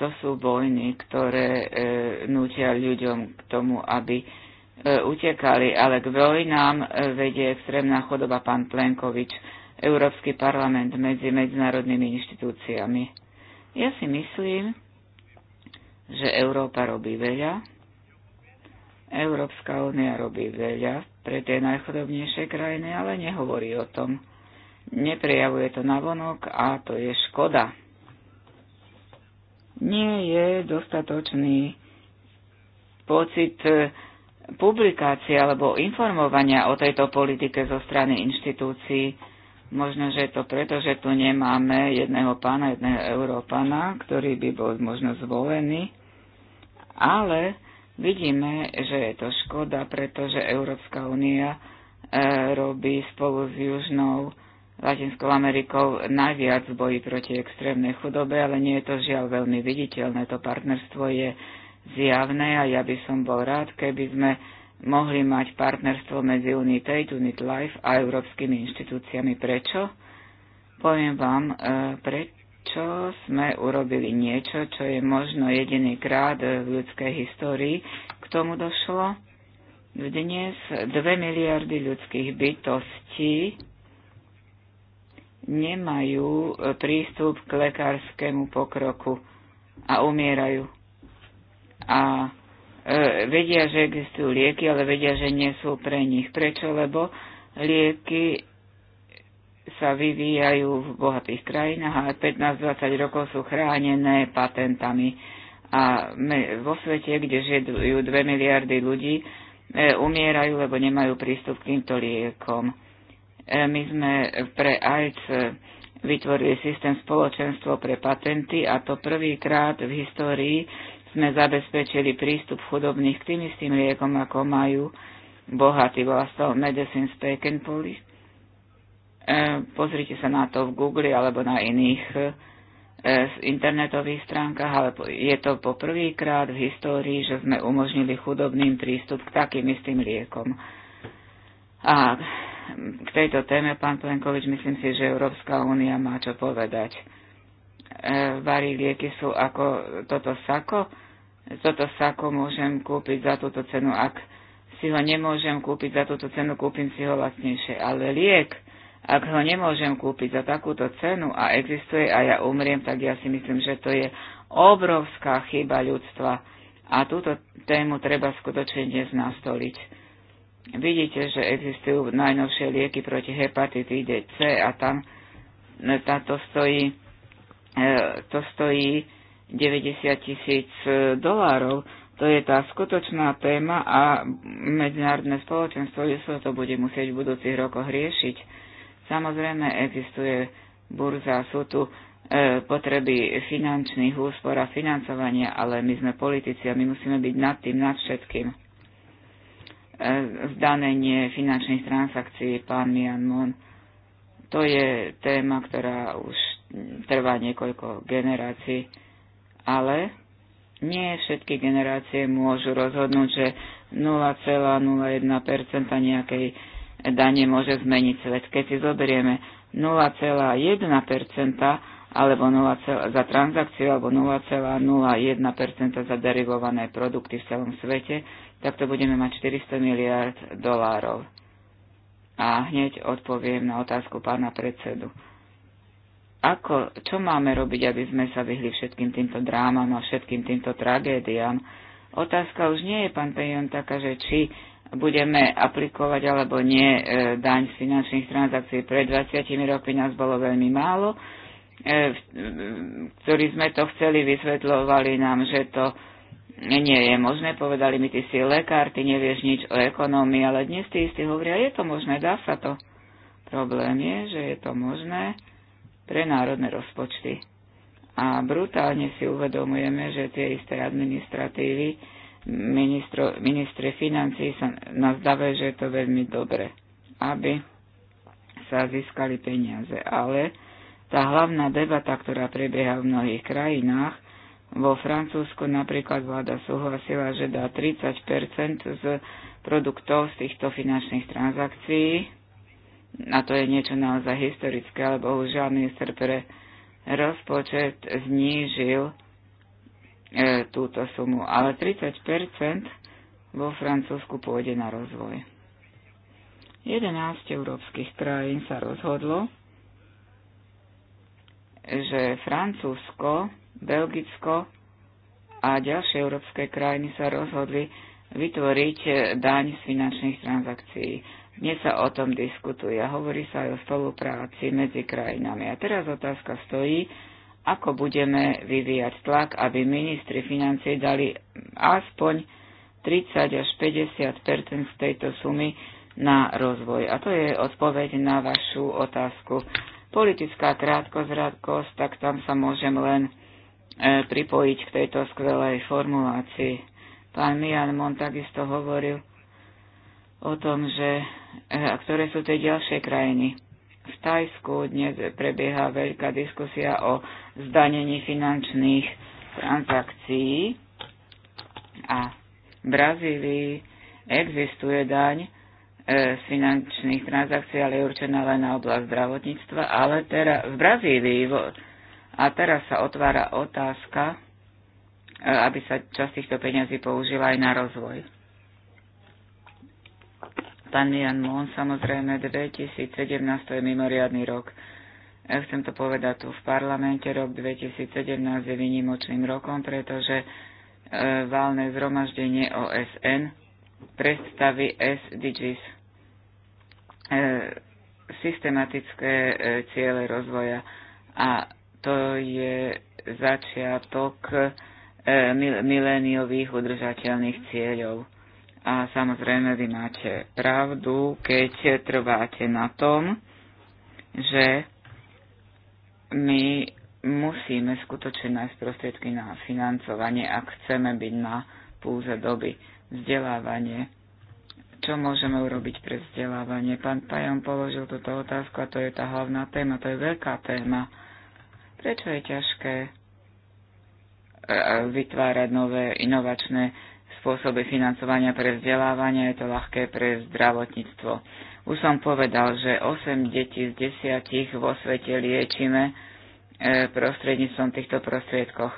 to sú vojny, ktoré e, nutia ľuďom k tomu, aby e, utekali, ale k vojnám e, vedie extrémna chodoba pán Plenkovič Európsky parlament medzi medzinárodnými inštitúciami. Ja si myslím, že Európa robí veľa, Európska únia robí veľa pre tie najchodobnejšie krajiny, ale nehovorí o tom. Neprejavuje to navonok a to je škoda. Nie je dostatočný pocit eh, publikácie alebo informovania o tejto politike zo strany inštitúcií Možno, že je to preto, že tu nemáme jedného pána, jedného európana, ktorý by bol možno zvolený, ale vidíme, že je to škoda, pretože Európska únia e, robí spolu s Južnou Latinskou Amerikou najviac boji proti extrémnej chudobe, ale nie je to žiaľ veľmi viditeľné. To partnerstvo je zjavné a ja by som bol rád, keby sme mohli mať partnerstvo medzi United Unit Life a európskymi inštitúciami. Prečo? Poviem vám, e, prečo sme urobili niečo, čo je možno jediný krát v ľudskej histórii. K tomu došlo dnes 2 miliardy ľudských bytostí nemajú e, prístup k lekárskému pokroku a umierajú. A E, vedia, že existujú lieky, ale vedia, že nie sú pre nich. Prečo? Lebo lieky sa vyvíjajú v bohatých krajinách a 15-20 rokov sú chránené patentami. A vo svete, kde žijú 2 miliardy ľudí, e, umierajú, lebo nemajú prístup k týmto liekom. E, my sme pre AIDS vytvorili systém spoločenstvo pre patenty a to prvýkrát v histórii sme zabezpečili prístup chudobných k tým istým liekom, ako majú bohatí vlastov Medicines and Police. E, pozrite sa na to v Google alebo na iných e, internetových stránkach, ale je to po prvýkrát v histórii, že sme umožnili chudobným prístup k takým istým liekom. A k tejto téme, pán Plenkovič, myslím si, že Európska únia má čo povedať. E, varí lieky sú ako toto sako, toto sako môžem kúpiť za túto cenu, ak si ho nemôžem kúpiť za túto cenu, kúpim si ho vlastnejšie. Ale liek, ak ho nemôžem kúpiť za takúto cenu a existuje a ja umriem, tak ja si myslím, že to je obrovská chyba ľudstva a túto tému treba skutočne dnes nastoliť. Vidíte, že existujú najnovšie lieky proti hepatitíde C a tam e, táto stojí, to stojí e, 90 tisíc e, dolárov. To je tá skutočná téma a medzinárodné spoločenstvo ISO to bude musieť v budúcich rokoch riešiť. Samozrejme existuje burza, sú tu e, potreby finančných úspor a financovania, ale my sme politici a my musíme byť nad tým, nad všetkým. E, zdanenie finančných transakcií, pán Mian Mon, to je téma, ktorá už trvá niekoľko generácií ale nie všetky generácie môžu rozhodnúť, že 0,01% nejakej dane môže zmeniť svet. Keď si zoberieme 0,1% alebo 0, za transakciu alebo 0,01% za derivované produkty v celom svete, tak to budeme mať 400 miliard dolárov. A hneď odpoviem na otázku pána predsedu. Ako, čo máme robiť, aby sme sa vyhli všetkým týmto drámam a všetkým týmto tragédiám? Otázka už nie je, pán Pejon, taká, že či budeme aplikovať alebo nie e, daň z finančných transakcií. Pred 20 rokmi nás bolo veľmi málo, e, v, e, ktorí sme to chceli, vysvetľovali nám, že to nie je možné. Povedali mi, ty si lekár, ty nevieš nič o ekonómii, ale dnes tí istí hovoria, je to možné, dá sa to. Problém je, že je to možné pre národné rozpočty. A brutálne si uvedomujeme, že tie isté administratívy, ministro, ministre financí sa nás dávajú, že je to veľmi dobre, aby sa získali peniaze. Ale tá hlavná debata, ktorá prebieha v mnohých krajinách, vo Francúzsku napríklad vláda súhlasila, že dá 30 z produktov z týchto finančných transakcií a to je niečo naozaj historické, ale bohužiaľ minister pre rozpočet znížil e, túto sumu. Ale 30 vo Francúzsku pôjde na rozvoj. 11 európskych krajín sa rozhodlo, že Francúzsko, Belgicko a ďalšie európske krajiny sa rozhodli vytvoriť daň z finančných transakcií. Dnes sa o tom diskutuje. Hovorí sa aj o spolupráci medzi krajinami. A teraz otázka stojí, ako budeme vyvíjať tlak, aby ministri financie dali aspoň 30 až 50 z tejto sumy na rozvoj. A to je odpoveď na vašu otázku. Politická krátkozradkosť, tak tam sa môžem len e, pripojiť k tejto skvelej formulácii. Pán Mian Mon takisto hovoril, o tom, že e, a ktoré sú tie ďalšie krajiny. V Tajsku dnes prebieha veľká diskusia o zdanení finančných transakcií a v Brazílii existuje daň e, z finančných transakcií, ale je určená len na oblasť zdravotníctva, ale teraz v Brazílii a teraz sa otvára otázka, e, aby sa časť týchto peňazí použila aj na rozvoj. Pán Jan Mon, samozrejme 2017 je mimoriadný rok. Ja e, chcem to povedať tu v parlamente, rok 2017 je vynimočným rokom, pretože e, válne zhromaždenie OSN predstaví SDGs, e, systematické e, ciele rozvoja. A to je začiatok e, miléniových udržateľných cieľov a samozrejme, vy máte pravdu, keď trváte na tom, že my musíme skutočne nájsť prostriedky na financovanie, ak chceme byť na púze doby. Vzdelávanie. Čo môžeme urobiť pre vzdelávanie? Pán Pajom položil túto otázku a to je tá hlavná téma, to je veľká téma. Prečo je ťažké e, e, vytvárať nové inovačné spôsoby financovania pre vzdelávanie, je to ľahké pre zdravotníctvo. Už som povedal, že 8 detí z 10 vo svete liečime e, prostredníctvom týchto prostriedkoch,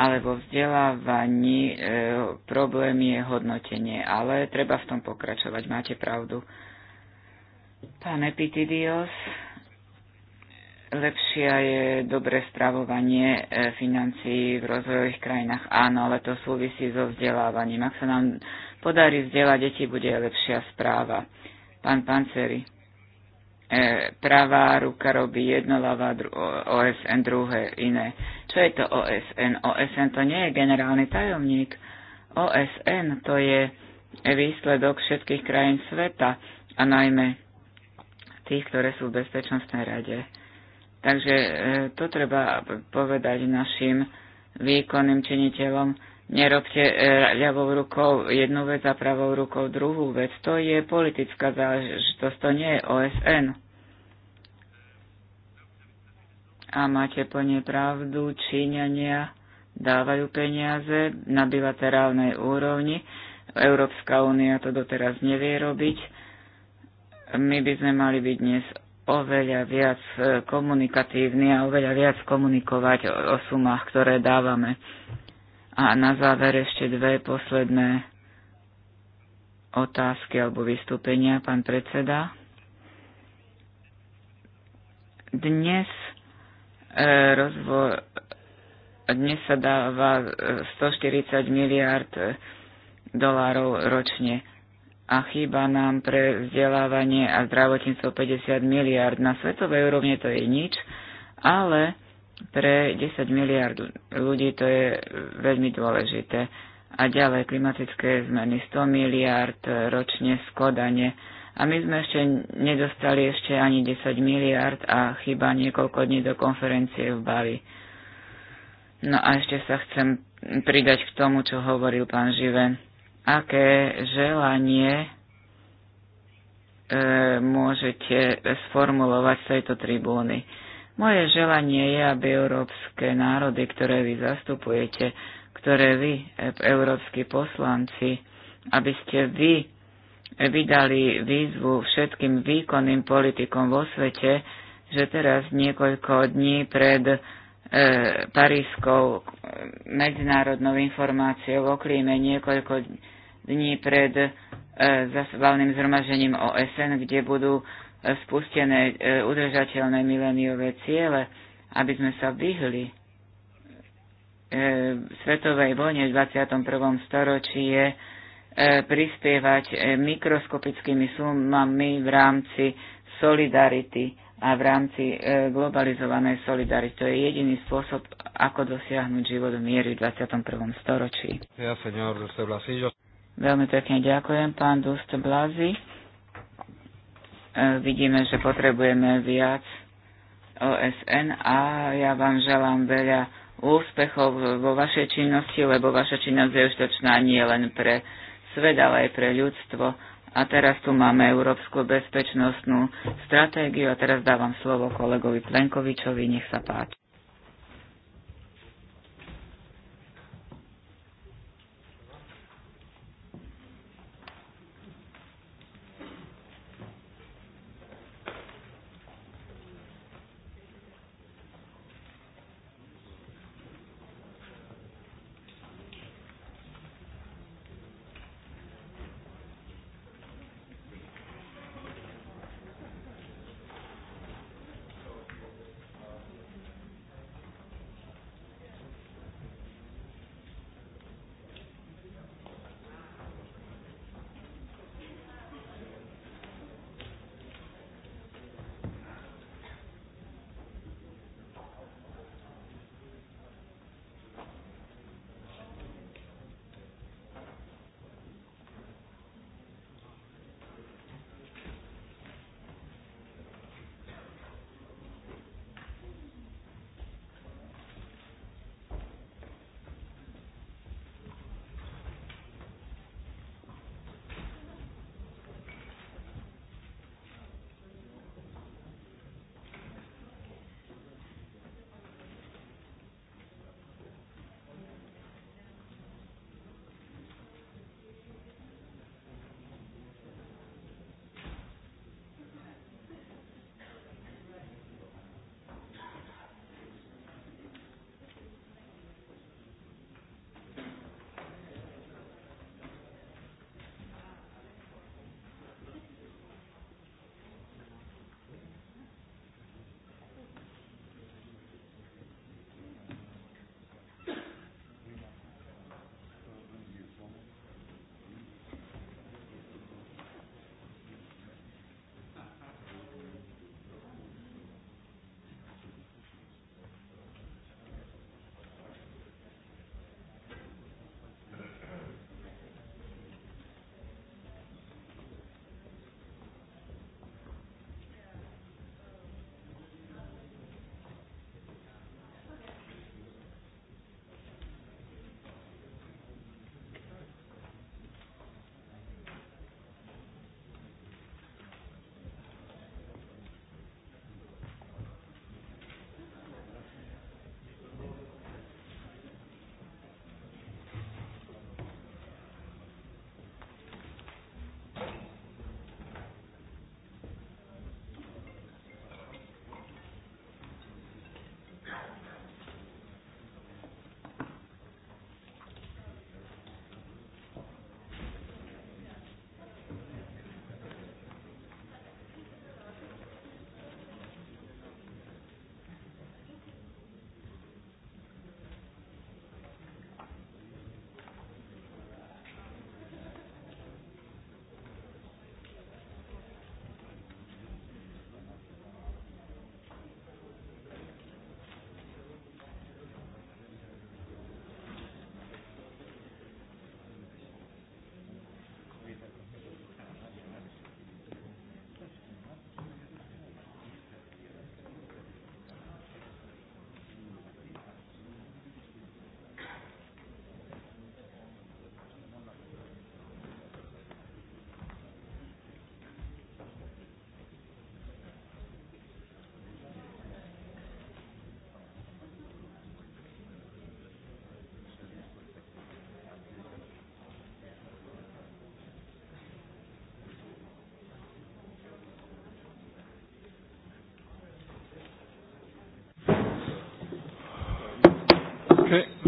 ale vo vzdelávaní e, problém je hodnotenie, ale treba v tom pokračovať, máte pravdu. Pán Epitidios, lepšia je dobre spravovanie e, financií v rozvojových krajinách. Áno, ale to súvisí so vzdelávaním. Ak sa nám podarí vzdelať deti, bude lepšia správa. Pán Panceri, e, pravá ruka robí jedno, ľavá dru- OSN druhé iné. Čo je to OSN? OSN to nie je generálny tajomník. OSN to je výsledok všetkých krajín sveta a najmä tých, ktoré sú v bezpečnostnej rade. Takže e, to treba povedať našim výkonným činiteľom. Nerobte e, ľavou rukou jednu vec a pravou rukou druhú vec. To je politická záležitosť, to nie je OSN. A máte plne pravdu, Číňania dávajú peniaze na bilaterálnej úrovni. Európska únia to doteraz nevie robiť. My by sme mali byť dnes oveľa viac e, komunikatívni a oveľa viac komunikovať o sumách, ktoré dávame. A na záver ešte dve posledné otázky alebo vystúpenia, pán predseda. Dnes, e, rozvo- dnes sa dáva 140 e, miliard e, dolárov ročne a chýba nám pre vzdelávanie a zdravotníctvo 50 miliard. Na svetovej úrovne to je nič, ale pre 10 miliard ľudí to je veľmi dôležité. A ďalej klimatické zmeny 100 miliard ročne skodanie. A my sme ešte nedostali ešte ani 10 miliard a chyba niekoľko dní do konferencie v Bali. No a ešte sa chcem pridať k tomu, čo hovoril pán Živen aké želanie e, môžete sformulovať z tejto tribúny. Moje želanie je, aby európske národy, ktoré vy zastupujete, ktoré vy, e, európsky poslanci, aby ste vy vydali výzvu všetkým výkonným politikom vo svete, že teraz niekoľko dní pred E, parískou e, medzinárodnou informáciou o klíme niekoľko dní pred e, zasobalným zhromažením OSN, kde budú e, spustené udržateľné mileniové ciele, aby sme sa vyhli svetovej vojne v 21. storočí je prispievať mikroskopickými sumami v rámci solidarity a v rámci e, globalizovanej solidarity. To je jediný spôsob, ako dosiahnuť život v miery v 21. storočí. Ja, senor, Veľmi pekne ďakujem, pán Dust E, Vidíme, že potrebujeme viac OSN a ja vám želám veľa úspechov vo vašej činnosti, lebo vaša činnosť je užtočná nie len pre svet, ale aj pre ľudstvo a teraz tu máme Európsku bezpečnostnú stratégiu a teraz dávam slovo kolegovi Plenkovičovi, nech sa páči.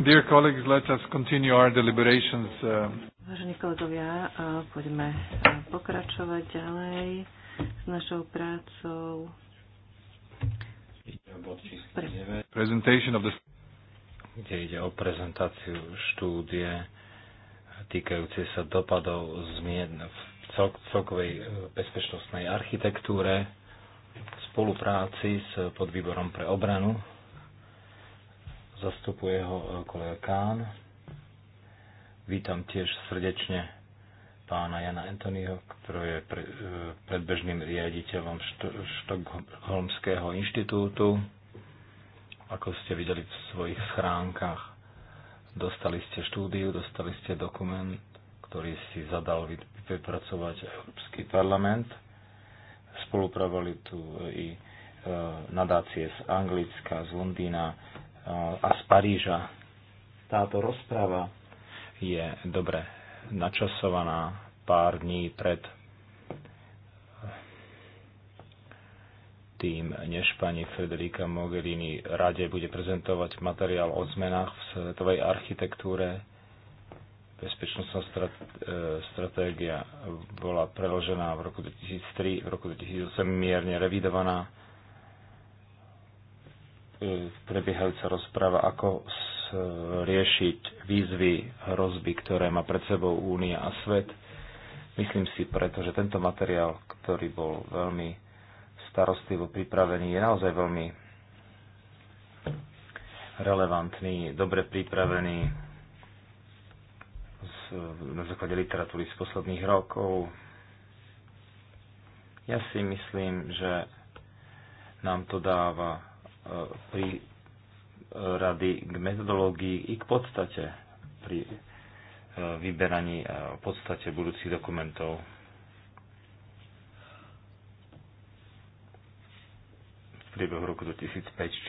Dear colleagues, let us continue our deliberations. Uh, Vážení kolegovia, poďme pokračovať ďalej s našou prácou. Presentation of the... Kde ide o prezentáciu štúdie týkajúce sa dopadov zmien v celkovej e, bezpečnostnej architektúre v spolupráci s podvýborom pre obranu zastupuje ho e, kolega Kán. Vítam tiež srdečne pána Jana Antonyho, ktorý je e, predbežným riaditeľom Štokholmského inštitútu. Ako ste videli v svojich schránkach, dostali ste štúdiu, dostali ste dokument, ktorý si zadal vypracovať Európsky parlament. Spolupravali tu i e, nadácie z Anglicka, z Londýna, a z Paríža. Táto rozprava je dobre načasovaná pár dní pred eh, tým, než pani Federica Mogherini rade bude prezentovať materiál o zmenách v svetovej architektúre. Bezpečnostná strat, eh, stratégia bola preložená v roku 2003, v roku 2008 mierne revidovaná prebiehajúca rozpráva, ako e, riešiť výzvy, hrozby, ktoré má pred sebou Únia a svet. Myslím si preto, že tento materiál, ktorý bol veľmi starostlivo pripravený, je naozaj veľmi relevantný, dobre pripravený z, na základe literatúry z posledných rokov. Ja si myslím, že nám to dáva pri e, rady k metodológii i k podstate pri e, vyberaní e, v podstate budúcich dokumentov. V priebehu roku 2005 či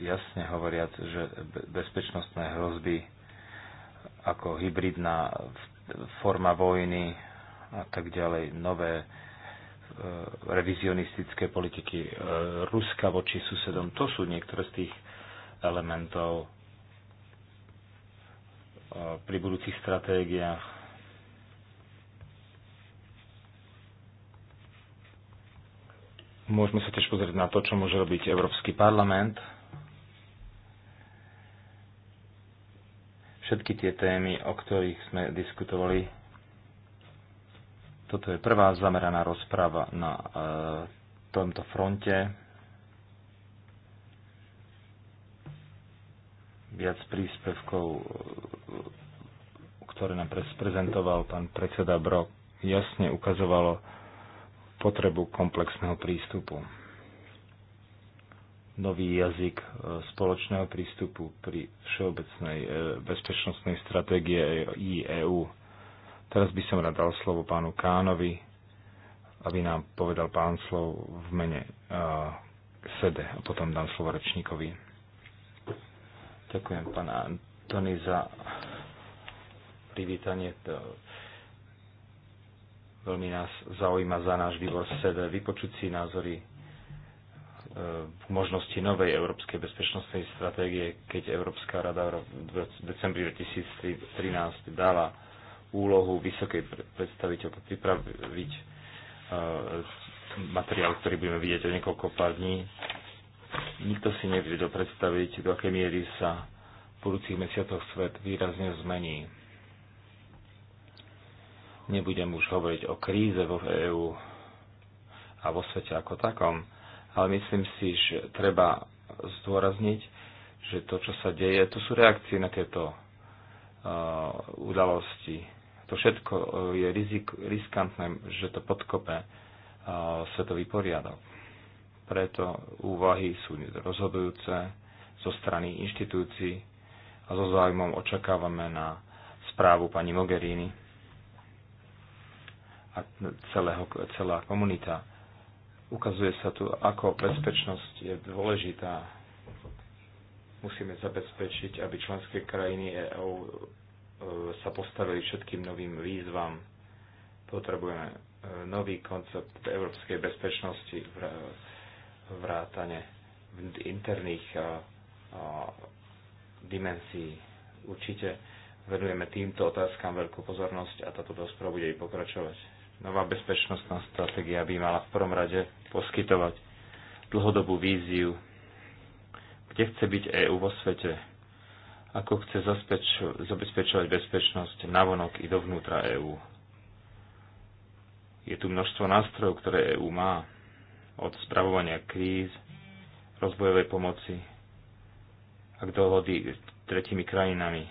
2006 jasne hovoriac, že bezpečnostné hrozby ako hybridná forma vojny a tak ďalej, nové E, revizionistické politiky e, Ruska voči susedom. To sú niektoré z tých elementov e, pri budúcich stratégiách. Môžeme sa tiež pozrieť na to, čo môže robiť Európsky parlament. Všetky tie témy, o ktorých sme diskutovali, toto je prvá zameraná rozprava na e, tomto fronte. Viac príspevkov, e, ktoré nám prezentoval pán predseda Brok, jasne ukazovalo potrebu komplexného prístupu. Nový jazyk e, spoločného prístupu pri všeobecnej e, bezpečnostnej stratégie EU Teraz by som rád dal slovo pánu Kánovi, aby nám povedal pán slov v mene uh, sede a potom dám slovo rečníkovi. Ďakujem pána Antony za privítanie. To veľmi nás zaujíma za náš výbor sede vypočuť si názory v e, možnosti novej európskej bezpečnostnej stratégie, keď Európska rada v decembri 2013 dala úlohu vysokej predstaviteľky pripraviť e, materiál, ktorý budeme vidieť o niekoľko pár dní. Nikto si nevedel predstaviť, do akej miery sa v budúcich mesiacoch svet výrazne zmení. Nebudem už hovoriť o kríze vo EÚ a vo svete ako takom, ale myslím si, že treba zdôrazniť, že to, čo sa deje, to sú reakcie na tieto uh, udalosti to všetko e, je rizik, riskantné, že to podkope e, svetový poriadok. Preto úvahy sú rozhodujúce zo strany inštitúcií a so záujmom očakávame na správu pani Mogherini a celého, celá komunita. Ukazuje sa tu, ako bezpečnosť je dôležitá. Musíme zabezpečiť, aby členské krajiny EÚ E, sa postavili všetkým novým výzvam. Potrebujeme e, nový koncept európskej bezpečnosti vrátane interných e, dimenzií. Určite venujeme týmto otázkam veľkú pozornosť a táto rozpráva bude aj pokračovať. Nová bezpečnostná stratégia by mala v prvom rade poskytovať dlhodobú víziu, kde chce byť EÚ vo svete, ako chce zabezpečovať bezpečnosť navonok i dovnútra EÚ. Je tu množstvo nástrojov, ktoré EÚ má, od spravovania kríz, rozvojovej pomoci a k dohody s tretimi krajinami.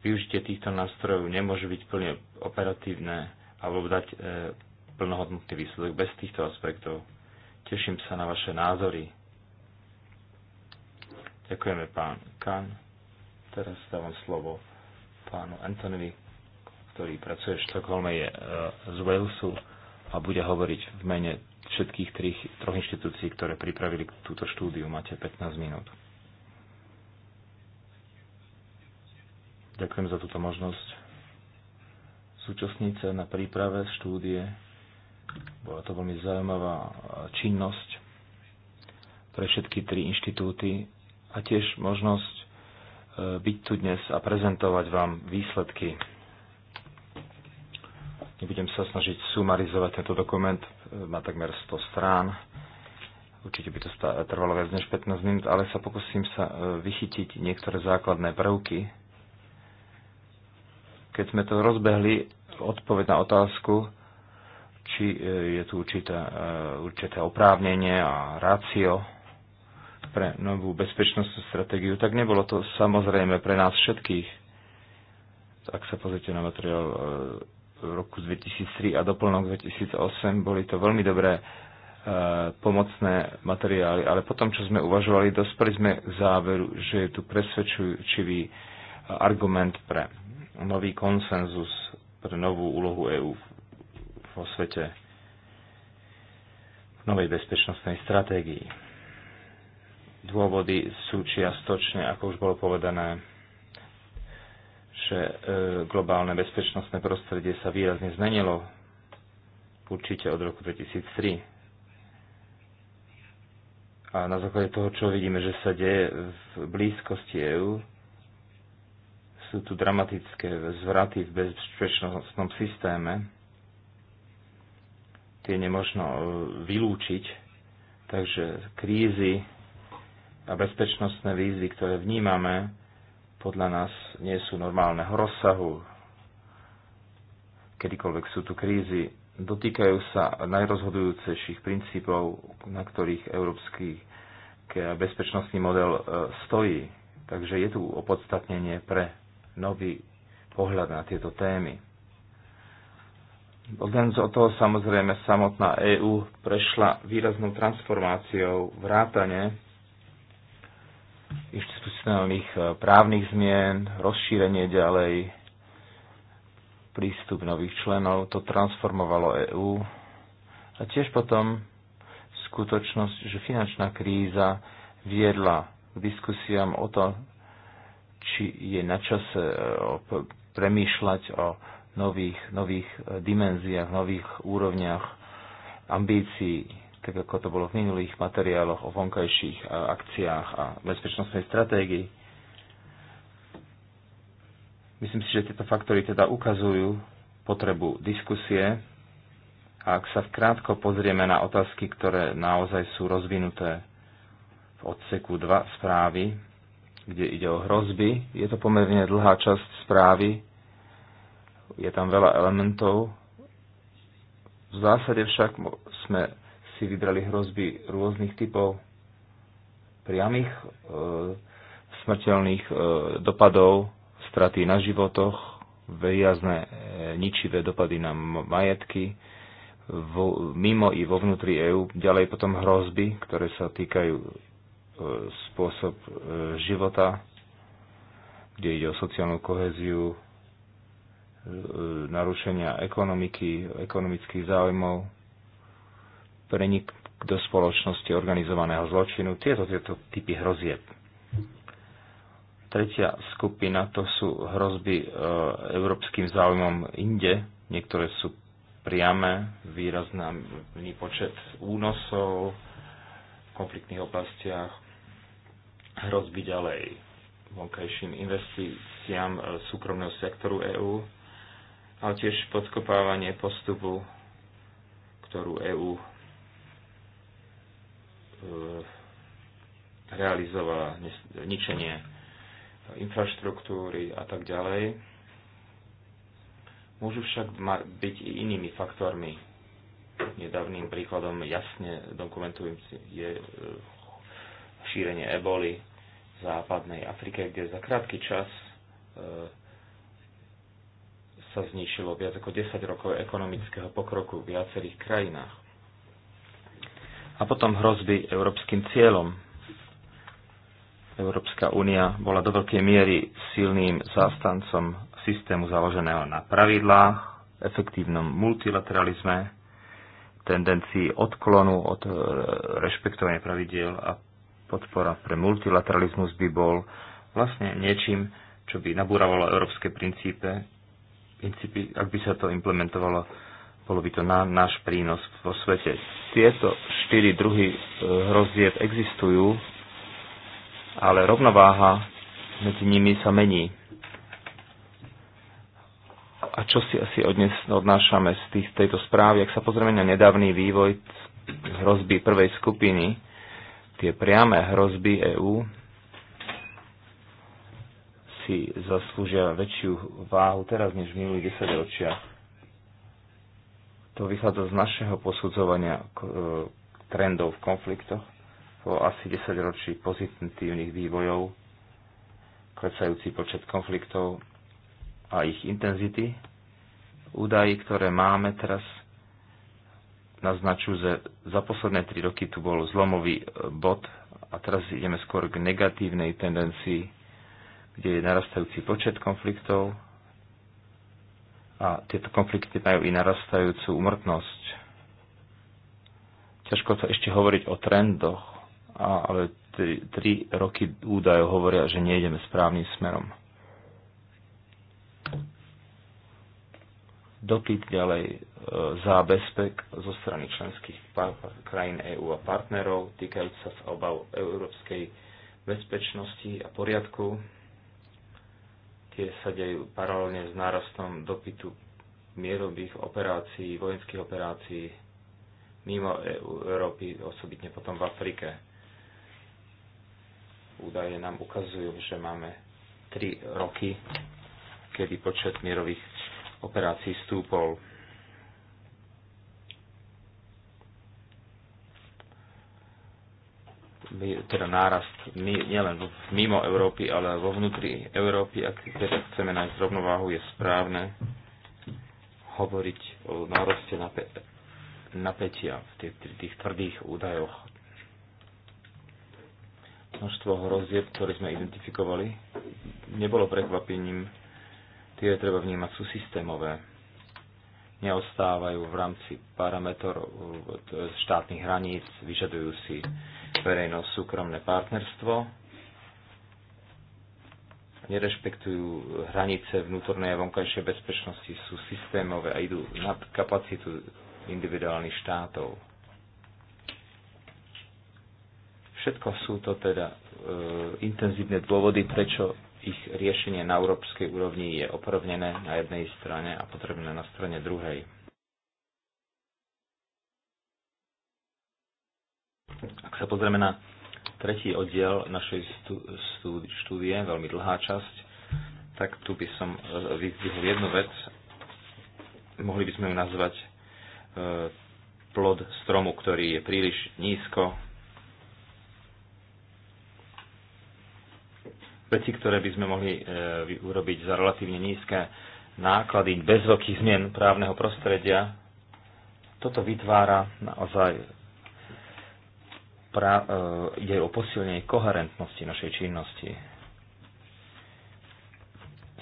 Využitie týchto nástrojov nemôže byť plne operatívne alebo dať e, plnohodnotný výsledok bez týchto aspektov. Teším sa na vaše názory Ďakujeme pán Kan. Teraz dávam slovo pánu Antonovi, ktorý pracuje v Štokholme, je e, z Walesu a bude hovoriť v mene všetkých trich, troch inštitúcií, ktoré pripravili túto štúdiu. Máte 15 minút. Ďakujem za túto možnosť. Súčasnica na príprave štúdie. Bola to veľmi zaujímavá e, činnosť pre všetky tri inštitúty a tiež možnosť e, byť tu dnes a prezentovať vám výsledky. Nebudem sa snažiť sumarizovať tento dokument, e, má takmer 100 strán. Určite by to trvalo viac než 15 minút, ale sa pokúsim sa e, vychytiť niektoré základné prvky. Keď sme to rozbehli, odpoveď na otázku, či je tu určité, určité oprávnenie a rácio pre novú bezpečnostnú stratégiu, tak nebolo to samozrejme pre nás všetkých. Ak sa pozrite na materiál v e, roku 2003 a doplnok 2008, boli to veľmi dobré e, pomocné materiály, ale potom, čo sme uvažovali, dospeli sme k záveru, že je tu presvedčujúčivý e, argument pre nový konsenzus, pre novú úlohu EÚ vo svete novej bezpečnostnej stratégii. Dôvody sú čiastočne, ako už bolo povedané, že e, globálne bezpečnostné prostredie sa výrazne zmenilo určite od roku 2003 a na základe toho, čo vidíme, že sa deje v blízkosti EÚ, sú tu dramatické zvraty v bezpečnostnom systéme. Tie nemožno e, vylúčiť, takže krízy a bezpečnostné výzvy, ktoré vnímame, podľa nás nie sú normálneho rozsahu. Kedykoľvek sú tu krízy, dotýkajú sa najrozhodujúcejších princípov, na ktorých európsky bezpečnostný model e, stojí. Takže je tu opodstatnenie pre nový pohľad na tieto témy. od toho samozrejme samotná EÚ prešla výraznou transformáciou vrátane inštitucionálnych e, právnych zmien, rozšírenie ďalej, prístup nových členov, to transformovalo EÚ. A tiež potom skutočnosť, že finančná kríza viedla k diskusiám o to, či je na čase e, premýšľať o nových, nových e, dimenziách, nových úrovniach ambícií tak ako to bolo v minulých materiáloch o vonkajších akciách a bezpečnostnej stratégii. Myslím si, že tieto faktory teda ukazujú potrebu diskusie a ak sa krátko pozrieme na otázky, ktoré naozaj sú rozvinuté v odseku 2 správy, kde ide o hrozby, je to pomerne dlhá časť správy, je tam veľa elementov. V zásade však sme si vybrali hrozby rôznych typov priamých e, smrteľných e, dopadov, straty na životoch, výrazné e, ničivé dopady na majetky, vo, mimo i vo vnútri EÚ, ďalej potom hrozby, ktoré sa týkajú e, spôsob e, života, kde ide o sociálnu koheziu, e, e, narušenia ekonomiky, ekonomických záujmov, prenik do spoločnosti organizovaného zločinu, tieto, tieto typy hrozieb. Tretia skupina to sú hrozby e, európskym záujmom inde. Niektoré sú priame, výrazný počet únosov v konfliktných oblastiach, hrozby ďalej vonkajším investíciám e, súkromného sektoru EÚ, ale tiež podkopávanie postupu, ktorú EÚ Eh, realizovala ničenie infraštruktúry a tak ďalej. Môžu však byť i inými faktormi. Nedávnym príkladom jasne dokumentujem je eh, šírenie eboli v západnej Afrike, kde za krátky čas eh, sa zničilo viac ako 10 rokov ekonomického pokroku v viacerých krajinách. A potom hrozby európskym cieľom. Európska únia bola do veľkej miery silným zástancom systému založeného na pravidlách, efektívnom multilateralizme, tendencii odklonu od e, rešpektovania pravidiel a podpora pre multilateralizmus by bol vlastne niečím, čo by nabúravalo európske princípe, princípy, ak by sa to implementovalo bolo by to na, náš prínos vo svete. Tieto štyri druhy e, hrozieb existujú, ale rovnováha medzi nimi sa mení. A čo si asi odnes, odnášame z tých, tejto správy? Ak sa pozrieme na nedávny vývoj hrozby prvej skupiny, tie priame hrozby EÚ si zaslúžia väčšiu váhu teraz než v minulých desaťročiach to vychádza z našeho posudzovania e, trendov v konfliktoch po asi 10 ročí pozitívnych vývojov, klesajúci počet konfliktov a ich intenzity. Údaji, ktoré máme teraz, naznačujú, že za posledné 3 roky tu bol zlomový e, bod a teraz ideme skôr k negatívnej tendencii, kde je narastajúci počet konfliktov, a tieto konflikty majú i narastajúcu umrtnosť. Ťažko sa ešte hovoriť o trendoch, ale tri, tri roky údajov hovoria, že nejdeme správnym smerom. dopyt ďalej e, zábezpek zo strany členských krajín EÚ a partnerov týkajúca sa obav európskej bezpečnosti a poriadku. Tie sa dejú paralelne s nárastom dopytu mierových operácií, vojenských operácií mimo EU, Európy, osobitne potom v Afrike. Údaje nám ukazujú, že máme 3 roky, kedy počet mierových operácií stúpol teda nárast my, nielen mimo Európy, ale vo vnútri Európy, ak teda chceme nájsť rovnováhu, je správne hovoriť o nároste napätia, napätia v tých, tých tvrdých údajoch. Množstvo hrozieb, ktoré sme identifikovali, nebolo prekvapením, tie treba vnímať, sú systémové neostávajú v rámci parametrov štátnych hraníc, vyžadujú si verejno-súkromné partnerstvo, nerešpektujú hranice vnútornej a vonkajšej bezpečnosti, sú systémové a idú nad kapacitu individuálnych štátov. Všetko sú to teda e, intenzívne dôvody, prečo ich riešenie na európskej úrovni je oprovnené na jednej strane a potrebné na strane druhej. Ak sa pozrieme na tretí oddiel našej štúdie, veľmi dlhá časť, tak tu by som e, vyzdvihol jednu vec. Mohli by sme ju nazvať e, plod stromu, ktorý je príliš nízko veci, ktoré by sme mohli e, urobiť za relatívne nízke náklady bez veľkých zmien právneho prostredia. Toto vytvára naozaj pra, e, ide o posilnenie koherentnosti našej činnosti.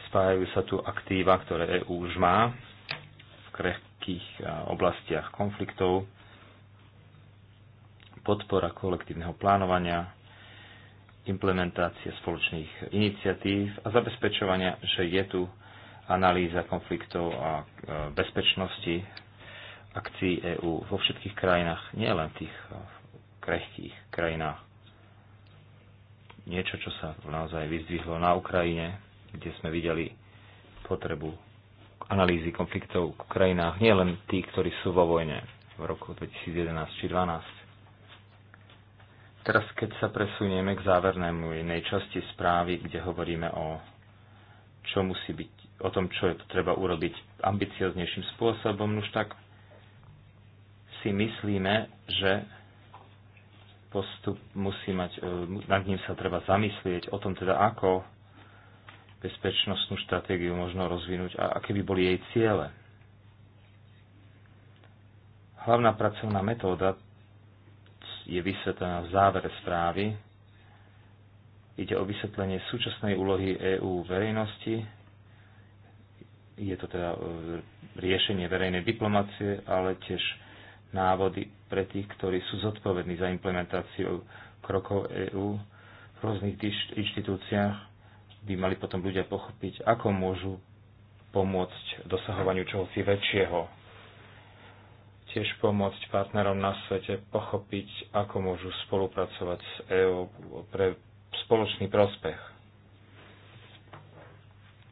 Spájajú sa tu aktíva, ktoré EU už má v krehkých e, oblastiach konfliktov, podpora kolektívneho plánovania, implementácie spoločných iniciatív a zabezpečovania, že je tu analýza konfliktov a e, bezpečnosti akcií EÚ vo všetkých krajinách, nielen v tých e, krehkých krajinách. Niečo, čo sa naozaj vyzdvihlo na Ukrajine, kde sme videli potrebu analýzy konfliktov v krajinách, nielen tých, ktorí sú vo vojne v roku 2011 či 2012. Teraz, keď sa presunieme k závernému inej časti správy, kde hovoríme o čo musí byť, o tom, čo je to treba urobiť ambicioznejším spôsobom, už tak si myslíme, že postup musí mať, e, nad ním sa treba zamyslieť, o tom teda ako bezpečnostnú stratégiu možno rozvinúť a aké by boli jej ciele. Hlavná pracovná metóda je vysvetlená v závere správy. Ide o vysvetlenie súčasnej úlohy EÚ verejnosti. Je to teda e, riešenie verejnej diplomácie, ale tiež návody pre tých, ktorí sú zodpovední za implementáciu krokov EÚ v rôznych inštitúciách, by mali potom ľudia pochopiť, ako môžu pomôcť dosahovaniu čohosi väčšieho tiež pomôcť partnerom na svete pochopiť, ako môžu spolupracovať s EÚ pre spoločný prospech.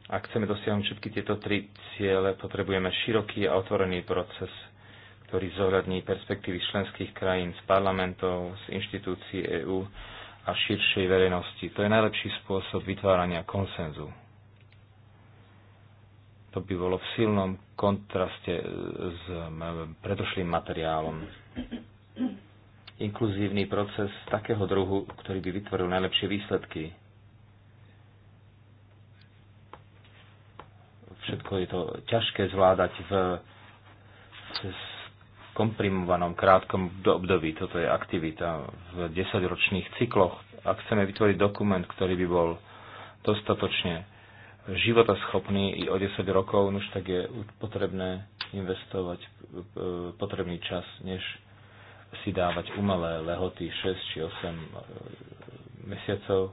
Ak chceme dosiahnuť všetky tieto tri ciele, potrebujeme široký a otvorený proces, ktorý zohľadní perspektívy členských krajín z parlamentov, z inštitúcií EÚ a širšej verejnosti. To je najlepší spôsob vytvárania konsenzu. To by bolo v silnom kontraste e, s predošlým materiálom. Inkluzívny proces takého druhu, ktorý by vytvoril najlepšie výsledky. Všetko je to ťažké zvládať v, v komprimovanom krátkom období. Toto je aktivita v desaťročných cykloch. Ak chceme vytvoriť dokument, ktorý by bol dostatočne schopný i o 10 rokov, už tak je potrebné investovať e, potrebný čas, než si dávať umelé lehoty 6 či 8 e, mesiacov.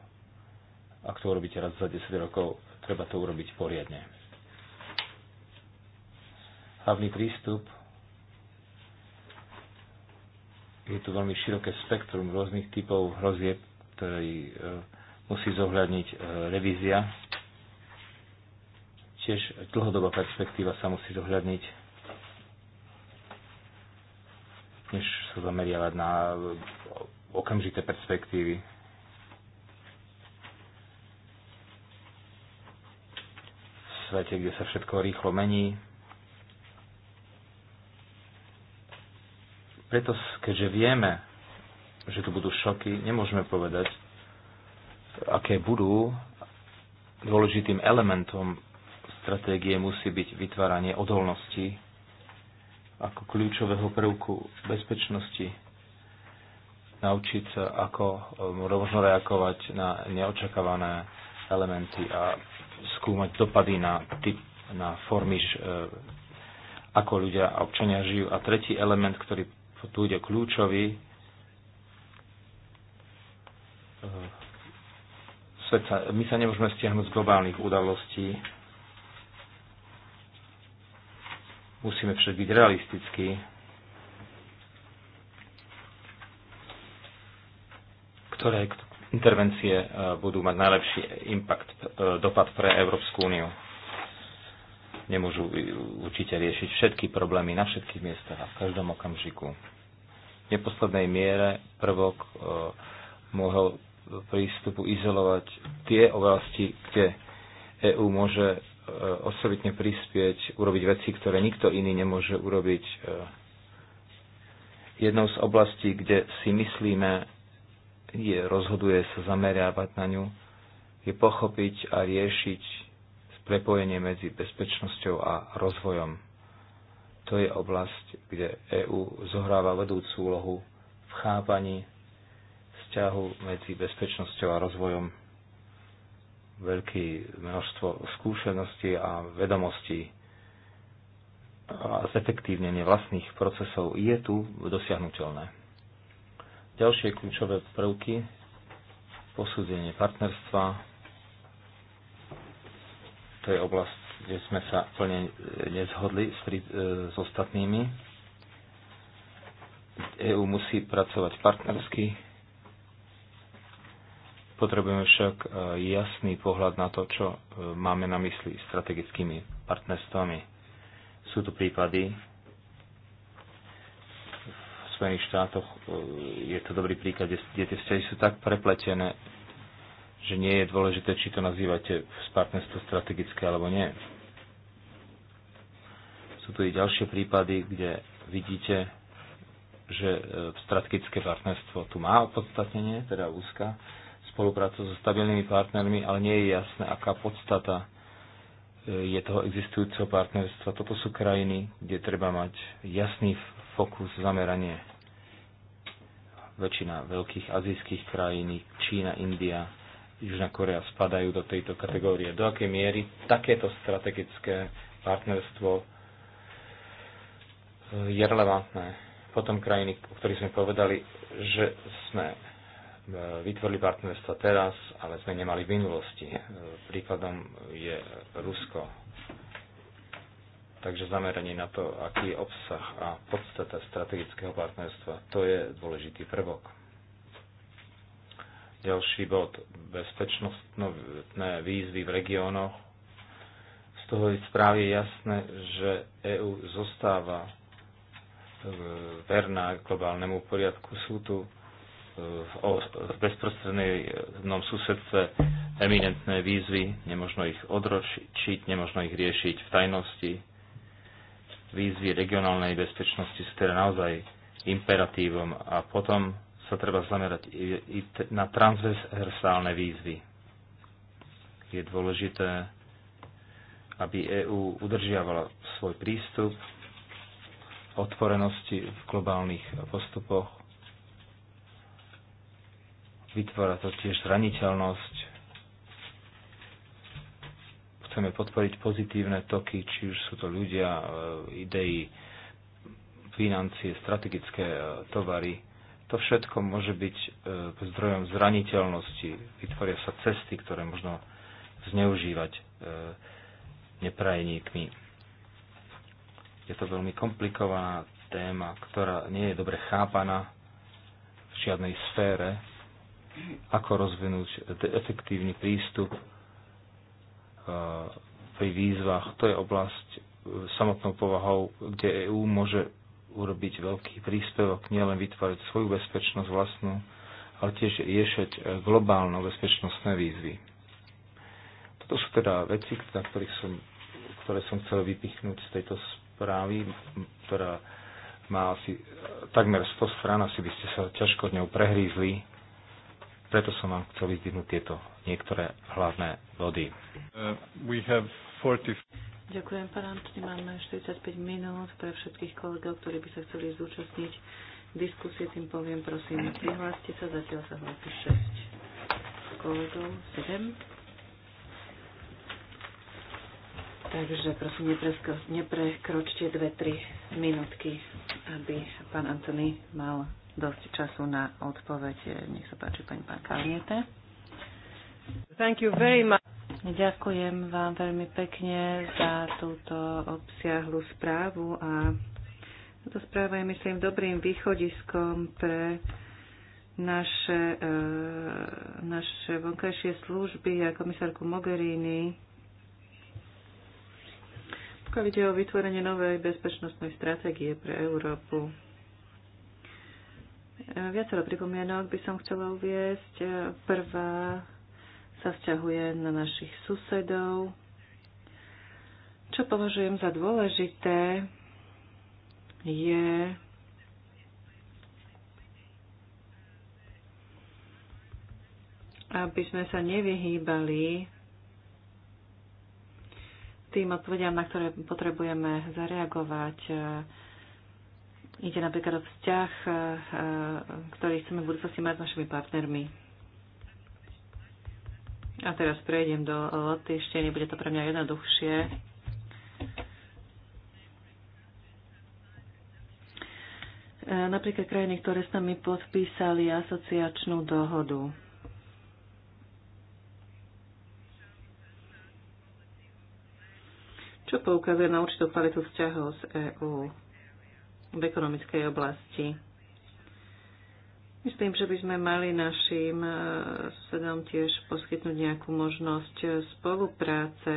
Ak to urobíte raz za 10 rokov, treba to urobiť poriadne. Hlavný prístup je tu veľmi široké spektrum rôznych typov hrozieb, ktorý e, musí zohľadniť revízia Tiež dlhodobá perspektíva sa musí zohľadniť, než sa zameriavať na eh, okamžité perspektívy. V svete, kde sa všetko rýchlo mení, preto, keďže vieme, že tu budú šoky, nemôžeme povedať, aké budú. Dôležitým elementom stratégie musí byť vytváranie odolnosti ako kľúčového prvku bezpečnosti. Naučiť sa, ako možno um, reagovať na neočakávané elementy a skúmať dopady na typ, na formy, e, ako ľudia a občania žijú. A tretí element, ktorý tu ide kľúčový, e, svet sa, my sa nemôžeme stiahnuť z globálnych udalostí, Musíme však byť realistickí. Ktoré intervencie e, budú mať najlepší impact, e, dopad pre Európsku úniu? Nemôžu e, určite riešiť všetky problémy na všetkých miestach a v každom okamžiku. V neposlednej miere prvok mohol prístupu izolovať tie oblasti, kde EÚ môže E, osobitne prispieť, urobiť veci, ktoré nikto iný nemôže urobiť. E, jednou z oblastí, kde si myslíme, je, rozhoduje sa zameriavať na ňu, je pochopiť a riešiť prepojenie medzi bezpečnosťou a rozvojom. To je oblasť, kde EÚ zohráva vedúcu úlohu v chápaní vzťahu medzi bezpečnosťou a rozvojom veľké množstvo skúseností a vedomostí a zefektívnenie vlastných procesov je tu dosiahnutelné. Ďalšie kľúčové prvky posúdenie partnerstva. To je oblasť, kde sme sa plne nezhodli s, e, s ostatnými. EU e musí pracovať partnersky Potrebujeme však e, jasný pohľad na to, čo e, máme na mysli strategickými partnerstvami. Sú tu prípady, v Spojených štátoch e, je to dobrý príklad, kde tie vzťahy sú tak prepletené, že nie je dôležité, či to nazývate partnerstvo strategické alebo nie. Sú tu i ďalšie prípady, kde vidíte, že strategické partnerstvo tu má opodstatnenie, teda úzka, spoluprácu so stabilnými partnermi, ale nie je jasné, aká podstata e, je toho existujúceho partnerstva. Toto sú krajiny, kde treba mať jasný fokus, zameranie. Väčšina veľkých azijských krajín, Čína, India, Južná Korea spadajú do tejto kategórie. Do akej miery takéto strategické partnerstvo e, je relevantné. Potom krajiny, o ktorých sme povedali, že sme vytvorili partnerstva teraz, ale sme nemali v minulosti. E, príkladom je Rusko. Takže zameranie na to, aký je obsah a podstata strategického partnerstva, to je dôležitý prvok. Ďalší bod, bezpečnostné výzvy v regiónoch. Z toho správy je jasné, že EÚ zostáva e, verná globálnemu poriadku. Sú tu v bezprostrednom susedce eminentné výzvy, nemožno ich odročiť, nemožno ich riešiť v tajnosti. Výzvy regionálnej bezpečnosti sú teda naozaj imperatívom a potom sa treba zamerať i na transversálne výzvy. Je dôležité, aby EÚ udržiavala svoj prístup otvorenosti v globálnych postupoch Vytvára to tiež zraniteľnosť. Chceme podporiť pozitívne toky, či už sú to ľudia, e, idei, financie, strategické e, tovary. To všetko môže byť e, zdrojom zraniteľnosti. Vytvoria sa cesty, ktoré možno zneužívať neprajeníkmi. Je to veľmi komplikovaná téma, ktorá nie je dobre chápaná v žiadnej sfére ako rozvinúť efektívny prístup e, pri výzvach. To je oblasť e, samotnou povahou, kde EÚ môže urobiť veľký príspevok, nielen vytvárať svoju bezpečnosť vlastnú, ale tiež riešiť e, globálne bezpečnostné výzvy. Toto sú teda veci, na ktorých som, ktoré som chcel vypichnúť z tejto správy, ktorá má asi takmer 100 strán, asi by ste sa ťažko ňou prehrízli. Preto som vám chcel vyzvihnúť tieto niektoré hlavné body. Uh, we have 40... Ďakujem, pán Antony. Máme 45 minút pre všetkých kolegov, ktorí by sa chceli zúčastniť diskusie. Tým poviem, prosím, prihláste sa. Zatiaľ sa hlási 6 kolegov, 7. Takže prosím, neprekročte dve, tri minútky, aby pán Antony mal dosť času na odpoveď. Nech sa páči, pani pán Kaliete. Thank you very much. Ďakujem vám veľmi pekne za túto obsiahlu správu a táto správa je, myslím, dobrým východiskom pre naše, e, naše vonkajšie služby a komisárku Mogherini. Pokiaľ ide o vytvorenie novej bezpečnostnej stratégie pre Európu, Viacero pripomienok by som chcela uviesť. Prvá sa vzťahuje na našich susedov. Čo považujem za dôležité, je aby sme sa nevyhýbali tým odpovediam, na ktoré potrebujeme zareagovať Ide napríklad o vzťah, e, e, ktorý chceme v budúcnosti mať s našimi partnermi. A teraz prejdem do ešte, bude to pre mňa jednoduchšie. E, napríklad krajiny, ktoré s nami podpísali asociačnú dohodu. čo poukazuje na určitú kvalitu vzťahov z EÚ v ekonomickej oblasti. Myslím, že by sme mali našim eh, susedom tiež poskytnúť nejakú možnosť eh, spolupráce.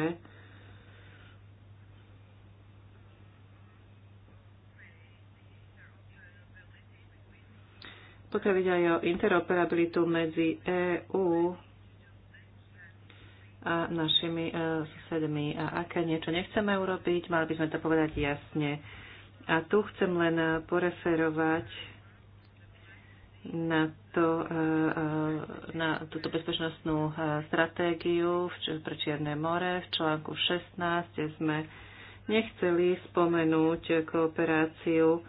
Pokiaľ ide aj o interoperabilitu medzi EÚ a našimi eh, susedmi a aké niečo nechceme urobiť, mali by sme to povedať jasne a tu chcem len e, poreferovať na, to, e, e, na túto bezpečnostnú stratégiu pre Čierne more. V článku 16 sme nechceli spomenúť kooperáciu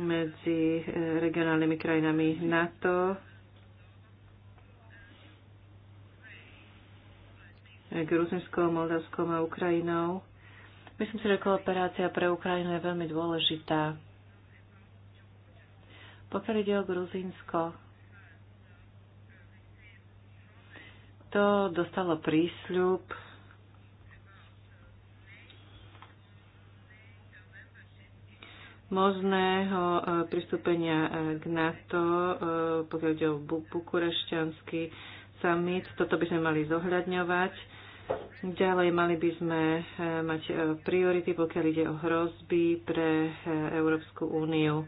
medzi regionálnymi krajinami NATO, Gruzinskou, Moldavskou a Ukrajinou Myslím si, že kooperácia pre Ukrajinu je veľmi dôležitá. Pokiaľ ide o Gruzínsko, to dostalo prísľub možného e, pristúpenia e, k NATO, e, pokiaľ ide o bukurešťanský summit. Toto by sme mali zohľadňovať Ďalej mali by sme eh, mať eh, priority, pokiaľ ide o hrozby pre eh, Európsku úniu.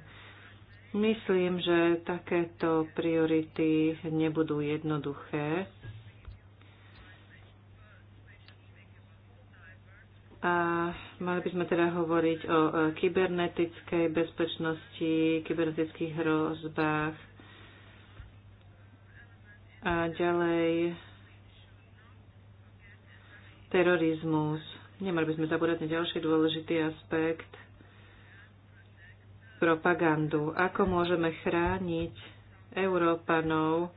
Myslím, že takéto priority nebudú jednoduché. A mali by sme teda hovoriť o kybernetickej bezpečnosti, kybernetických hrozbách. A ďalej Terorizmus. Nemali by sme zabúdať na ďalší dôležitý aspekt. Propagandu. Ako môžeme chrániť Európanov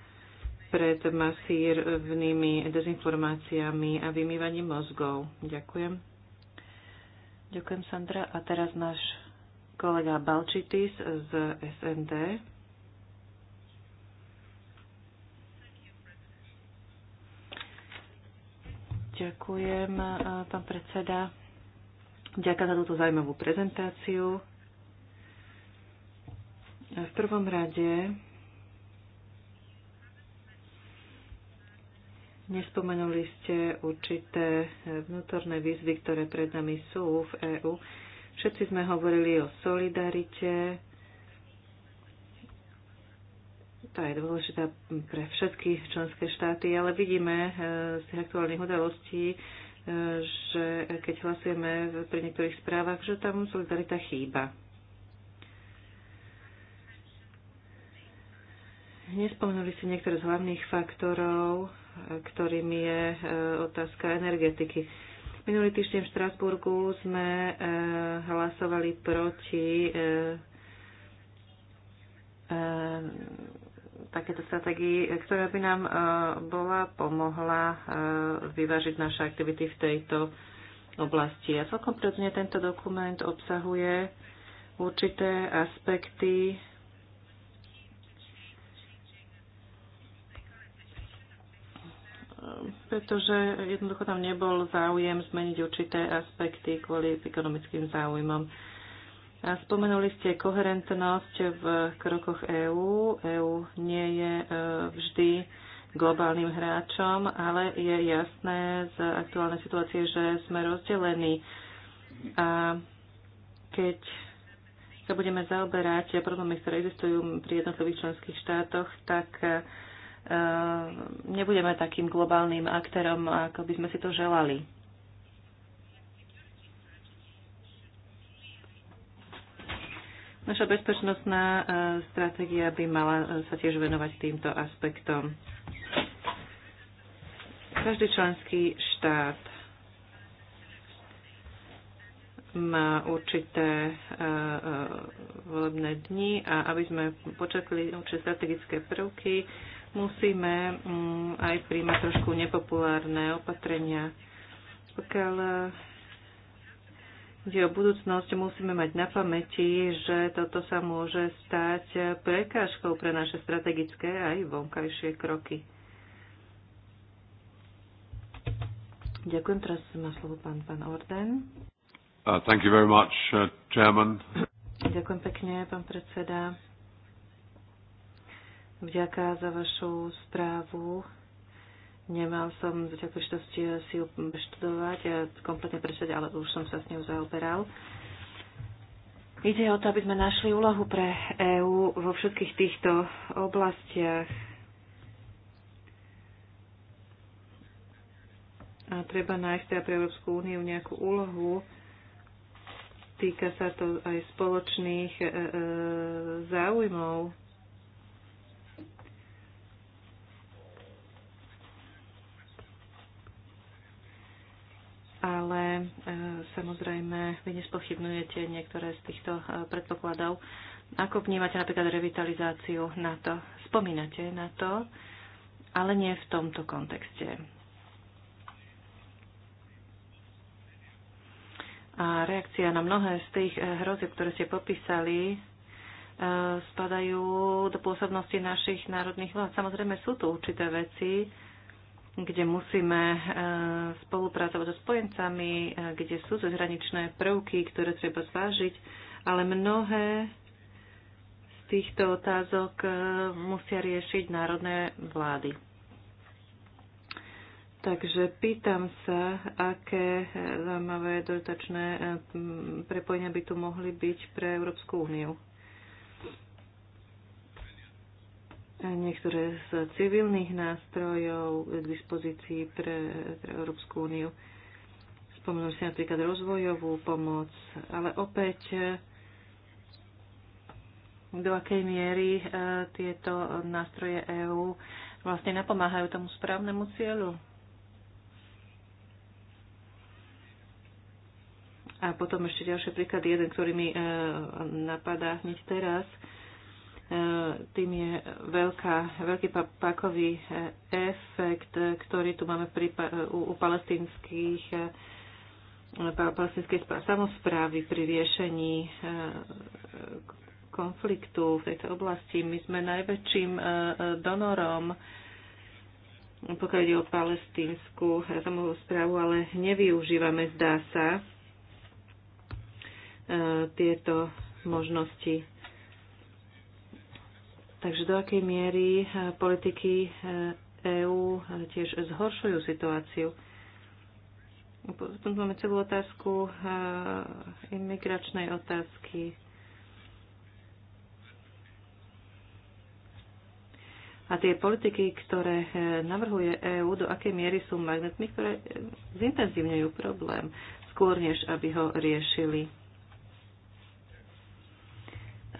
pred masírvnými dezinformáciami a vymývaním mozgov. Ďakujem. Ďakujem, Sandra. A teraz náš kolega Balčitis z SND. Ďakujem, pán predseda. Ďakujem za túto zaujímavú prezentáciu. V prvom rade nespomenuli ste určité vnútorné výzvy, ktoré pred nami sú v EÚ. Všetci sme hovorili o solidarite, tá je dôležitá pre všetky členské štáty, ale vidíme eh, z tých aktuálnych udalostí, eh, že keď hlasujeme pri niektorých správach, že tam solidarita chýba. Nespomenuli si niektoré z hlavných faktorov, eh, ktorým je otázka energetiky. Minulý týždeň v Štrasburgu sme hlasovali proti takéto stratégii, ktorá by nám e, bola pomohla e, vyvážiť naše aktivity v tejto oblasti. A celkom prirodzene tento dokument obsahuje určité aspekty pretože jednoducho tam nebol záujem zmeniť určité aspekty kvôli ekonomickým záujmom. Spomenuli ste koherentnosť v krokoch EÚ. EÚ nie je e, vždy globálnym hráčom, ale je jasné z aktuálnej situácie, že sme rozdelení. A keď sa budeme zaoberať problémy, ktoré existujú pri jednotlivých členských štátoch, tak e, nebudeme takým globálnym aktérom, ako by sme si to želali. Naša bezpečnostná e, stratégia by mala e, sa tiež venovať týmto aspektom. Každý členský štát má určité e, volebné dni a aby sme počakli určité strategické prvky, musíme mm, aj príjmať trošku nepopulárne opatrenia. Pokiaľ Ide o budúcnosť, musíme mať na pamäti, že toto sa môže stať prekážkou pre naše strategické aj vonkajšie kroky. Ďakujem. Teraz má slovo pán, pán Orden. Uh, thank you very much, uh, chairman. Ďakujem pekne, pán predseda. Vďaka za vašu správu. Nemal som zatiaľ príležitosť si ju študovať a eh, kompletne prečítať, ale už som sa s ňou zaoberal. Ide o to, aby sme našli úlohu pre EÚ vo všetkých týchto oblastiach. A treba nájsť teda pre Európsku úniu nejakú úlohu. Týka sa to aj spoločných e, e, záujmov ale e, samozrejme vy nespochybnujete niektoré z týchto e, predpokladov. Ako vnímate napríklad revitalizáciu na to, Spomínate na to, ale nie v tomto kontexte. A reakcia na mnohé z tých e, hrozieb, ktoré ste popísali, spadajú do pôsobnosti našich národných vlád. Samozrejme sú tu určité veci, kde musíme e, spolupracovať so spojencami, e, kde sú zahraničné prvky, ktoré treba zvážiť, ale mnohé z týchto otázok e, musia riešiť národné vlády. Takže pýtam sa, aké zaujímavé dodatočné prepojenia by tu mohli byť pre Európsku úniu. niektoré z civilných nástrojov k dispozícii pre, pre Európsku úniu. Spomenul si napríklad rozvojovú pomoc, ale opäť do akej miery e, tieto nástroje EÚ vlastne napomáhajú tomu správnemu cieľu. A potom ešte ďalší príklad, jeden, ktorý mi e, napadá hneď teraz. E, tým je veľká, veľký pakový eh, efekt, ktorý tu máme pri, u, u palestinských eh, palestinskej samozprávy pri riešení eh, konfliktu v tejto oblasti. My sme najväčším donorom pokiaľ ide o palestinskú samozprávu, ale nevyužívame, zdá sa, tieto možnosti Takže do akej miery eh, politiky EÚ eh, e eh, tiež zhoršujú situáciu? Potom máme celú otázku imigračnej otázky. A tie politiky, ktoré navrhuje EÚ, do akej miery sú magnetmi, ktoré zintenzívňujú problém, skôr než aby ho riešili.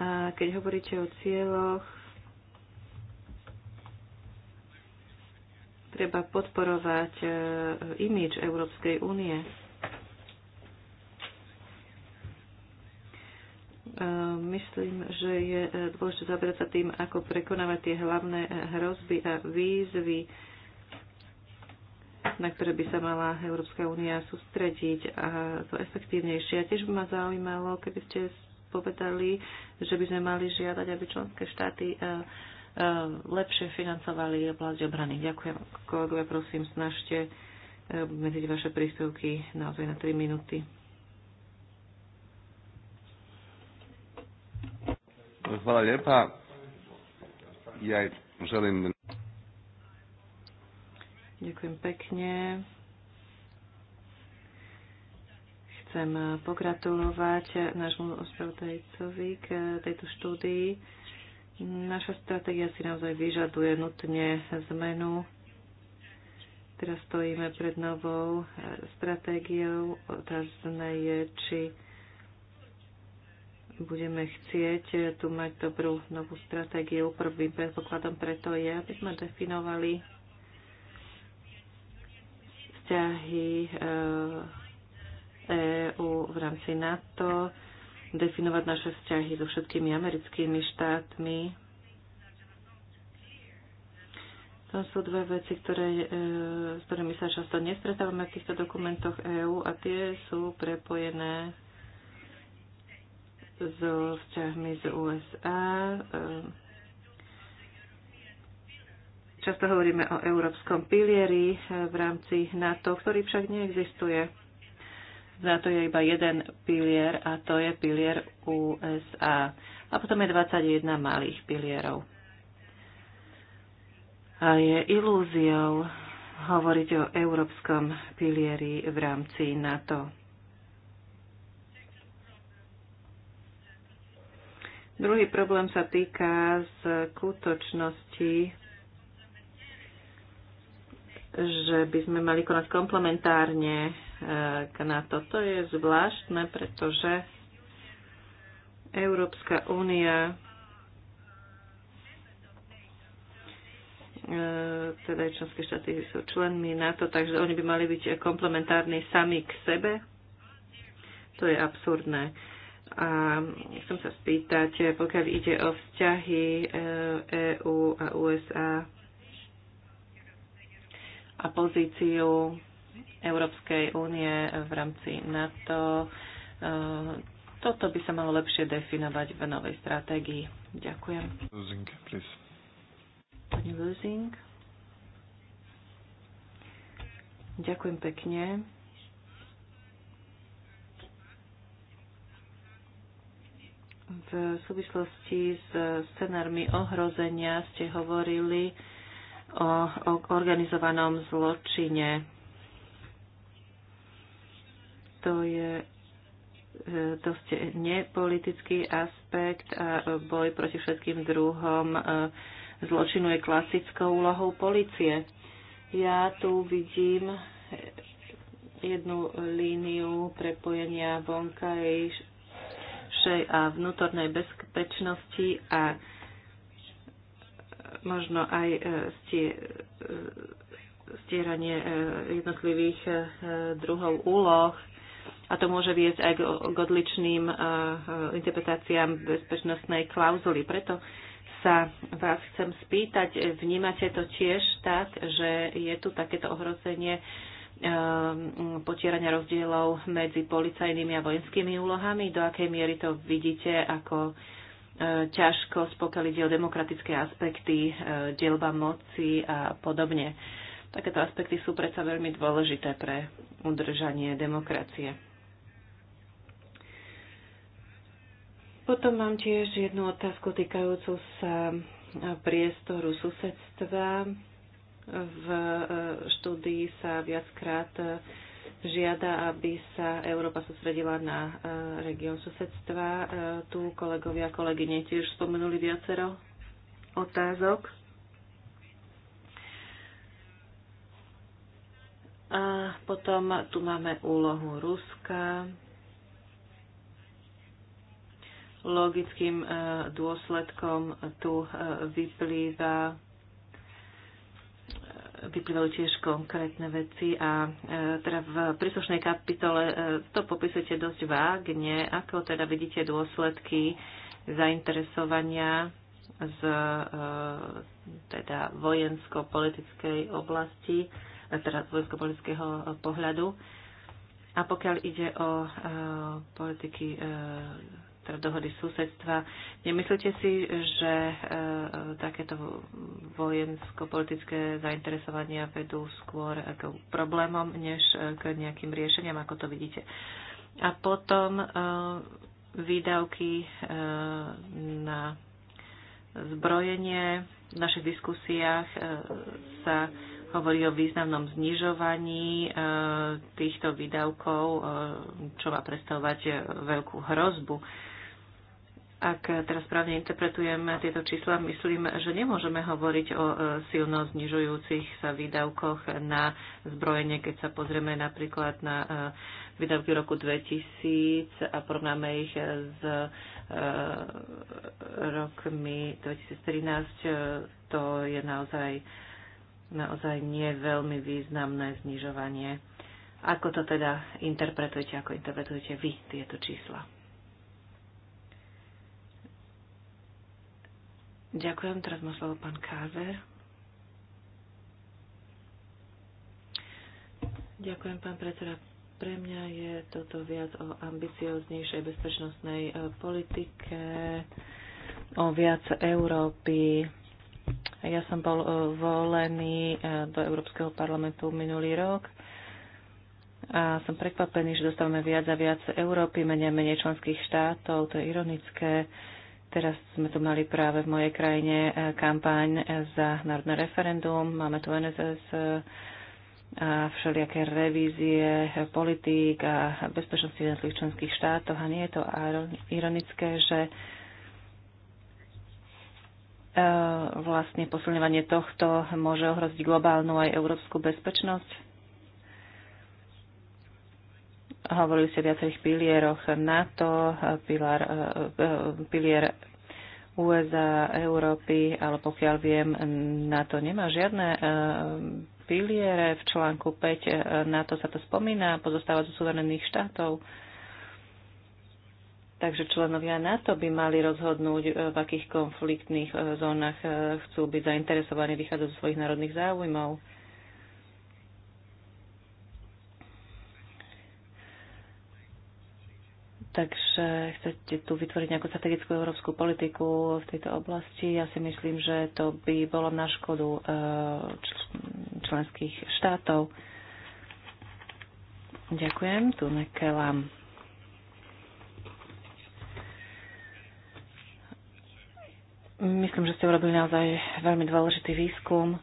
A keď hovoríte o cieľoch, treba podporovať e, imidž Európskej únie. E, myslím, že je e, dôležité zabrať sa tým, ako prekonávať tie hlavné hrozby a výzvy, na ktoré by sa mala Európska únia sústrediť a to efektívnejšie. A tiež by ma zaujímalo, keby ste povedali, že by sme mali žiadať, aby členské štáty Eh, lepšie financovali oblasť obrany. Ďakujem, kolegovia, prosím, snažte eh, medziť vaše príspevky naozaj na 3 minúty. Hvala lijepa. Ja želim... Ďakujem pekne. Chcem pogratulovať nášmu ospravodajcovi k tejto štúdii Naša stratégia si naozaj vyžaduje nutne zmenu. Teraz stojíme pred novou e, stratégiou. Otázne je, či budeme chcieť e, tu mať dobrú novú stratégiu. Prvým predpokladom preto je, aby sme definovali vzťahy EU e v rámci NATO, definovať naše vzťahy so všetkými americkými štátmi. To sú dve veci, ktoré, e, s ktorými sa často nestretávame v týchto dokumentoch EÚ a tie sú prepojené so vzťahmi z USA. E, často hovoríme o európskom pilieri e, v rámci NATO, ktorý však neexistuje za to je iba jeden pilier a to je pilier USA. A potom je 21 malých pilierov. A je ilúziou hovoriť o európskom pilieri v rámci NATO. Druhý problém sa týka skutočnosti, že by sme mali konať komplementárne na toto je zvláštne, pretože Európska únia e, teda aj členské štáty sú členmi NATO, takže oni by mali byť komplementárni sami k sebe. To je absurdné. A chcem sa spýtať, pokiaľ ide o vzťahy EÚ e a USA a pozíciu Európskej únie v rámci NATO. E, toto by sa malo lepšie definovať v novej stratégii. Ďakujem. Losing, please. Pani Losing. Ďakujem pekne. V súvislosti s scenármi ohrozenia ste hovorili o, o organizovanom zločine to je e, dosť nepolitický aspekt a boj proti všetkým druhom e, zločinu je klasickou úlohou policie. Ja tu vidím e, jednu líniu prepojenia vonkajšej a vnútornej bezpečnosti a možno aj stieranie jednotlivých druhov úloh a to môže viesť aj k odličným eh, eh, interpretáciám bezpečnostnej klauzuly. Preto sa vás chcem spýtať, vnímate to tiež tak, že je tu takéto ohrozenie eh, potierania rozdielov medzi policajnými a vojenskými úlohami, do akej miery to vidíte ako ťažkosť, pokiaľ ide o demokratické aspekty, dielba moci a podobne. Takéto aspekty sú predsa veľmi dôležité pre udržanie demokracie. Potom mám tiež jednu otázku týkajúcu sa e, priestoru susedstva. V e, štúdii sa viackrát e, žiada, aby sa Európa sústredila na región susedstva. Tu kolegovia a kolegyne tiež spomenuli viacero otázok. A potom tu máme úlohu Ruska, Logickým e, dôsledkom tu e, vyplýva e, vyplývajú tiež konkrétne veci a teda v príslušnej kapitole to popisujete dosť vágne, ako teda vidíte dôsledky zainteresovania z teda vojensko-politickej oblasti, teda vojensko-politického pohľadu. A pokiaľ ide o politiky teda dohody susedstva. Nemyslíte si, že e, e, takéto vojensko-politické zainteresovania vedú skôr k problémom, než e, k nejakým riešeniam, ako to vidíte? A potom e, výdavky e, na zbrojenie. V našich diskusiách e, sa hovorí o významnom znižovaní e, týchto výdavkov, e, čo má predstavovať e, veľkú hrozbu. E, ak teraz správne interpretujeme tieto čísla, myslím, že nemôžeme hovoriť o e, silno znižujúcich sa výdavkoch na zbrojenie, keď sa pozrieme napríklad na e, výdavky roku 2000 a porovnáme ich s e, rokmi 2013, to je naozaj, naozaj nie veľmi významné znižovanie. Ako to teda interpretujete, ako interpretujete vy tieto čísla? Ďakujem. Teraz má slovo pán Káver. Ďakujem, pán predseda. Pre mňa je toto viac o ambicioznejšej bezpečnostnej e, politike, o viac Európy. Ja som bol e, volený e, do Európskeho parlamentu minulý rok a som prekvapený, že dostávame viac a viac Európy, menej a menej členských štátov. To je ironické Teraz sme tu mali práve v mojej krajine eh, kampaň eh, za národné referendum, máme tu NSS eh, a všelijaké revízie politík a bezpečnosti v jednotlivých členských štátoch a nie je to ironické, že vlastne posilňovanie tohto môže ohroziť globálnu aj európsku bezpečnosť? Hovorili ste o viacerých pilieroch NATO, pilar, e, e, pilier USA, Európy, ale pokiaľ viem, NATO nemá žiadne e, piliere. V článku 5 NATO sa to spomína, pozostáva zo suverených štátov. Takže členovia NATO by mali rozhodnúť, v akých konfliktných zónach chcú byť zainteresovaní, vychádzať zo svojich národných záujmov. Takže chcete tu vytvoriť nejakú strategickú európsku politiku v tejto oblasti. Ja si myslím, že to by bolo na škodu eh, členských štátov. Ďakujem. Tu nekelám. Myslím, že ste urobili naozaj veľmi dôležitý výskum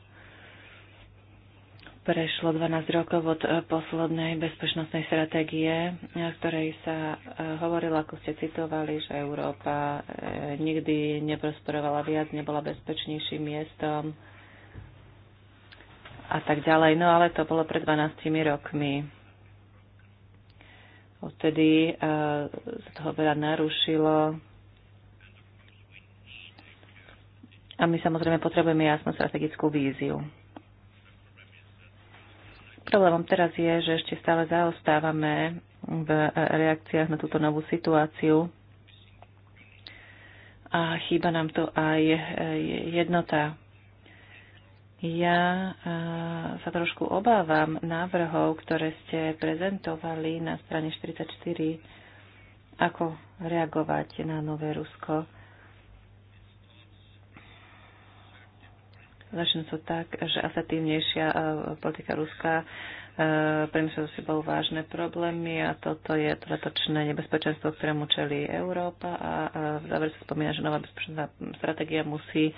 Prešlo 12 rokov od eh, poslednej bezpečnostnej stratégie, v eh, ktorej sa eh, hovorilo, ako ste citovali, že Európa nikdy neprosperovala viac, nebola bezpečnejším miestom a tak ďalej. No ale to bolo pred 12 rokmi. Odtedy sa toho veľa narušilo. A my samozrejme potrebujeme jasnú strategickú víziu. Problémom teraz je, že ešte stále zaostávame v reakciách na túto novú situáciu a chýba nám tu aj jednota. Ja e, sa trošku obávam návrhov, ktoré ste prezentovali na strane 44, ako reagovať na nové Rusko Začne to tak, že asertívnejšia e, politika Ruska e, prinesla so sebou vážne problémy a toto je dodatočné nebezpečenstvo, ktorému čelí Európa a e, v závere sa spomína, že nová bezpečná stratégia musí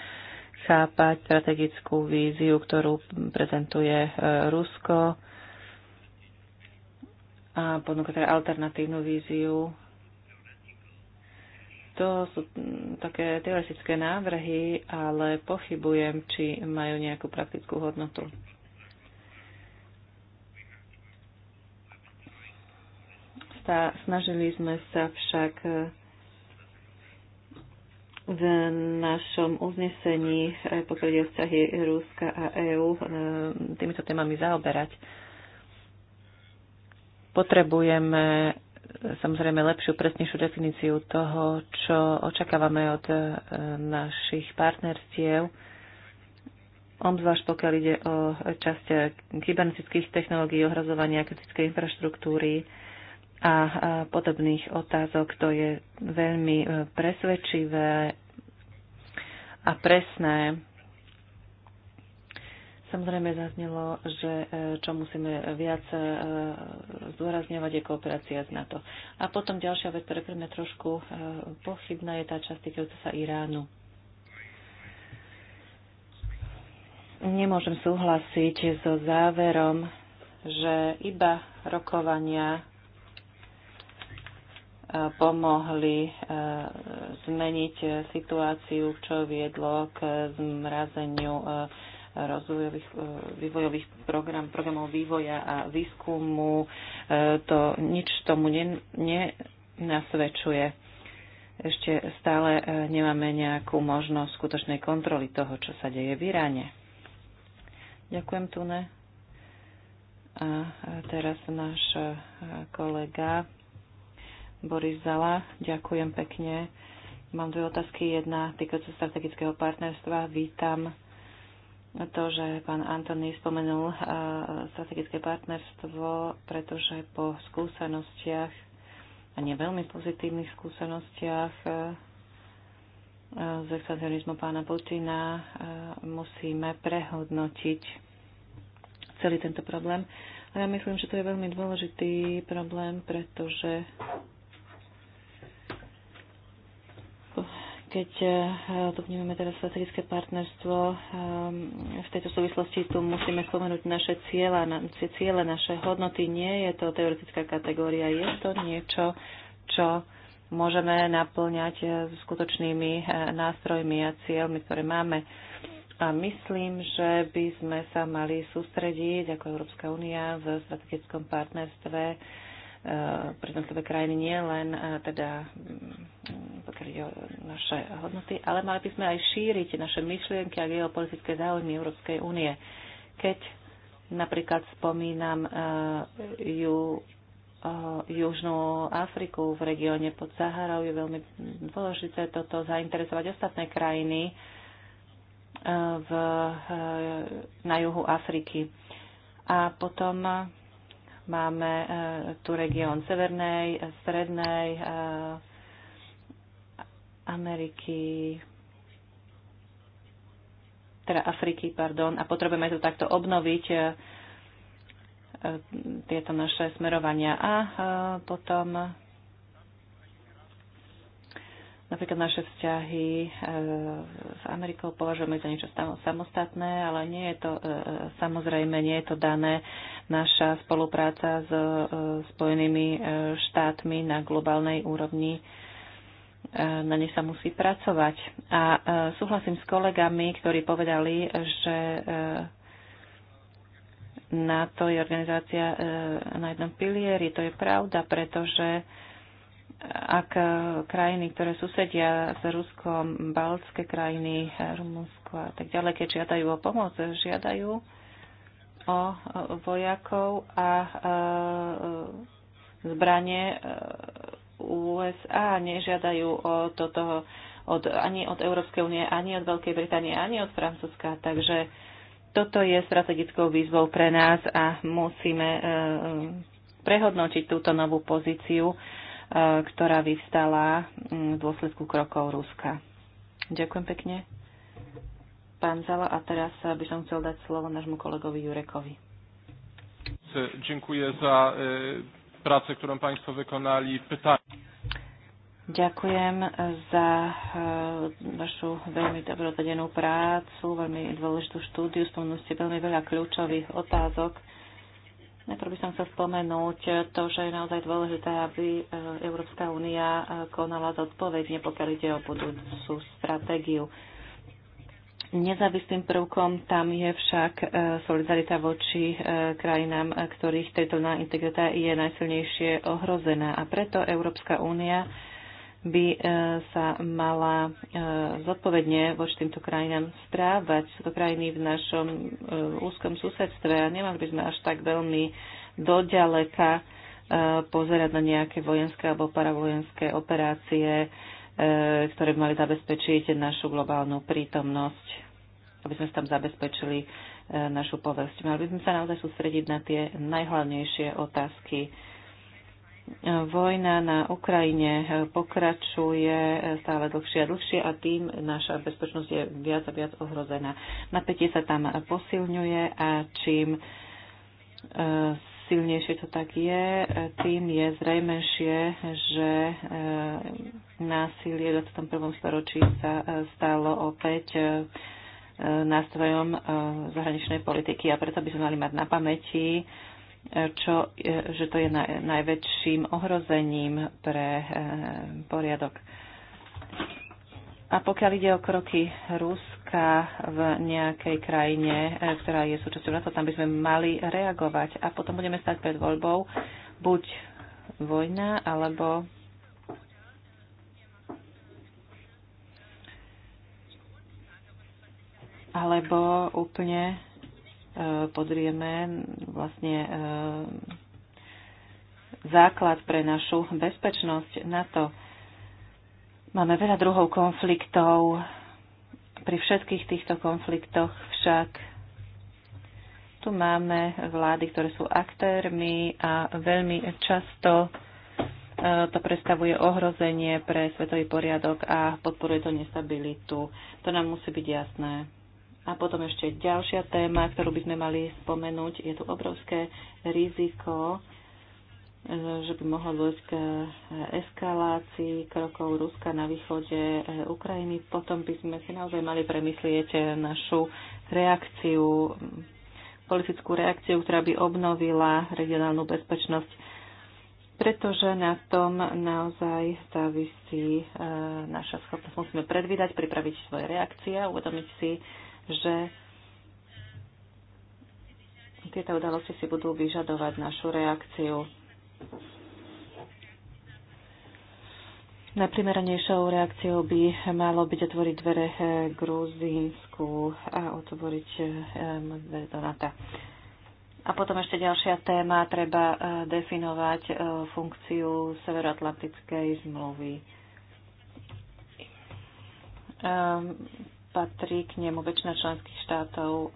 chápať strategickú víziu, ktorú prezentuje Rusko a ponúka teda alternatívnu víziu to sú mm, také teoretické návrhy, ale pochybujem, či majú nejakú praktickú hodnotu. sa, snažili sme sa však e, v našom uznesení, e, pokiaľ ide vzťahy Rúska a EÚ, e, týmito témami zaoberať. Potrebujeme samozrejme lepšiu, presnejšiu definíciu toho, čo očakávame od e, našich partnerstiev, obzvlášť pokiaľ ide o časť e, kybernetických technológií, ohrazovania kritickej infraštruktúry a podobných otázok. To je veľmi e, presvedčivé a presné Samozrejme zaznelo, že e, čo musíme viac e, zdôrazňovať je kooperácia z NATO. A potom ďalšia vec, ktorá pre mňa trošku e, pochybná, je tá časť týkajúca sa Iránu. Nemôžem súhlasiť so záverom, že iba rokovania pomohli zmeniť situáciu, čo viedlo k zmrazeniu rozvojových, e, vývojových program, programov vývoja a výskumu. E, to nič tomu nenasvedčuje. Ešte stále e, nemáme nejakú možnosť skutočnej kontroly toho, čo sa deje v Iráne. Ďakujem, Tune. A teraz náš kolega Boris Zala. Ďakujem pekne. Mám dve otázky. Jedna týkajúca strategického partnerstva. Vítam to, že pán Antony spomenul eh, strategické partnerstvo, pretože po skúsenostiach a nie veľmi pozitívnych skúsenostiach eh, eh, z expanzionizmu pána Putina musíme prehodnotiť celý tento problém. A ja myslím, že to je veľmi dôležitý problém, pretože Keď eh, tu vnímame teraz strategické partnerstvo, eh, v tejto súvislosti tu musíme spomenúť naše cieľa, naše ciele, naše hodnoty. Nie je to teoretická kategória, je to niečo, čo môžeme naplňať eh, skutočnými nástrojmi a cieľmi, ktoré máme. A myslím, že by sme sa mali sústrediť ako Európska únia v strategickom partnerstve Eh, pre jednotlivé krajiny nie len eh, teda mm, pokiaľ ide o naše hodnoty, ale mali by sme aj šíriť naše myšlienky a geopolitické záujmy Európskej únie. Keď napríklad spomínam eh, ju, Južnú Afriku v regióne pod Saharou, je veľmi dôležité toto zainteresovať ostatné krajiny v, na juhu Afriky. A potom Máme e, tu región Severnej, Strednej e, Ameriky, teda Afriky, pardon, a potrebujeme tu takto obnoviť e, tieto naše smerovania. A potom Napríklad naše vzťahy e, s Amerikou považujeme za niečo samostatné, ale nie je to e, e, samozrejme, nie je to dané. Naša spolupráca s Spojenými štátmi na globálnej úrovni na nej sa musí pracovať. A súhlasím s kolegami, ktorí povedali, že NATO je organizácia na jednom pilieri. To je pravda, pretože ak e, krajiny, ktoré susedia s Ruskom, baltské krajiny, Rumunsko a tak ďalej, keď žiadajú o pomoc, žiadajú o vojakov a e, zbranie e, USA, nežiadajú o toto od, ani od Európskej únie, ani od Veľkej Británie, ani od Francúzska. Takže toto je strategickou výzvou pre nás a musíme prehodnotiť túto novú pozíciu Eh, ktorá vyvstala mm, v dôsledku krokov Ruska. Ďakujem pekne. Pán Zala, a teraz eh, by som chcel dať slovo nášmu kolegovi Jurekovi. Eh, Ďakujem za prácu, ktorú Państwo vykonali. Pytanie. Ďakujem za vašu veľmi dobrodenú prácu, veľmi dôležitú štúdiu. Spomenuli ste veľmi veľa kľúčových otázok Najprv by som chcel spomenúť to, že je naozaj dôležité, aby e, Európska únia e, konala zodpovedne, pokiaľ ide o budúcu stratégiu. Nezávislým prvkom tam je však e, solidarita voči krajinám, ktorých teritoriálna integrita je najsilnejšie ohrozená. A preto Európska únia by e, sa mala e, zodpovedne voči týmto krajinám správať. Sú to krajiny v našom e, úzkom susedstve a nemali by sme až tak veľmi doďaleka pozerať na nejaké vojenské alebo paravojenské operácie, ktoré by mali zabezpečiť našu globálnu prítomnosť, aby sme tam zabezpečili našu povesť. Mali by sme sa naozaj sústrediť na tie najhlavnejšie otázky Vojna na Ukrajine pokračuje stále dlhšie a dlhšie a tým naša bezpečnosť je viac a viac ohrozená. Napätie sa tam posilňuje a čím e, silnejšie to tak je, tým je zrejmejšie, že e, násilie v 21. storočí sa e, stalo opäť nástrojom zahraničnej politiky a preto by sme mali mať na pamäti, čo, e, že to je najväčším ohrozením pre e, poriadok. A pokiaľ ide o kroky Ruska v nejakej krajine, e, ktorá je súčasťou NATO, tam by sme mali reagovať. A potom budeme stať pred voľbou buď vojna, alebo alebo úplne podrieme vlastne e, základ pre našu bezpečnosť na to. Máme veľa druhov konfliktov. Pri všetkých týchto konfliktoch však tu máme vlády, ktoré sú aktérmi a veľmi často e, to predstavuje ohrozenie pre svetový poriadok a podporuje to nestabilitu. To nám musí byť jasné. A potom ešte ďalšia téma, ktorú by sme mali spomenúť, je tu obrovské riziko, e, že by mohlo dôjsť k e, eskalácii krokov Ruska na východe e, Ukrajiny. Potom by sme si naozaj mali premyslieť našu reakciu, politickú reakciu, ktorá by obnovila regionálnu bezpečnosť, pretože na tom naozaj závisí naša schopnosť. Musíme predvídať, pripraviť svoje reakcie a uvedomiť si, že tieto udalosti si budú vyžadovať našu reakciu. Najprimeranejšou reakciou by malo byť otvoriť dvere Gruzínsku a otvoriť dvere do NATO. A potom ešte ďalšia téma, treba eh, definovať eh, funkciu Severoatlantickej zmluvy patrí k nemu väčšina členských štátov eh,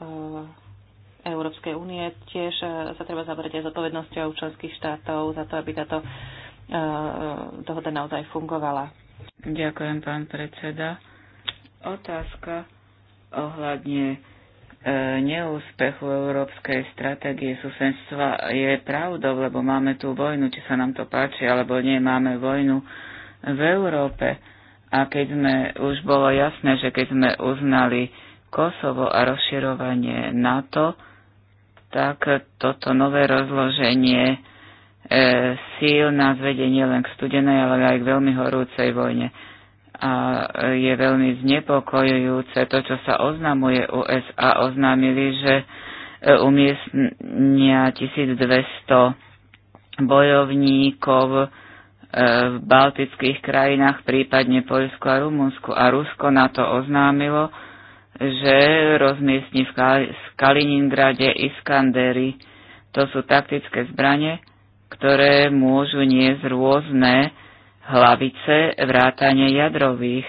Európskej únie. Tiež eh, sa treba zabrať aj zodpovednosťou členských štátov za to, aby táto eh, dohoda naozaj fungovala. Ďakujem, pán predseda. Otázka ohľadne neúspechu európskej stratégie susedstva je pravdou, lebo máme tú vojnu, či sa nám to páči, alebo nie, máme vojnu v Európe a keď sme, už bolo jasné, že keď sme uznali Kosovo a rozširovanie NATO, tak toto nové rozloženie e, síl nás vedie nielen k studenej, ale aj k veľmi horúcej vojne. A e, je veľmi znepokojujúce to, čo sa oznamuje USA. Oznámili, že e, umiestnia 1200 bojovníkov, v baltických krajinách, prípadne Poľsku a Rumunsku. A Rusko na to oznámilo, že rozmiestni v Kaliningrade Iskandery. To sú taktické zbranie, ktoré môžu niesť rôzne hlavice vrátane jadrových.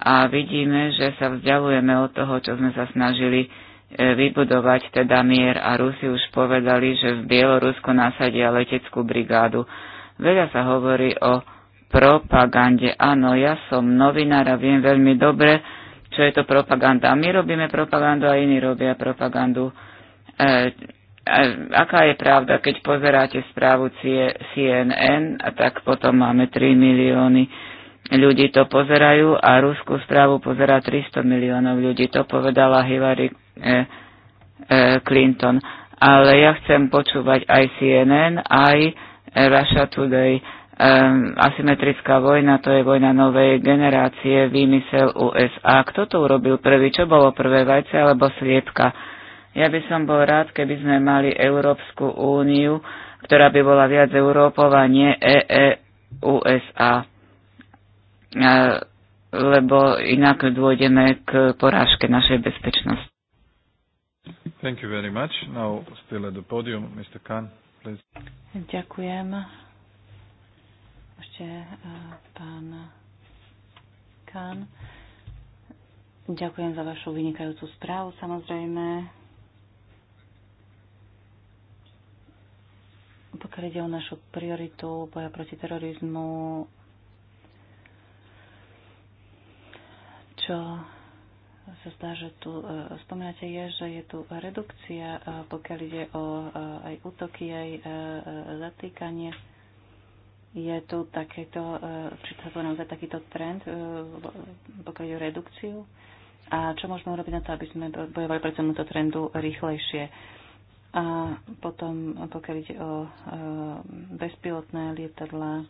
A vidíme, že sa vzdialujeme od toho, čo sme sa snažili e, vybudovať, teda mier. A Rusi už povedali, že v Bielorusko nasadia leteckú brigádu. Veľa sa hovorí o propagande. Áno, ja som novinár a viem veľmi dobre, čo je to propaganda. A My robíme propagandu a iní robia propagandu. E, e aká je pravda, keď pozeráte správu CNN, a tak potom máme 3 milióny ľudí to pozerajú a ruskú správu pozerá 300 miliónov ľudí. To povedala Hillary e, e, Clinton. Ale ja chcem počúvať aj CNN, aj Russia Today. Um, asymetrická vojna, to je vojna novej generácie, výmysel USA. Kto to urobil prvý? Čo bolo prvé, vajce alebo sliepka? Ja by som bol rád, keby sme mali Európsku úniu, ktorá by bola viac Európov e e a nie EE USA. Lebo inak dôjdeme k porážke našej bezpečnosti. Thank you very much. Now still at the podium, Mr. Khan please. Ďakujem. Ešte e, pán Kán. Ďakujem za vašu vynikajúcu správu, samozrejme. Pokiaľ ide o našu prioritu boja proti terorizmu, čo sa zdá, že tu e, spomínate, je, že je tu redukcia, e, pokiaľ ide o e, aj útoky, aj zatýkanie. Je tu takéto, či sa to naozaj takýto trend, pokiaľ ide o redukciu? A čo môžeme urobiť na to, aby sme bojovali proti tomuto trendu rýchlejšie? A potom, pokiaľ ide o bezpilotné lietadlá,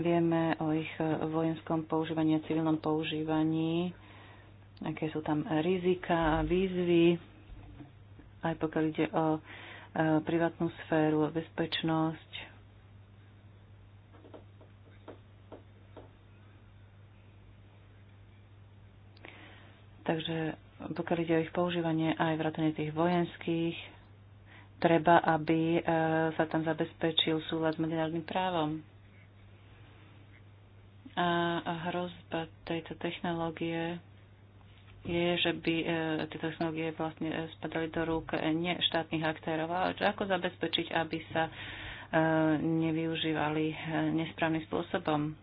vieme o ich vojenskom používaní a civilnom používaní aké sú tam rizika a výzvy, aj pokiaľ ide o e, privátnu sféru, o bezpečnosť. Takže pokiaľ ide o ich používanie aj vrátane tých vojenských, treba, aby e, sa tam zabezpečil súlad s medzinárodným právom. A hrozba tejto technológie je, že by e, tieto technológie vlastne e, spadali do rúk e, neštátnych aktérov. A ako zabezpečiť, aby sa nevyužívali nesprávnym spôsobom?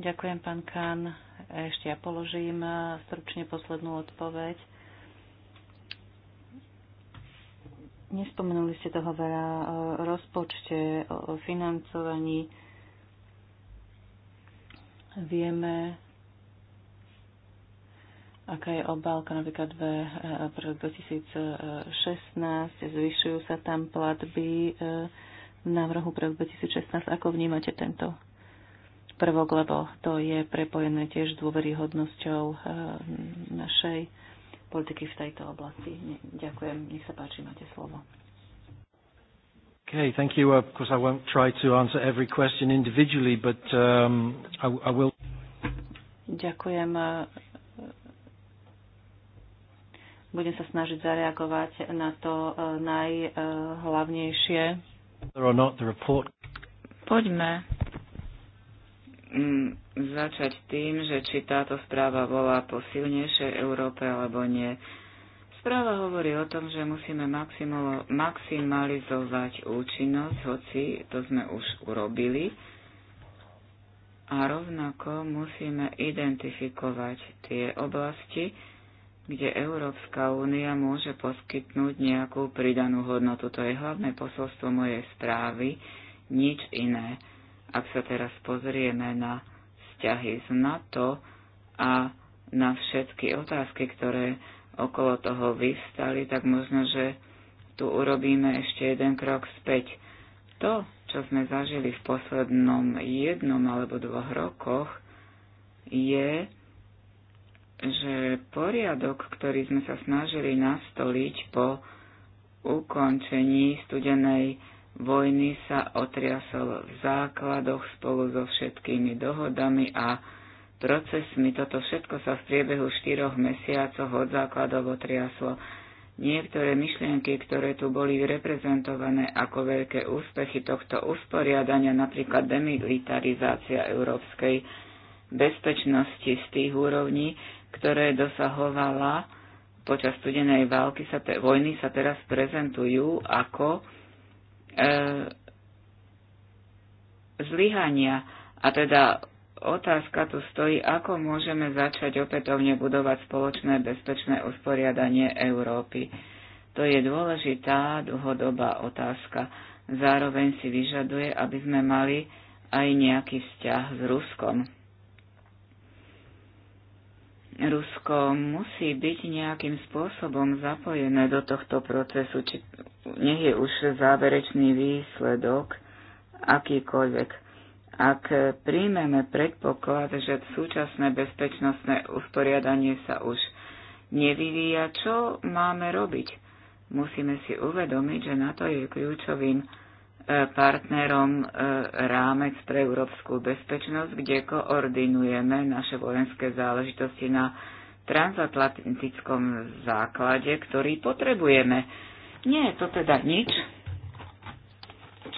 Ďakujem, pán Kán. Ešte ja položím stručne poslednú odpoveď. Nespomenuli ste toho veľa o rozpočte, o financovaní. Vieme, aká je obálka napríklad v eh, rok 2016, zvyšujú sa tam platby v eh, návrhu pre 2016. Ako vnímate tento prvok, lebo to je prepojené tiež s dôveryhodnosťou eh, našej politiky v tejto oblasti. Ďakujem, nech sa páči, máte slovo. Okay, thank you. Of course, I won't try to answer every question individually, but um, I, I will. Ďakujem. Budem sa snažiť zareagovať na to e, najhlavnejšie. Poďme mm, začať tým, že či táto správa volá po silnejšej Európe alebo nie. Správa hovorí o tom, že musíme maximalizovať účinnosť, hoci to sme už urobili, a rovnako musíme identifikovať tie oblasti, kde Európska únia môže poskytnúť nejakú pridanú hodnotu. To je hlavné posolstvo mojej správy, nič iné. Ak sa teraz pozrieme na vzťahy z NATO a na všetky otázky, ktoré okolo toho vyvstali, tak možno, že tu urobíme ešte jeden krok späť. To, čo sme zažili v poslednom jednom alebo dvoch rokoch, je že poriadok, ktorý sme sa snažili nastoliť po ukončení studenej vojny sa otriasol v základoch spolu so všetkými dohodami a procesmi. Toto všetko sa v priebehu štyroch mesiacov od základov otriaslo. Niektoré myšlienky, ktoré tu boli reprezentované ako veľké úspechy tohto usporiadania, napríklad demilitarizácia európskej bezpečnosti z tých úrovní, ktoré dosahovala počas studenej války, sa te, vojny sa teraz prezentujú ako e, zlyhania. A teda otázka tu stojí, ako môžeme začať opätovne budovať spoločné bezpečné usporiadanie Európy. To je dôležitá dlhodobá otázka. Zároveň si vyžaduje, aby sme mali aj nejaký vzťah s Ruskom. Rusko musí byť nejakým spôsobom zapojené do tohto procesu, či nech je už záverečný výsledok akýkoľvek. Ak príjmeme predpoklad, že súčasné bezpečnostné usporiadanie sa už nevyvíja, čo máme robiť? Musíme si uvedomiť, že na to je kľúčovým E, partnerom e, rámec pre európsku bezpečnosť, kde koordinujeme naše vojenské záležitosti na transatlantickom základe, ktorý potrebujeme. Nie je to teda nič,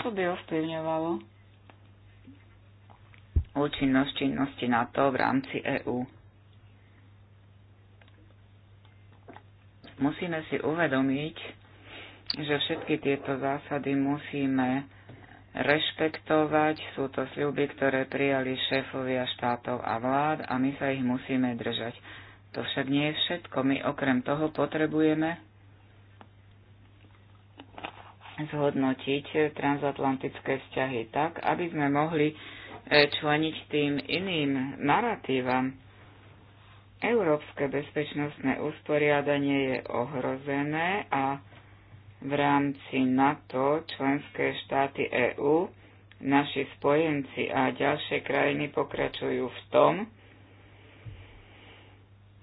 čo by ovplyvňovalo účinnosť činnosti NATO v rámci EÚ. Musíme si uvedomiť, že všetky tieto zásady musíme rešpektovať. Sú to sľuby, ktoré prijali šéfovia štátov a vlád a my sa ich musíme držať. To však nie je všetko. My okrem toho potrebujeme zhodnotiť transatlantické vzťahy tak, aby sme mohli e, členiť tým iným narratívam. Európske bezpečnostné usporiadanie je ohrozené a v rámci NATO členské štáty EÚ, naši spojenci a ďalšie krajiny pokračujú v tom,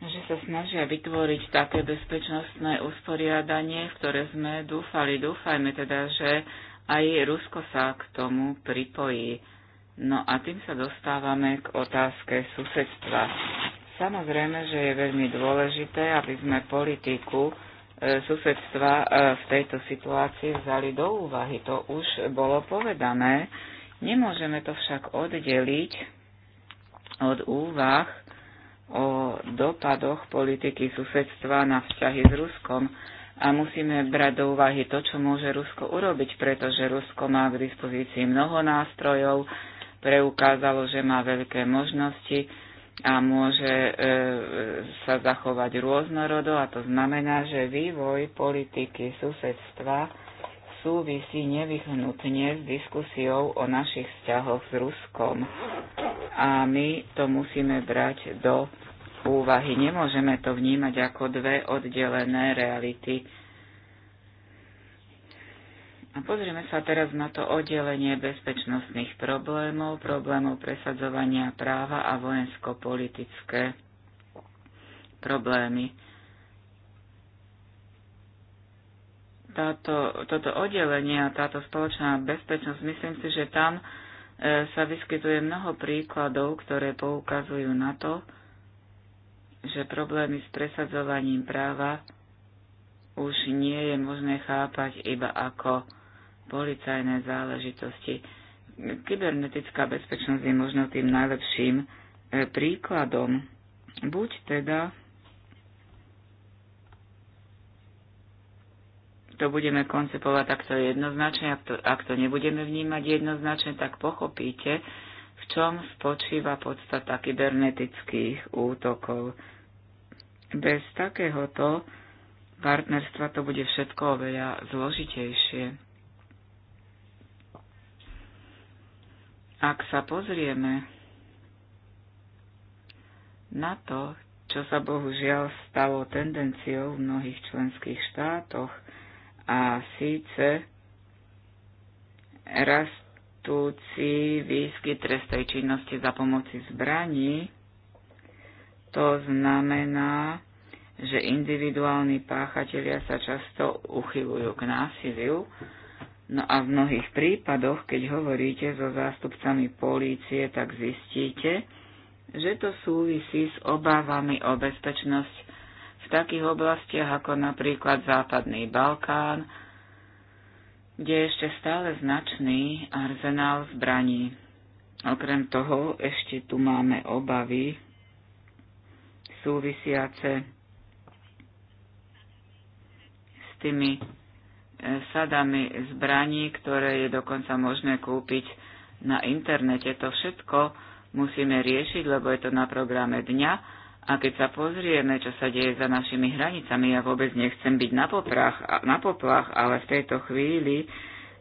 že sa snažia vytvoriť také bezpečnostné usporiadanie, v ktoré sme dúfali. Dúfajme teda, že aj Rusko sa k tomu pripojí. No a tým sa dostávame k otázke susedstva. Samozrejme, že je veľmi dôležité, aby sme politiku E, susedstva e, v tejto situácii vzali do úvahy. To už bolo povedané. Nemôžeme to však oddeliť od úvah o dopadoch politiky susedstva na vzťahy s Ruskom a musíme brať do úvahy to, čo môže Rusko urobiť, pretože Rusko má k dispozícii mnoho nástrojov, preukázalo, že má veľké možnosti, a môže e, sa zachovať rôznorodo a to znamená, že vývoj politiky susedstva súvisí nevyhnutne s diskusiou o našich vzťahoch s Ruskom. A my to musíme brať do úvahy. Nemôžeme to vnímať ako dve oddelené reality. A pozrieme sa teraz na to oddelenie bezpečnostných problémov, problémov presadzovania práva a vojensko-politické problémy. Táto, toto oddelenie a táto spoločná bezpečnosť, myslím si, že tam e, sa vyskytuje mnoho príkladov, ktoré poukazujú na to, že problémy s presadzovaním práva už nie je možné chápať iba ako policajné záležitosti. Kybernetická bezpečnosť je možno tým najlepším e, príkladom. Buď teda to budeme koncepovať takto jednoznačne, ak to, ak to nebudeme vnímať jednoznačne, tak pochopíte, v čom spočíva podstata kybernetických útokov. Bez takéhoto partnerstva to bude všetko oveľa zložitejšie. Ak sa pozrieme na to, čo sa bohužiaľ stalo tendenciou v mnohých členských štátoch, a síce rastúci výskyt trestej činnosti za pomoci zbraní, to znamená, že individuálni páchatelia sa často uchylujú k násiliu, No a v mnohých prípadoch, keď hovoríte so zástupcami polície, tak zistíte, že to súvisí s obávami o bezpečnosť v takých oblastiach ako napríklad Západný Balkán, kde je ešte stále značný arzenál zbraní. Okrem toho ešte tu máme obavy súvisiace s tými sadami zbraní, ktoré je dokonca možné kúpiť na internete. To všetko musíme riešiť, lebo je to na programe dňa. A keď sa pozrieme, čo sa deje za našimi hranicami, ja vôbec nechcem byť na, poprach, na poplach, ale v tejto chvíli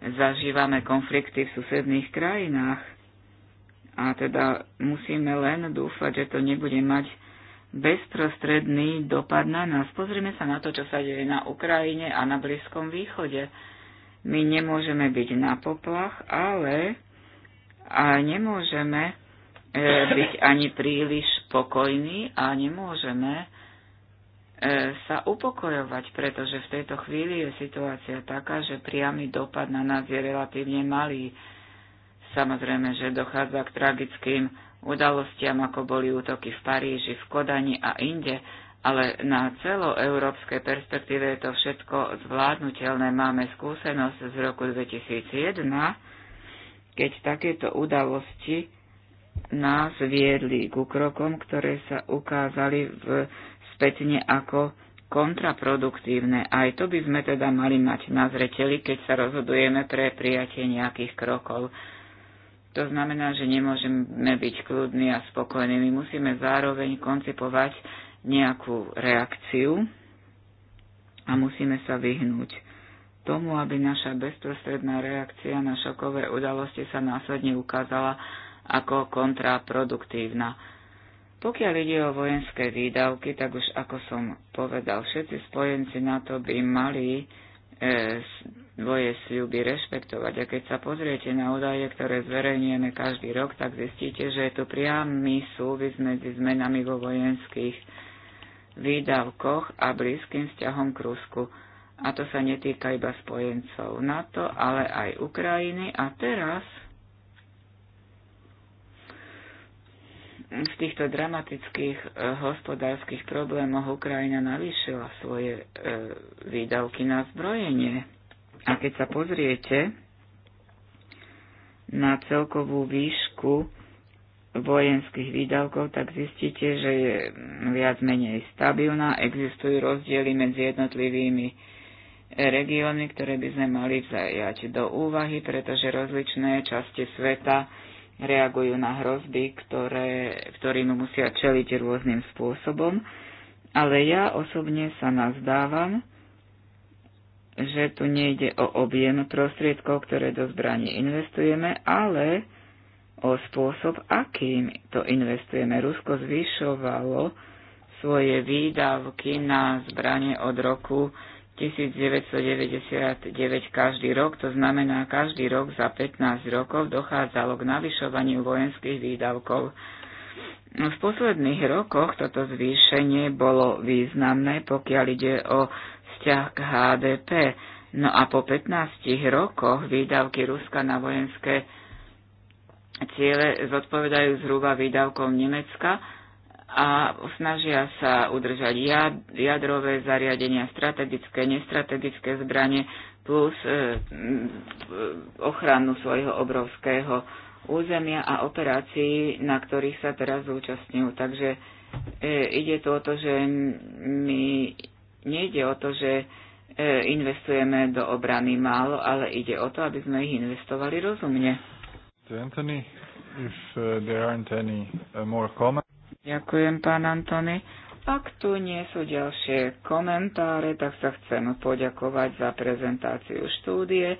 zažívame konflikty v susedných krajinách. A teda musíme len dúfať, že to nebude mať bezprostredný dopad na nás. Pozrime sa na to, čo sa deje na Ukrajine a na Blízkom východe. My nemôžeme byť na poplach, ale a nemôžeme e, byť ani príliš spokojní a nemôžeme e, sa upokojovať, pretože v tejto chvíli je situácia taká, že priamy dopad na nás je relatívne malý. Samozrejme, že dochádza k tragickým udalostiam, ako boli útoky v Paríži, v Kodani a inde, ale na celoeurópskej perspektíve je to všetko zvládnutelné. Máme skúsenosť z roku 2001, keď takéto udalosti nás viedli ku krokom, ktoré sa ukázali v spätne ako kontraproduktívne. Aj to by sme teda mali mať na zreteli, keď sa rozhodujeme pre prijatie nejakých krokov. To znamená, že nemôžeme byť kľudní a spokojní. My musíme zároveň koncipovať nejakú reakciu a musíme sa vyhnúť tomu, aby naša bezprostredná reakcia na šokové udalosti sa následne ukázala ako kontraproduktívna. Pokiaľ ide o vojenské výdavky, tak už ako som povedal, všetci spojenci na to by mali e, dvoje sľuby rešpektovať. A keď sa pozriete na údaje, ktoré zverejňujeme každý rok, tak zistíte, že je tu priamy súvis medzi zmenami vo vojenských výdavkoch a blízkym vzťahom k Rusku. A to sa netýka iba spojencov NATO, ale aj Ukrajiny. A teraz v týchto dramatických e, hospodárskych problémoch Ukrajina navýšila svoje e, výdavky na zbrojenie. A keď sa pozriete na celkovú výšku vojenských výdavkov, tak zistíte, že je viac menej stabilná. Existujú rozdiely medzi jednotlivými regiónmi, ktoré by sme mali vzájať do úvahy, pretože rozličné časti sveta reagujú na hrozby, ktoré, ktorým musia čeliť rôznym spôsobom. Ale ja osobne sa nazdávam, že tu nejde o objem prostriedkov, ktoré do zbraní investujeme, ale o spôsob, akým to investujeme. Rusko zvyšovalo svoje výdavky na zbranie od roku 1999 každý rok, to znamená každý rok za 15 rokov dochádzalo k navyšovaniu vojenských výdavkov. No, v posledných rokoch toto zvýšenie bolo významné, pokiaľ ide o vzťah k HDP. No a po 15 rokoch výdavky Ruska na vojenské ciele zodpovedajú zhruba výdavkom Nemecka a snažia sa udržať jadrové zariadenia, strategické, nestrategické zbranie plus e, ochranu svojho obrovského územia a operácií, na ktorých sa teraz zúčastňujú. Takže e, ide to o to, že my Nejde o to, že e, investujeme do obrany málo, ale ide o to, aby sme ich investovali rozumne. Anthony, if e, there aren't any e, more comments. Ďakujem, pán Antony. Ak tu nie sú ďalšie komentáre, tak sa chcem poďakovať za prezentáciu štúdie.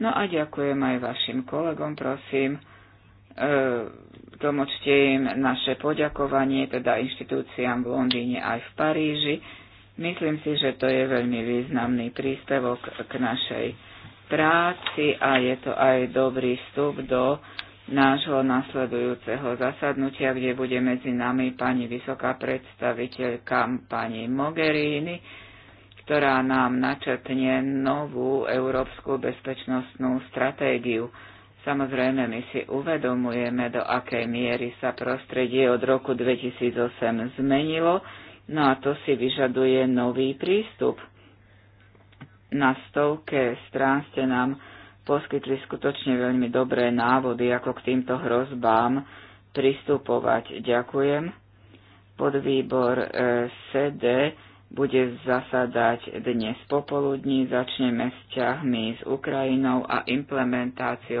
No a ďakujem aj vašim kolegom, prosím. E, tlmočte im naše poďakovanie, teda inštitúciám v Londýne aj v Paríži Myslím si, že to je veľmi významný príspevok k našej práci a je to aj dobrý vstup do nášho nasledujúceho zasadnutia, kde bude medzi nami pani vysoká predstaviteľka pani Mogherini, ktorá nám načetne novú európsku bezpečnostnú stratégiu. Samozrejme, my si uvedomujeme, do akej miery sa prostredie od roku 2008 zmenilo, No a to si vyžaduje nový prístup. Na stovke strán ste nám poskytli skutočne veľmi dobré návody, ako k týmto hrozbám pristupovať. Ďakujem. Podvýbor CD e, bude zasadať dnes popoludní. Začneme s ťahmi s Ukrajinou a implementáciou